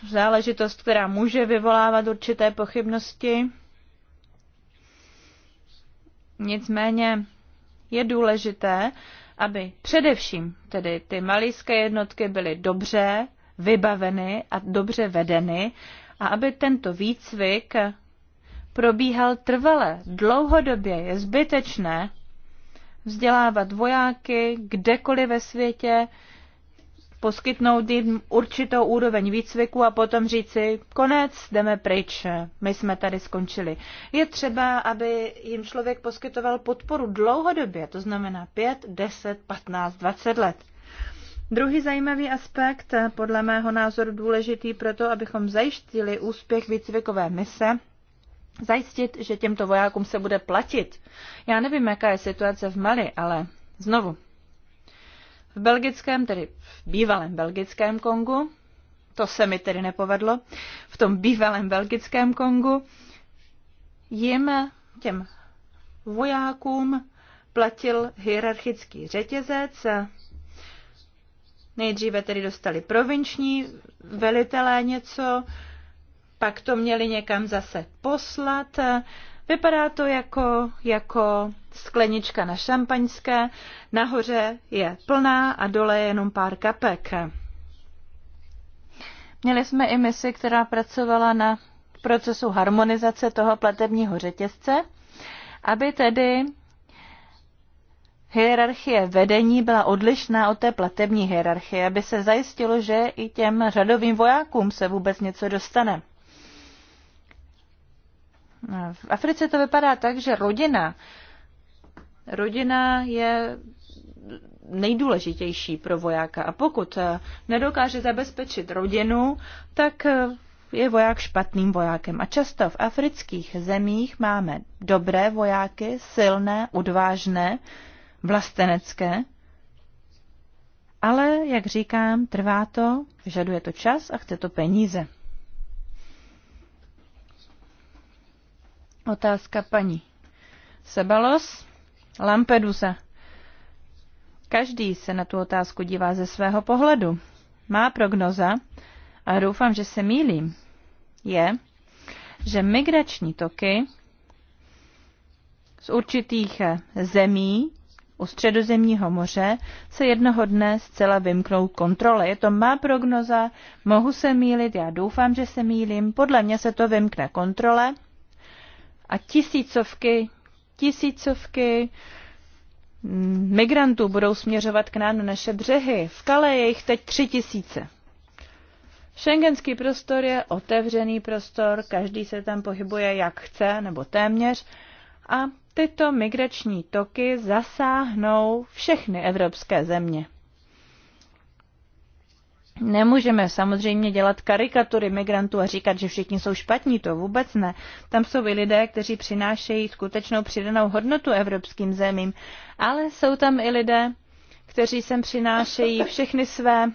záležitost, která může vyvolávat určité pochybnosti. Nicméně je důležité, aby především tedy ty malíské jednotky byly dobře vybaveny a dobře vedeny a aby tento výcvik probíhal trvale, dlouhodobě. Je zbytečné vzdělávat vojáky kdekoliv ve světě, poskytnout jim určitou úroveň výcviku a potom říci konec, jdeme pryč, my jsme tady skončili. Je třeba, aby jim člověk poskytoval podporu dlouhodobě, to znamená 5, 10, 15, 20 let. Druhý zajímavý aspekt, podle mého názoru důležitý pro to, abychom zajistili úspěch výcvikové mise, zajistit, že těmto vojákům se bude platit. Já nevím, jaká je situace v Mali, ale znovu, v belgickém, tedy v bývalém belgickém Kongu, to se mi tedy nepovedlo, v tom bývalém belgickém Kongu, jim, těm vojákům, platil hierarchický řetězec. Nejdříve tedy dostali provinční velitelé něco, pak to měli někam zase poslat. Vypadá to jako, jako sklenička na šampaňské, nahoře je plná a dole je jenom pár kapek. Měli jsme i misi, která pracovala na procesu harmonizace toho platebního řetězce, aby tedy hierarchie vedení byla odlišná od té platební hierarchie, aby se zajistilo, že i těm řadovým vojákům se vůbec něco dostane. V Africe to vypadá tak, že rodina rodina je nejdůležitější pro vojáka. A pokud eh, nedokáže zabezpečit rodinu, tak eh, je voják špatným vojákem. A často v afrických zemích máme dobré vojáky, silné, odvážné, vlastenecké, ale, jak říkám, trvá to, vyžaduje to čas a chce to peníze. Otázka paní Sebalos. Lampedusa. Každý se na tu otázku dívá ze svého pohledu. Má prognoza, a doufám, že se mýlím, je, že migrační toky z určitých zemí u středozemního moře se jednoho dne zcela vymknou kontrole. Je to má prognoza, mohu se mýlit, já doufám, že se mýlím. Podle mě se to vymkne kontrole a tisícovky tisícovky migrantů budou směřovat k nám na naše břehy. V Kale je jich teď tři tisíce. Schengenský prostor je otevřený prostor, každý se tam pohybuje jak chce, nebo téměř, a tyto migrační toky zasáhnou všechny evropské země. Nemůžeme samozřejmě dělat karikatury migrantů a říkat, že všichni jsou špatní, to vůbec ne. Tam jsou i lidé, kteří přinášejí skutečnou přidanou hodnotu evropským zemím, ale jsou tam i lidé, kteří sem přinášejí všechny své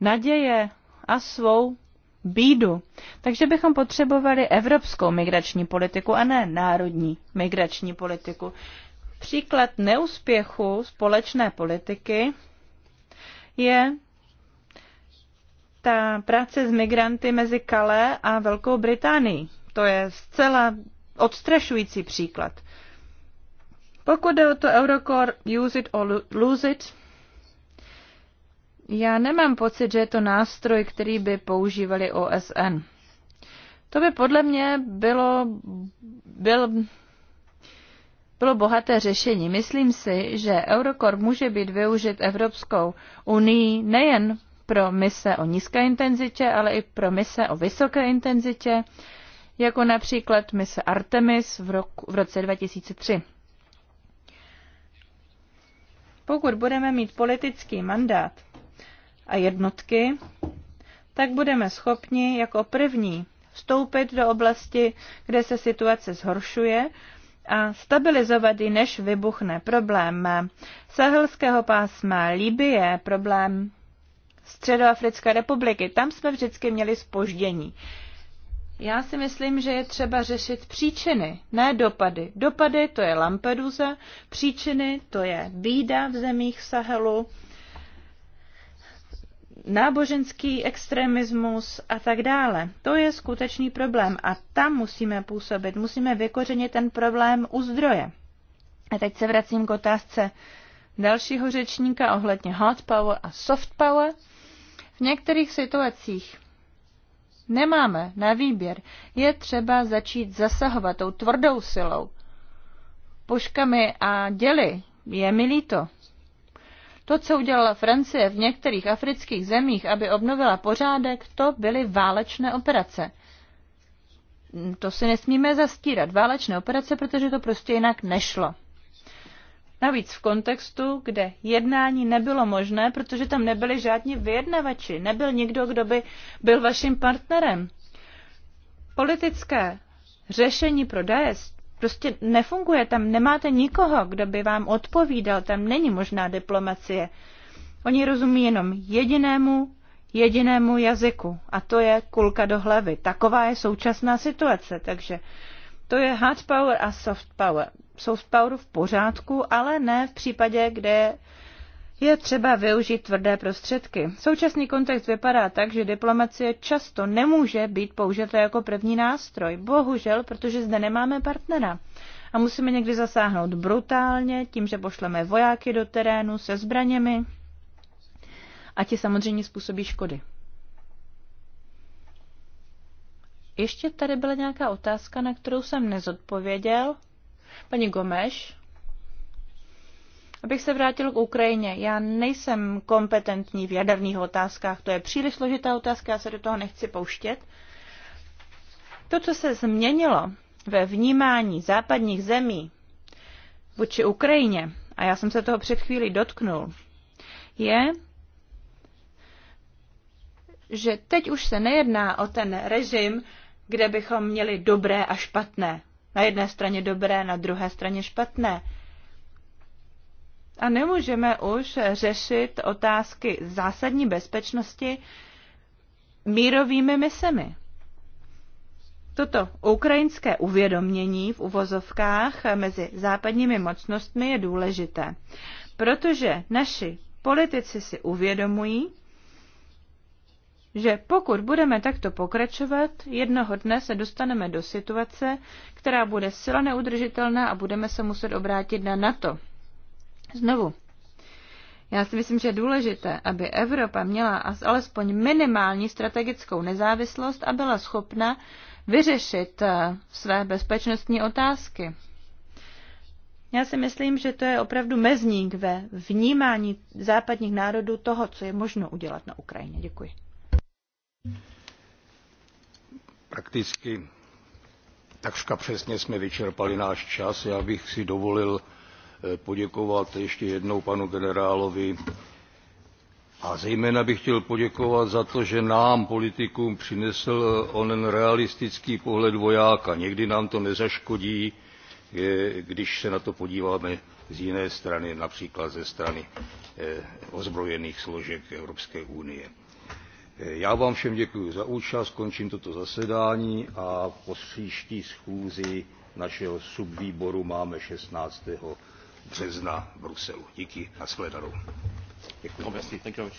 naděje a svou bídu. Takže bychom potřebovali evropskou migrační politiku a ne národní migrační politiku. Příklad neúspěchu společné politiky je práce s migranty mezi Kale a Velkou Británií. To je zcela odstrašující příklad. Pokud jde o to Eurocore Use it or Lose it, já nemám pocit, že je to nástroj, který by používali OSN. To by podle mě bylo, byl, bylo bohaté řešení. Myslím si, že Eurocorp může být využit Evropskou unii nejen pro mise o nízké intenzitě, ale i pro mise o vysoké intenzitě, jako například mise Artemis v, roku, v roce 2003. Pokud budeme mít politický mandát a jednotky, tak budeme schopni jako první vstoupit do oblasti, kde se situace zhoršuje a stabilizovat ji, než vybuchne problém sahelského pásma Libie, problém Středoafrické republiky. Tam jsme vždycky měli spoždění. Já si myslím, že je třeba řešit příčiny, ne dopady. Dopady to je Lampedusa, příčiny to je bída v zemích Sahelu, náboženský extremismus a tak dále. To je skutečný problém a tam musíme působit, musíme vykořenit ten problém u zdroje. A teď se vracím k otázce dalšího řečníka ohledně hard power a soft power. V některých situacích nemáme na výběr. Je třeba začít zasahovat tou tvrdou silou, puškami a děli. Je mi líto. To, co udělala Francie v některých afrických zemích, aby obnovila pořádek, to byly válečné operace. To si nesmíme zastírat. Válečné operace, protože to prostě jinak nešlo. Navíc v kontextu, kde jednání nebylo možné, protože tam nebyli žádní vyjednavači, nebyl nikdo, kdo by byl vaším partnerem. Politické řešení pro Daesh prostě nefunguje, tam nemáte nikoho, kdo by vám odpovídal, tam není možná diplomacie. Oni rozumí jenom jedinému, jedinému jazyku a to je kulka do hlavy. Taková je současná situace, takže to je hard power a soft power jsou sporu v pořádku, ale ne v případě, kde je třeba využít tvrdé prostředky. Současný kontext vypadá tak, že diplomacie často nemůže být použita jako první nástroj. Bohužel, protože zde nemáme partnera. A musíme někdy zasáhnout brutálně, tím, že pošleme vojáky do terénu se zbraněmi. A ti samozřejmě způsobí škody. Ještě tady byla nějaká otázka, na kterou jsem nezodpověděl paní Gomeš. Abych se vrátil k Ukrajině. Já nejsem kompetentní v jaderných otázkách. To je příliš složitá otázka, já se do toho nechci pouštět. To, co se změnilo ve vnímání západních zemí vůči Ukrajině, a já jsem se toho před chvílí dotknul, je, že teď už se nejedná o ten režim, kde bychom měli dobré a špatné na jedné straně dobré, na druhé straně špatné. A nemůžeme už řešit otázky zásadní bezpečnosti mírovými misemi. Toto ukrajinské uvědomění v uvozovkách mezi západními mocnostmi je důležité, protože naši politici si uvědomují, že pokud budeme takto pokračovat, jednoho dne se dostaneme do situace, která bude sila neudržitelná a budeme se muset obrátit na NATO. Znovu, já si myslím, že je důležité, aby Evropa měla alespoň minimální strategickou nezávislost a byla schopna vyřešit eh, své bezpečnostní otázky. Já si myslím, že to je opravdu mezník ve vnímání západních národů toho, co je možno udělat na Ukrajině. Děkuji. Prakticky takřka přesně jsme vyčerpali náš čas. Já bych si dovolil eh, poděkovat ještě jednou panu generálovi a zejména bych chtěl poděkovat za to, že nám, politikům, přinesl eh, onen realistický pohled vojáka. Někdy nám to nezaškodí, když se na to podíváme z jiné strany, například ze strany eh, ozbrojených složek Evropské unie. Já vám všem děkuji za účast, končím toto zasedání a po příští schůzi našeho subvýboru máme 16. března v Bruselu. Díky, shledanou. Děkuji. Obecně, no,